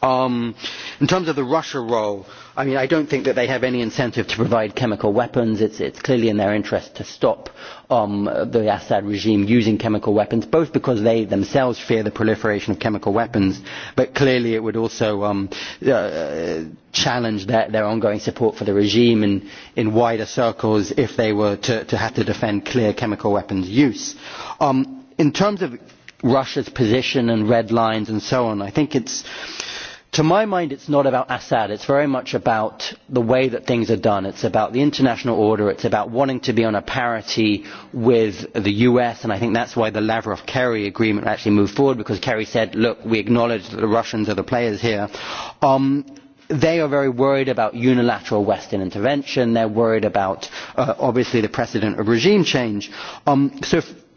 Um, in terms of the Russia role, i mean, I don't think that they have any incentive to provide chemical weapons. It's, it's clearly in their interest to stop um, the Assad regime using chemical weapons, both because they themselves fear the proliferation of chemical weapons, but clearly it would also um, uh, challenge their, their ongoing support for the regime in, in wider circles if they were to, to have to defend clear chemical weapons use. Um, in terms of Russia's position and red lines and so on, I think it's to my mind it is not about assad it is very much about the way that things are done it is about the international order it is about wanting to be on a parity with the us and i think that is why the lavrov kerry agreement actually moved forward because kerry said look we acknowledge that the russians are the players here. Um, they are very worried about unilateral western intervention they are worried about uh, obviously the precedent of regime change. Um,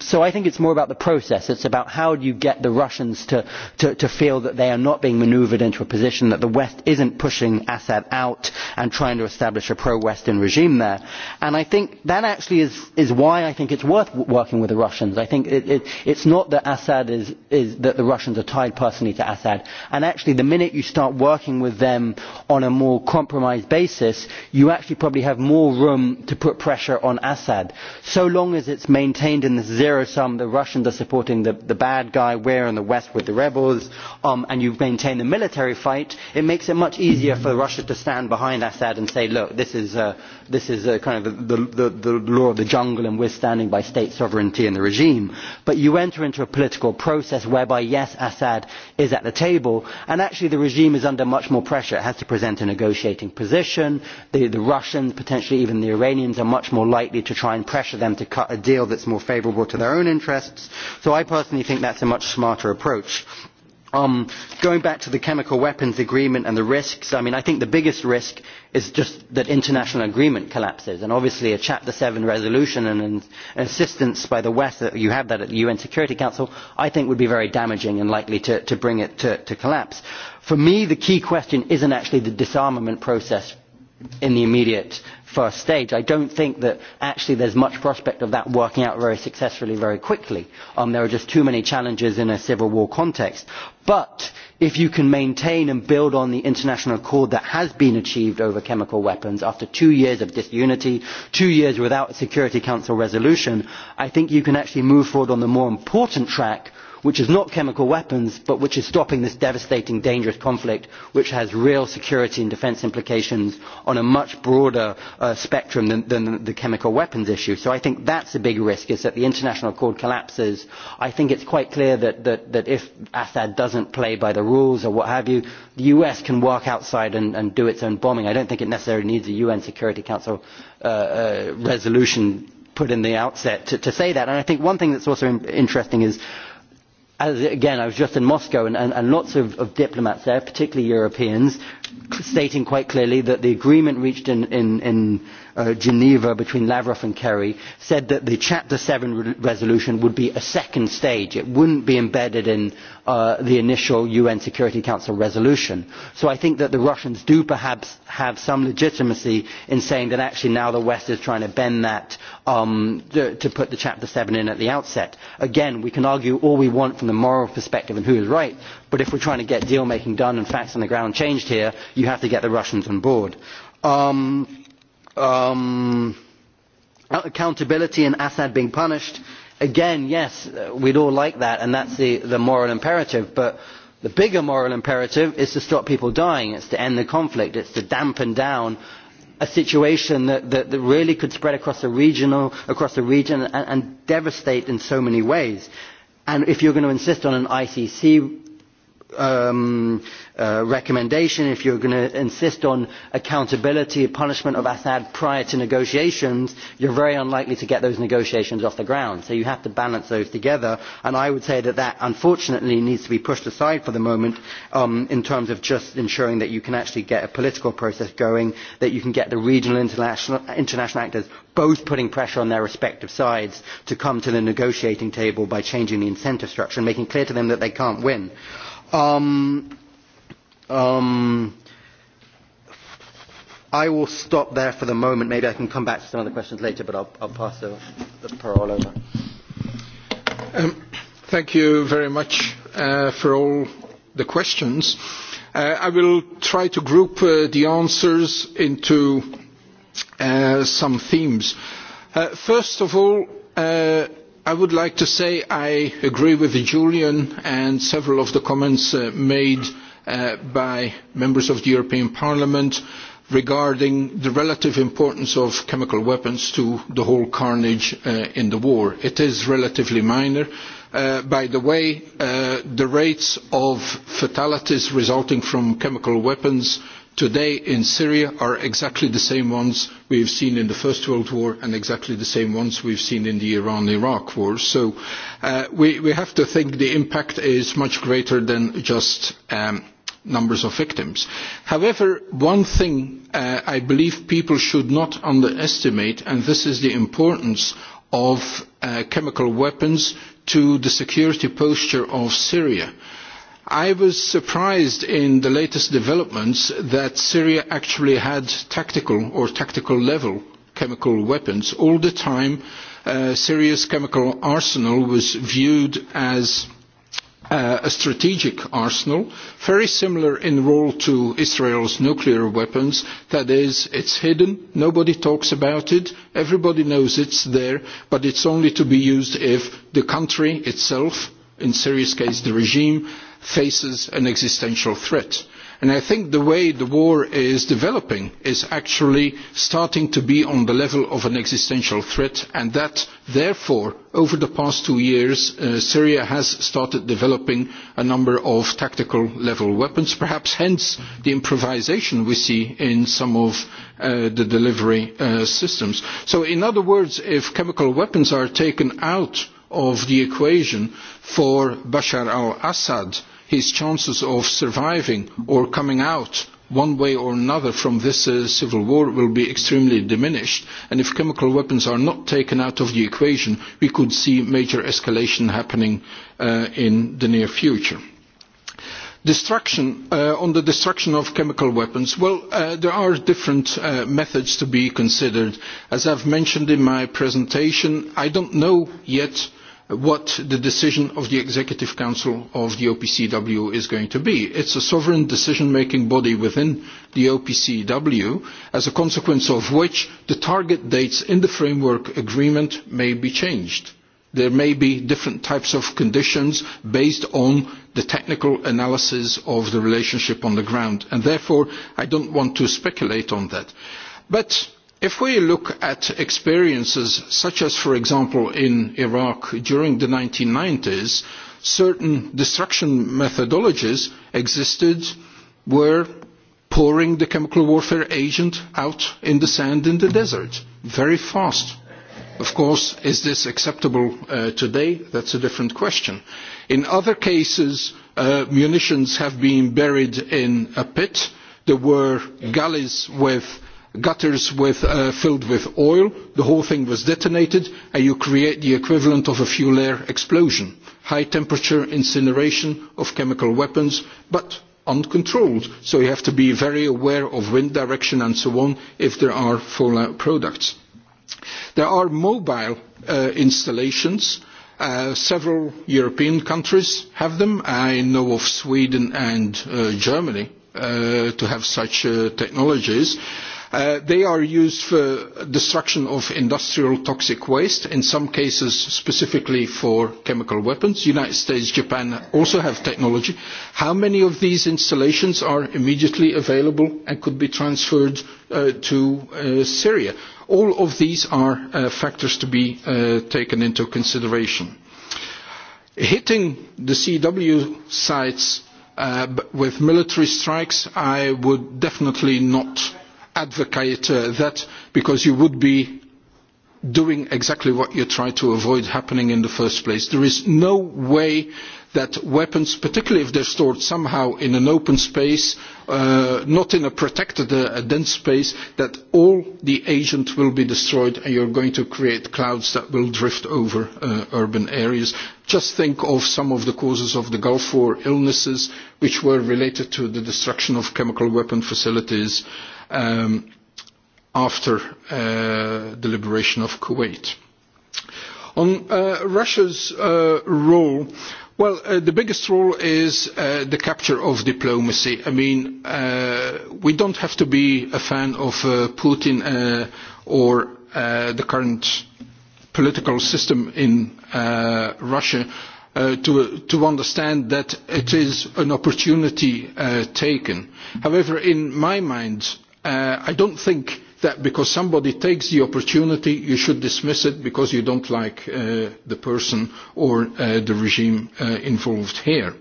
so i think it's more about the process It's about how do you get the russians to, to, to feel that they are not being manoeuvred into a position that the west isn't pushing assad out and trying to establish a pro western regime there. And i think that actually is, is why i think it's worth working with the russians. i think it it it's not that assad is, is that the russians are tied personally to assad and actually the minute you start working with them on a more compromised basis you actually probably have more room to put pressure on assad so long as it's maintained in this there are some the russians are supporting the, bad guy we're in the west with the rebels um, and you maintain the military fight it makes it much easier for russia to stand behind assad and say look this is, uh, this is uh, kind of the, the, law of the jungle and we're standing by state sovereignty and the regime but you enter into a political process whereby yes assad is at the table and actually the regime is under much more pressure it has to present a negotiating position the, the russians potentially even the iranians are much more likely to try and pressure them to cut a deal that's more favourable to their own interests so i personally think that's a much smarter approach. Um, going back to the chemical weapons agreement and the risks I, mean, i think the biggest risk is just that international agreement collapses and obviously a chapter seven resolution and an assistance by the west that you have that at the un security council i think would be very damaging and likely to, to bring it to, to collapse. for me the key question is not actually the disarmament process in the immediate first stage. I don't think that actually there's much prospect of that working out very successfully very quickly. Um, there are just too many challenges in a civil war context. But if you can maintain and build on the international accord that has been achieved over chemical weapons after two years of disunity, two years without a Security Council resolution, I think you can actually move forward on the more important track which is not chemical weapons but which is stopping this devastating dangerous conflict which has real security and defence implications on a much broader uh, spectrum than, than the chemical weapons issue. so i think that a big risk is that the international accord collapses. i think it quite clear that, that, that if assad doesn't play by the rules or what have you the us can work outside and, do its own bombing. i don't think it necessarily needs a un security council uh, uh, resolution put in the outset to, to say that. And I think one thing that's also interesting is again i was just in moscow and, lots of diplomats there particularly europeans stating quite clearly that the agreement reached in, in, uh, Geneva between Lavrov and Kerry said that the Chapter 7 resolution would be a second stage. It wouldn't be embedded in uh, the initial UN Security Council resolution. So I think that the Russians do perhaps have some legitimacy in saying that actually now the West is trying to bend that um, to, to put the Chapter 7 in at the outset. Again, we can argue all we want from the moral perspective and who is right, but if we are trying to get deal making done and facts on the ground changed here you have to get the russians on board. Um, um, accountability and assad being punished again yes we'd all like that and that's the, the moral imperative but the bigger moral imperative is to stop people dying it's to end the conflict it's to dampen down a situation that, that, that really could spread across the, regional, across the region and, and devastate in so many ways. and if you are going to insist on an icc um, uh, recommendation, if you're going to insist on accountability, punishment of Assad prior to negotiations, you're very unlikely to get those negotiations off the ground. So you have to balance those together. And I would say that that, unfortunately, needs to be pushed aside for the moment um, in terms of just ensuring that you can actually get a political process going, that you can get the regional international, international actors both putting pressure on their respective sides to come to the negotiating table by changing the incentive structure and making clear to them that they can't win. Um, um, I will stop there for the moment. Maybe I can come back to some other questions later, but I'll, I'll pass the, the parole over. Um, thank you very much uh, for all the questions. Uh, I will try to group uh, the answers into some themes. First of all, i would like to say I agree with Julian and several of the comments uh, made uh, by members of the European Parliament regarding the relative importance of chemical weapons to the whole carnage uh, in the war. It is relatively minor. by the way, the rates of fatalities resulting from chemical weapons today in Syria are exactly the same ones we have seen in the First World War and exactly the same ones we have seen in the Iran Iraq war. So uh, we, we have to think the impact is much greater than just um, numbers of victims. However, one thing uh, I believe people should not underestimate and this is the importance of uh, chemical weapons to the security posture of Syria. I was surprised in the latest developments that Syria actually had tactical or tactical level chemical weapons. All the time, uh, Syria's chemical arsenal was viewed as uh, a strategic arsenal, very similar in role to Israel's nuclear weapons. That is, it's hidden, nobody talks about it, everybody knows it's there, but it's only to be used if the country itself, in Syria's case the regime, faces an existential threat. And I think the way the war is developing is actually starting to be on the level of an existential threat and that therefore over the past two years uh, Syria has started developing a number of tactical level weapons, perhaps hence the improvisation we see in some of uh, the delivery uh, systems. So in other words, if chemical weapons are taken out of the equation for Bashar al-Assad his chances of surviving or coming out one way or another from this uh, civil war will be extremely diminished and if chemical weapons are not taken out of the equation we could see major escalation happening uh, in the near future destruction uh, on the destruction of chemical weapons well there are different methods to be considered as i've mentioned in my presentation i don't know yet what the decision of the Executive Council of the OPCW is going to be. It's a sovereign decision-making body within the OPCW, as a consequence of which the target dates in the framework agreement may be changed. There may be different types of conditions based on the technical analysis of the relationship on the ground, and therefore I don't want to speculate on that. But If we look at experiences such as, for example, in Iraq during the 1990s, certain destruction methodologies existed were pouring the chemical warfare agent out in the sand in the desert very fast. Of course, is this acceptable uh, today? That's a different question. In other cases, uh, munitions have been buried in a pit. There were galleys with gutters with, uh, filled with oil the whole thing was detonated and you create the equivalent of a fuel air explosion high temperature incineration of chemical weapons but uncontrolled so you have to be very aware of wind direction and so on if there are fallout products. there are mobile uh, installations uh, several European countries have them. I know of Sweden and Germany to have such technologies. Uh, they are used for destruction of industrial toxic waste, in some cases specifically for chemical weapons. United States, Japan also have technology. How many of these installations are immediately available and could be transferred uh, to uh, Syria? All of these are factors to be taken into consideration. Hitting the CW sites with military strikes, I would definitely not advocate that because you would be doing exactly what you try to avoid happening in the first place. There is no way that weapons, particularly if they are stored somehow in an open space, uh, not in a protected, uh, dense space, that all the agent will be destroyed and you are going to create clouds that will drift over uh, urban areas. Just think of some of the causes of the Gulf War illnesses which were related to the destruction of chemical weapon facilities. Um, after uh, the liberation of Kuwait. On uh, Russia's uh, role, well, the biggest role is the capture of diplomacy. I mean, we don't have to be a fan of Putin or the current political system in Russia Uh, to, to understand that it is an opportunity uh, taken. However, in my mind, uh, I don't think that because somebody takes the opportunity you should dismiss it because you don't like uh, the person or uh, the regime uh, involved here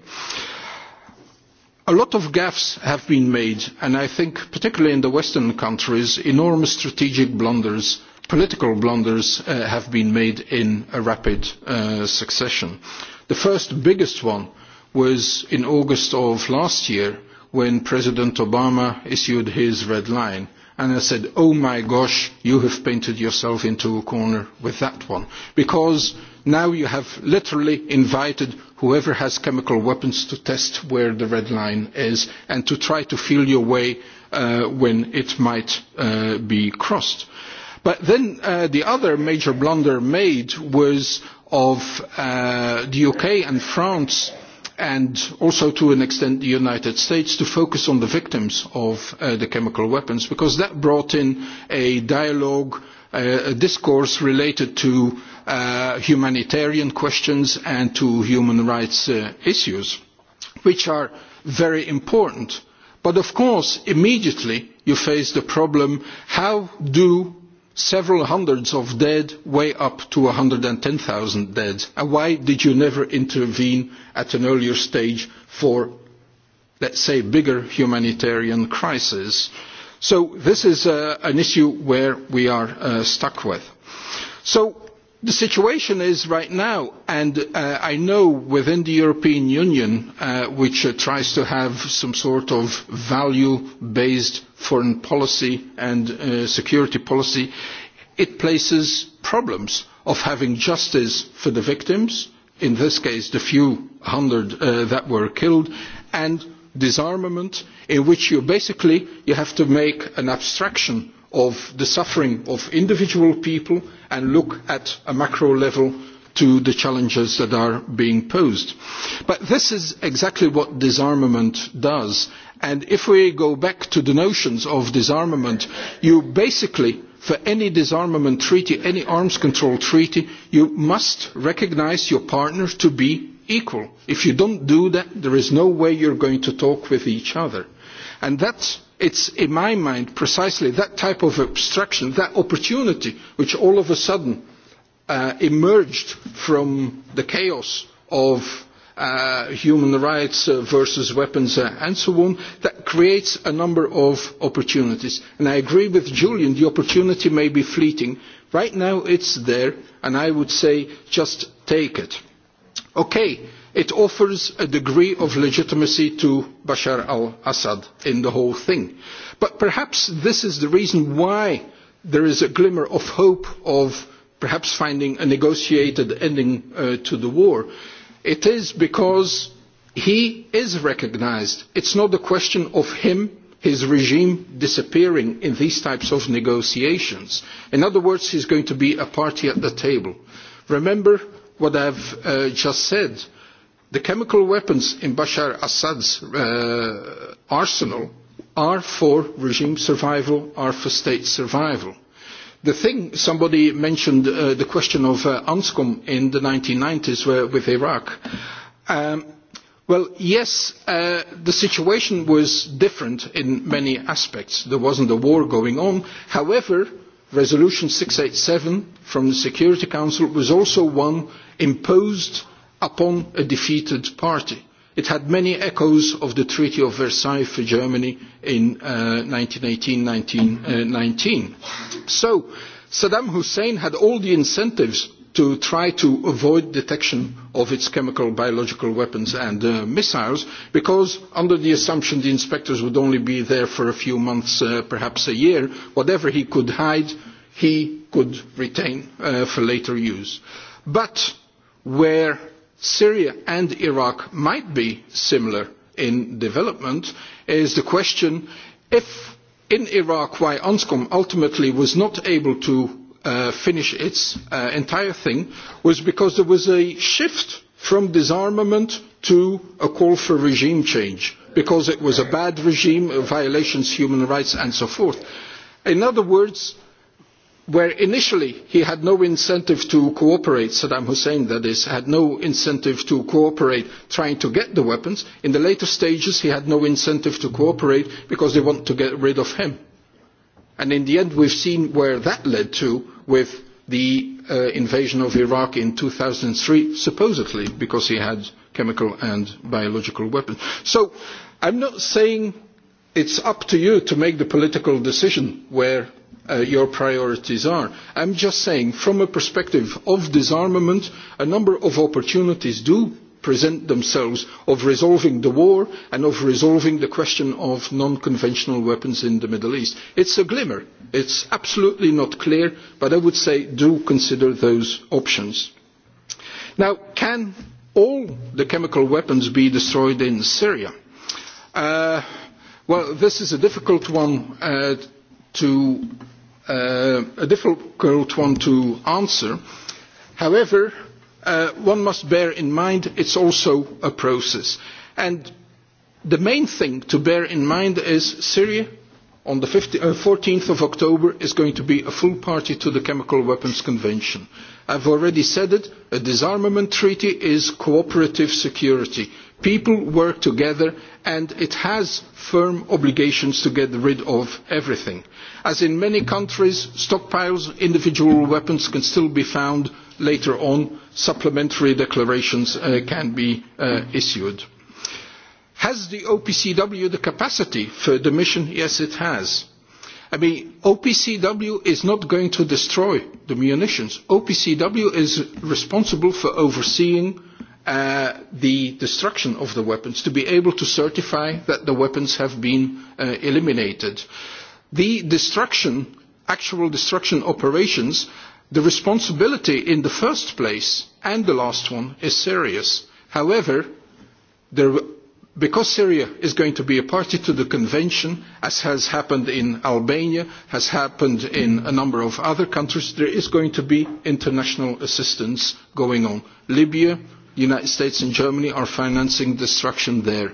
a lot of gaffes have been made and i think particularly in the western countries enormous strategic blunders political blunders uh, have been made in a rapid uh, succession the first biggest one was in august of last year when president obama issued his red line and I said, oh my gosh, you have painted yourself into a corner with that one. Because now you have literally invited whoever has chemical weapons to test where the red line is and to try to feel your way uh, when it might uh, be crossed. But then uh, the other major blunder made was of uh, the UK and France and also to an extent the United States to focus on the victims of uh, the chemical weapons because that brought in a dialogue uh, a discourse related to uh, humanitarian questions and to human rights issues which are very important but of course immediately you face the problem how do several hundreds of dead way up to 110,000 dead and why did you never intervene at an earlier stage for let's say bigger humanitarian crisis so this is uh, an issue where we are uh, stuck with so the situation is right now and uh, i know within the european union uh, which uh, tries to have some sort of value based foreign policy and security policy it places problems of having justice for the victims in this case the few hundred that were killed and disarmament in which you basically you have to make an abstraction of the suffering of individual people and look at a macro level to the challenges that are being posed. But this is exactly what disarmament does. And if we go back to the notions of disarmament, you basically for any disarmament treaty, any arms control treaty, you must recognise your partner to be equal. If you don't do that, there is no way you're going to talk with each other. And that it's in my mind precisely that type of obstruction that opportunity which all of a sudden uh, emerged from the chaos of uh, human rights uh, versus weapons and so on that creates a number of opportunities and i agree with julian the opportunity may be fleeting right now it's there and i would say just take it okay it offers a degree of legitimacy to bashar al assad in the whole thing but perhaps this is the reason why there is a glimmer of hope of perhaps finding a negotiated ending uh, to the war it is because he is recognised it's not a question of him his regime disappearing in these types of negotiations in other words he is going to be a party at the table remember what i have uh, just said the chemical weapons in bashar assad's uh, arsenal are for regime survival are for state survival the thing somebody mentioned uh, the question of uh, in the 1990s uh, with iraq um, well yes the situation was different in many aspects there wasn't a war going on however resolution 687 from the security council was also one imposed upon a defeated party. It had many echoes of the Treaty of Versailles for Germany in 1918-1919. Uh, so Saddam Hussein had all the incentives to try to avoid detection of its chemical, biological weapons and uh, missiles, because under the assumption the inspectors would only be there for a few months, uh, perhaps a year, whatever he could hide, he could retain for later use. But where Syria and Iraq might be similar in development is the question if in Iraq why unscom ultimately was not able to uh, finish its uh, entire thing was because there was a shift from disarmament to a call for regime change because it was a bad regime, violations human rights and so forth. In other words, where initially he had no incentive to cooperate saddam hussein that is had no incentive to cooperate trying to get the weapons in the later stages he had no incentive to cooperate because they want to get rid of him and in the end we have seen where that led to with the uh, invasion of iraq in 2003 supposedly because he had chemical and biological weapons so i'm not saying it's up to you to make the political decision where Uh, your priorities are. i am just saying from a perspective of disarmament a number of opportunities do present themselves of resolving the war and of resolving the question of non conventional weapons in the middle east. it is a glimmer it is absolutely not clear but i would say do consider those options. now can all the chemical weapons be destroyed in syria? Uh, well this is a difficult one uh, to Uh, a difficult one to answer. However, uh, one must bear in mind it's also a process. And the main thing to bear in mind is Syria on the 14th uh, of October is going to be a full party to the Chemical Weapons Convention. I've already said it, a disarmament treaty is cooperative security. People work together and it has firm obligations to get rid of everything. as in many countries stockpiles of individual weapons can still be found later on supplementary declarations uh, can be uh, issued. has the opcw the capacity for the mission? yes it has. I mean, OPCW is not going to destroy the munitions. OPCW is responsible for overseeing Uh, the destruction of the weapons to be able to certify that the weapons have been uh, eliminated the destruction actual destruction operations the responsibility in the first place and the last one is serious however because syria is going to be a party to the convention as has happened in albania has happened in a number of other countries there is going to be international assistance going on libya united states and germany are financing destruction there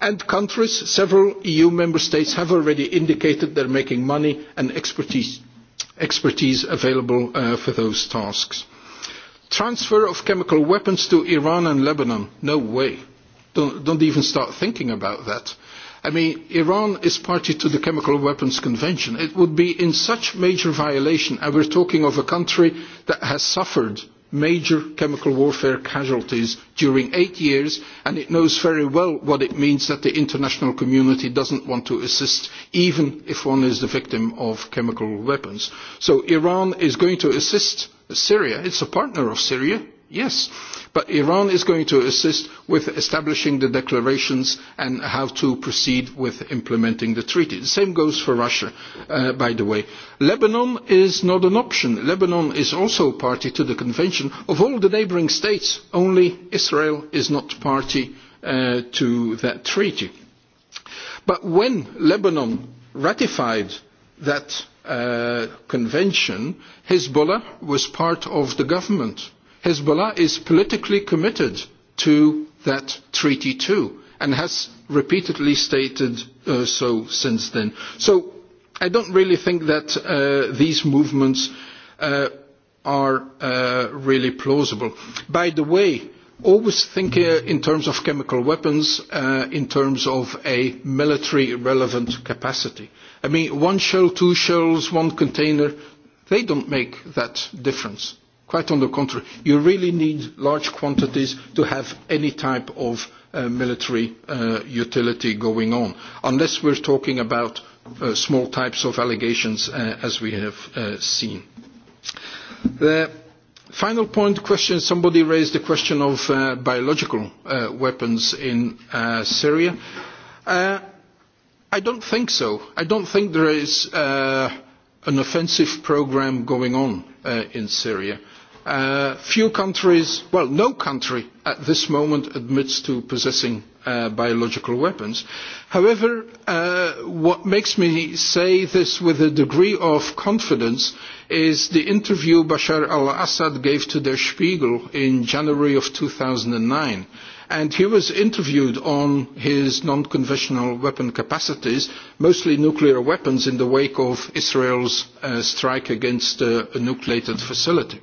and countries several eu member states have already indicated they are making money and expertise, available uh, for those tasks. transfer of chemical weapons to iran and lebanon no way don't, don't even start thinking about that. I mean, Iran is party to the Chemical Weapons Convention. It would be in such major violation, and we're talking of a country that has suffered major chemical warfare casualties during eight years and it knows very well what it means that the international community does not want to assist even if one is the victim of chemical weapons. so iran is going to assist syria it is a partner of syria. Yes, but Iran is going to assist with establishing the declarations and how to proceed with implementing the treaty. The same goes for Russia, uh, by the way. Lebanon is not an option. Lebanon is also party to the convention. Of all the neighbouring states, only Israel is not party uh, to that treaty. But when Lebanon ratified that uh, convention, Hezbollah was part of the government Hezbollah is politically committed to that treaty too and has repeatedly stated uh, so since then. So I don't really think that uh, these movements uh, are really plausible. By the way, always think in terms of chemical weapons, in terms of a military relevant capacity. I mean, one shell, two shells, one container, they don't make that difference Quite on the contrary, you really need large quantities to have any type of uh, military uh, utility going on, unless we're talking about uh, small types of allegations as we have seen. The final point question, somebody raised the question of biological weapons in Syria. I don't think so. I don't think there is an offensive program going on in Syria. Uh, few countries well no country at this moment admits to possessing uh, biological weapons. however uh, what makes me say this with a degree of confidence is the interview bashar al assad gave to der spiegel in january of two thousand and nine and he was interviewed on his non conventional weapon capacities mostly nuclear weapons in the wake of israel's strike against a nucleated facility.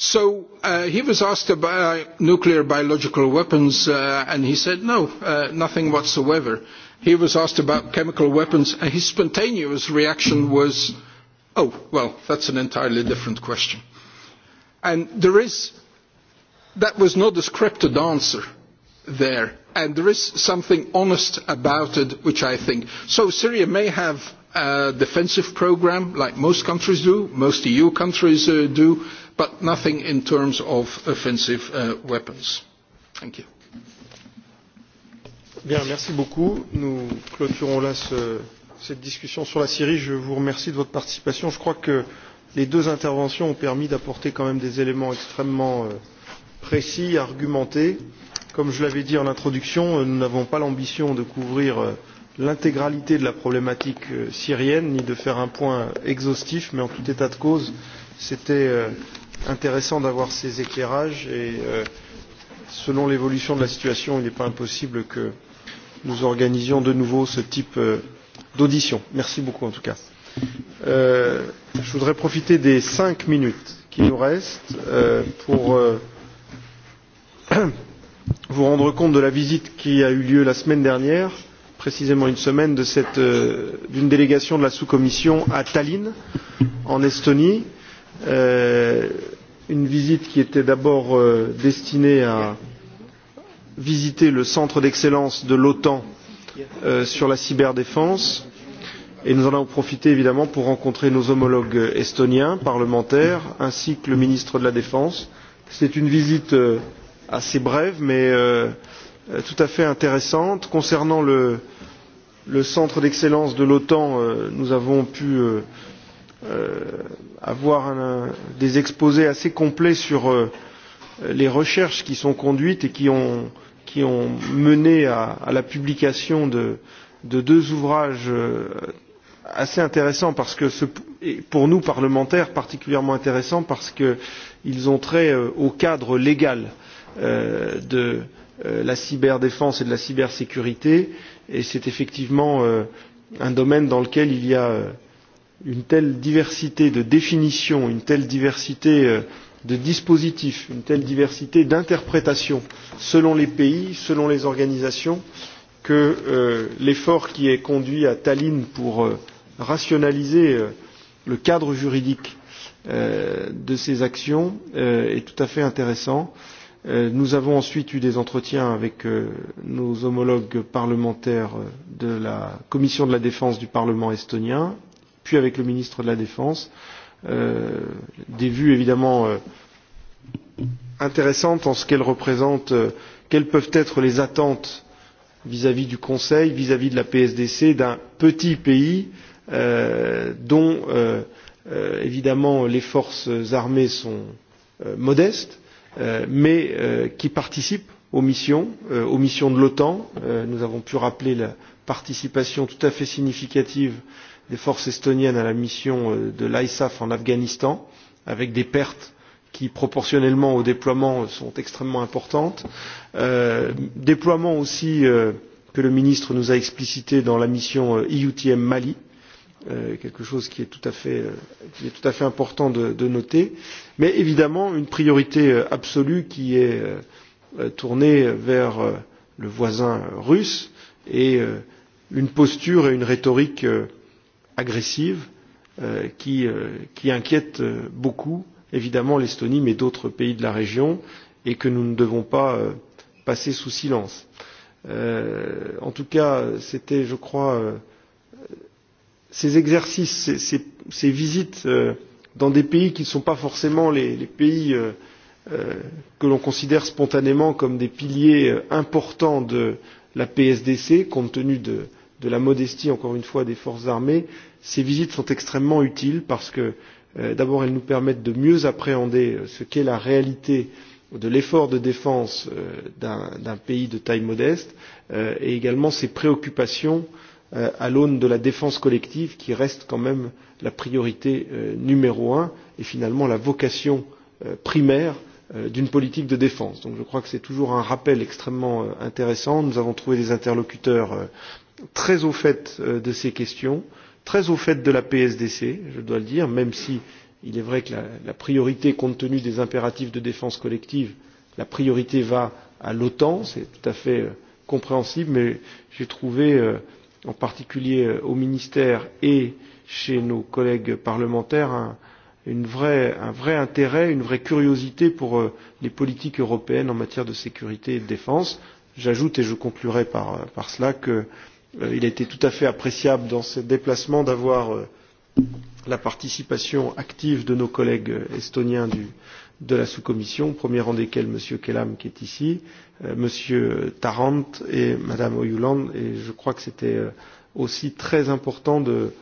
So uh, he was asked about nuclear biological weapons uh, and he said no, uh, nothing whatsoever. He was asked about chemical weapons and his spontaneous reaction was, oh, well, that's an entirely different question. And there is, that was not a scripted answer there. And there is something honest about it, which I think. So Syria may have uh, defensive program like most countries do, most EU countries uh, do, but nothing in terms of offensive uh, weapons. Thank you. Bien, merci beaucoup. Nous clôturons là cette discussion sur la Syrie. Je vous remercie de votre participation. Je crois que les deux interventions ont permis d'apporter quand même des éléments extrêmement euh, précis, argumentés. Comme je l'avais dit en introduction, euh, nous n'avons pas l'ambition de couvrir euh, l'intégralité de la problématique euh, syrienne ni de faire un point exhaustif mais en tout état de cause c'était euh, intéressant d'avoir ces éclairages et euh, selon l'évolution de la situation il n'est pas impossible que nous organisions de nouveau ce type d'audition. merci beaucoup en tout cas. Euh, je voudrais profiter des cinq minutes qui nous restent pour (coughs) vous rendre compte de la visite qui a eu lieu la semaine dernière précisément une semaine euh, d'une délégation de la sous commission à tallinn en estonie euh, une visite qui était d'abord euh, destinée à visiter le centre d'excellence de l'otan sur la cyberdéfense et nous en avons profité évidemment pour rencontrer nos homologues estoniens parlementaires ainsi que le ministre de la défense. c'est une visite assez brève mais Euh, tout à fait intéressante. Concernant le, le centre d'excellence de l'OTAN, euh, nous avons pu euh, avoir un, des exposés assez complets sur les recherches qui sont conduites et qui ont, qui ont mené à, à la publication de, de deux ouvrages assez intéressants parce que ce, pour nous parlementaires particulièrement intéressants parce qu'ils ont trait au cadre légal de Euh, la cyberdéfense et de la cybersécurité et c'est effectivement euh, un domaine dans lequel il y a euh, une telle diversité de définitions une telle diversité de dispositifs une telle diversité d'interprétations selon les pays selon les organisations que l'effort qui est conduit à tallinn pour rationaliser le cadre juridique de ces actions est tout à fait intéressant Euh, nous avons ensuite eu des entretiens avec euh, nos homologues parlementaires euh, de la Commission de la Défense du Parlement estonien, puis avec le ministre de la Défense. Des vues évidemment intéressantes en ce qu'elles représentent, quelles peuvent être les attentes vis à vis du Conseil, vis à vis de la PSDC, d'un petit pays dont évidemment les forces armées sont modestes Euh, mais euh, qui participent aux missions euh, aux missions de l'otan nous avons pu rappeler la participation tout à fait significative des forces estoniennes à la mission de l'isaf en afghanistan avec des pertes qui proportionnellement au déploiement sont extrêmement importantes déploiement aussi que le ministre nous a explicité dans la mission EUTM e Mali quelque chose qui est tout à fait qui est tout à fait important de de noter mais évidemment une priorité euh, absolue qui est euh, euh, tournée vers le voisin russe et une posture et une rhétorique agressive qui, qui inquiète beaucoup évidemment l'estonie mais d'autres pays de la région et que nous ne devons pas passer sous silence. en tout cas c'était je crois ces exercices ces, ces, ces visites dans des pays qui ne sont pas forcément les, pays euh, euh, que l'on considère spontanément comme des piliers euh, importants de la PSDC, compte tenu de, de la modestie, encore une fois, des forces armées, ces visites sont extrêmement utiles parce que, d'abord, elles nous permettent de mieux appréhender ce qu'est la réalité de l'effort de défense d'un pays de taille modeste et également ses préoccupations Euh, à l'aune de la défense collective qui reste quand même la priorité euh, numéro un et finalement la vocation euh, primaire d'une politique de défense. Donc je crois que c'est toujours un rappel extrêmement intéressant. Nous avons trouvé des interlocuteurs très au fait de ces questions, très au fait de la PSDC, je dois le dire, même si il est vrai que la, la priorité, compte tenu des impératifs de défense collective, la priorité va à l'OTAN, c'est tout à fait compréhensible, mais j'ai trouvé en particulier euh, au ministère et chez nos collègues parlementaires un, une vraie, un vrai intérêt, une vraie curiosité pour euh, les politiques européennes en matière de sécurité et de défense. J'ajoute et je conclurai par, euh, par cela qu'il euh, a été tout à fait appréciable dans ce déplacement d'avoir la participation active de nos collègues estoniens du, de la sous-commission, au premier rang desquels M. Kellam qui est ici, euh, M. Tarrant et Mme Oyuland. Et je crois que c'était euh, aussi très important de,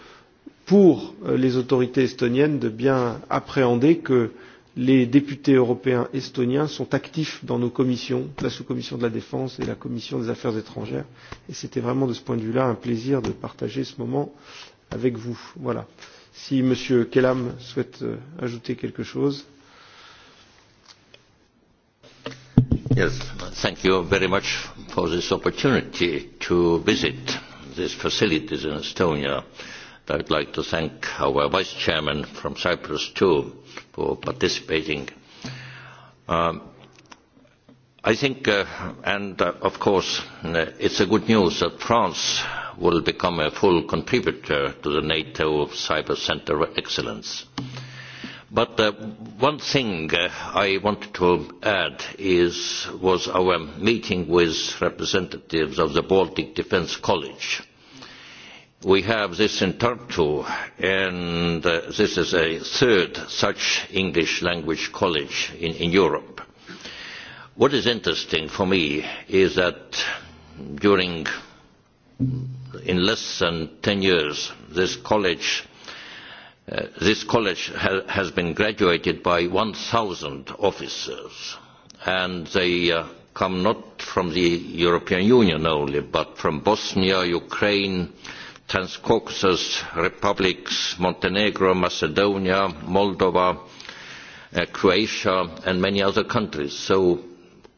pour euh, les autorités estoniennes de bien appréhender que les députés européens estoniens sont actifs dans nos commissions, la sous-commission de la défense et la commission des affaires étrangères. Et c'était vraiment de ce point de vue-là un plaisir de partager ce moment avec vous. Voilà. Si M. Kellam souhaite ajouter quelque chose. Yes, thank you very much for this opportunity to visit these facilities in Estonia. I would like to thank our Vice Chairman from Cyprus too for participating. Um, I think, uh, and uh, of course, uh, it's a good news that France will become a full contributor to the NATO Cyber Centre of Excellence. But one thing uh, I wanted to add is, was our meeting with representatives of the Baltic Defence College. We have this in Tartu, and uh, this is a third such English language college in, in Europe. What is interesting for me is that during, in less than 10 years, this college Uh, this college has been graduated by 1000 officers and they uh, come not from the European Union only but from Bosnia, Ukraine, Transcaucasus republics, Montenegro, Macedonia, Moldova, uh, Croatia and many other countries so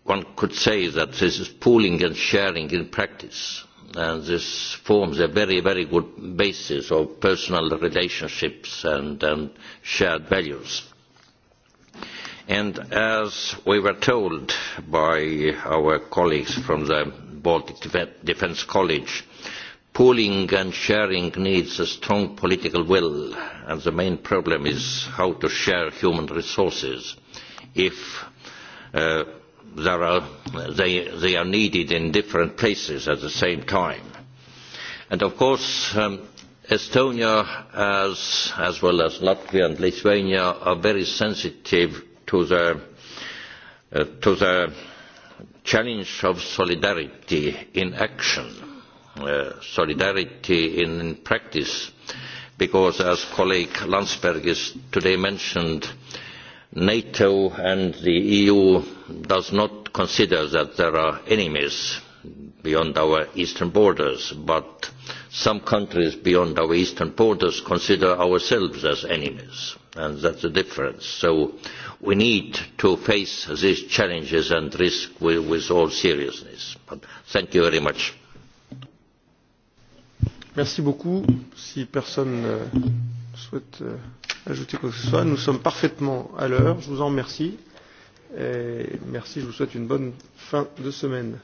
one could say that this is pooling and sharing in practice and this forms a very, very good basis of personal relationships and, and shared values. And as we were told by our colleagues from the Baltic Defence College, pooling and sharing needs a strong political will, and the main problem is how to share human resources if uh, there are, they, they are needed in different places at the same time. And of course, um, Estonia, as, as well as Latvia and Lithuania, are very sensitive to the, uh, to the challenge of solidarity in action, uh, solidarity in, in practice, because as colleague Landsberg is today mentioned, nato and the eu does not consider that there are enemies beyond our eastern borders but some countries beyond our eastern borders consider ourselves as enemies and that is the difference so we need to face these challenges and risks with, all seriousness thank you very much Merci beaucoup si personne euh, souhaite euh, ajouter quoi que ce soit. Nous sommes parfaitement à l'heure. Je vous en remercie. Et merci, je vous souhaite une bonne fin de semaine.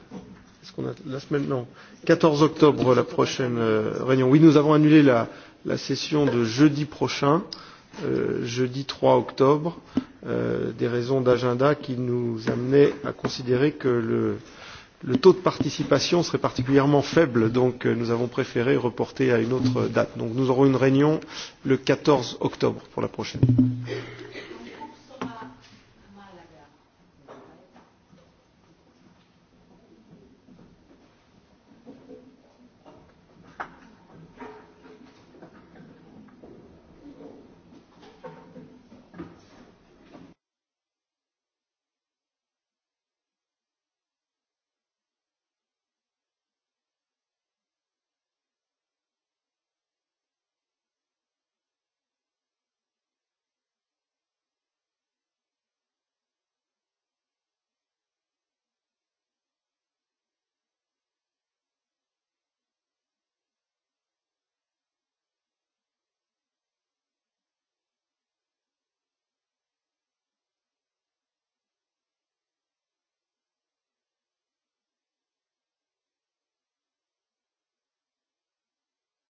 Est-ce qu'on a la semaine Non. 14 octobre, la prochaine euh, réunion. Oui, nous avons annulé la, la session de jeudi prochain, euh, jeudi 3 octobre, euh, des raisons d'agenda qui nous amenaient à considérer que le le taux de participation serait particulièrement faible, donc euh, nous avons préféré reporter à une autre date. Donc nous aurons une réunion le 14 octobre pour la prochaine.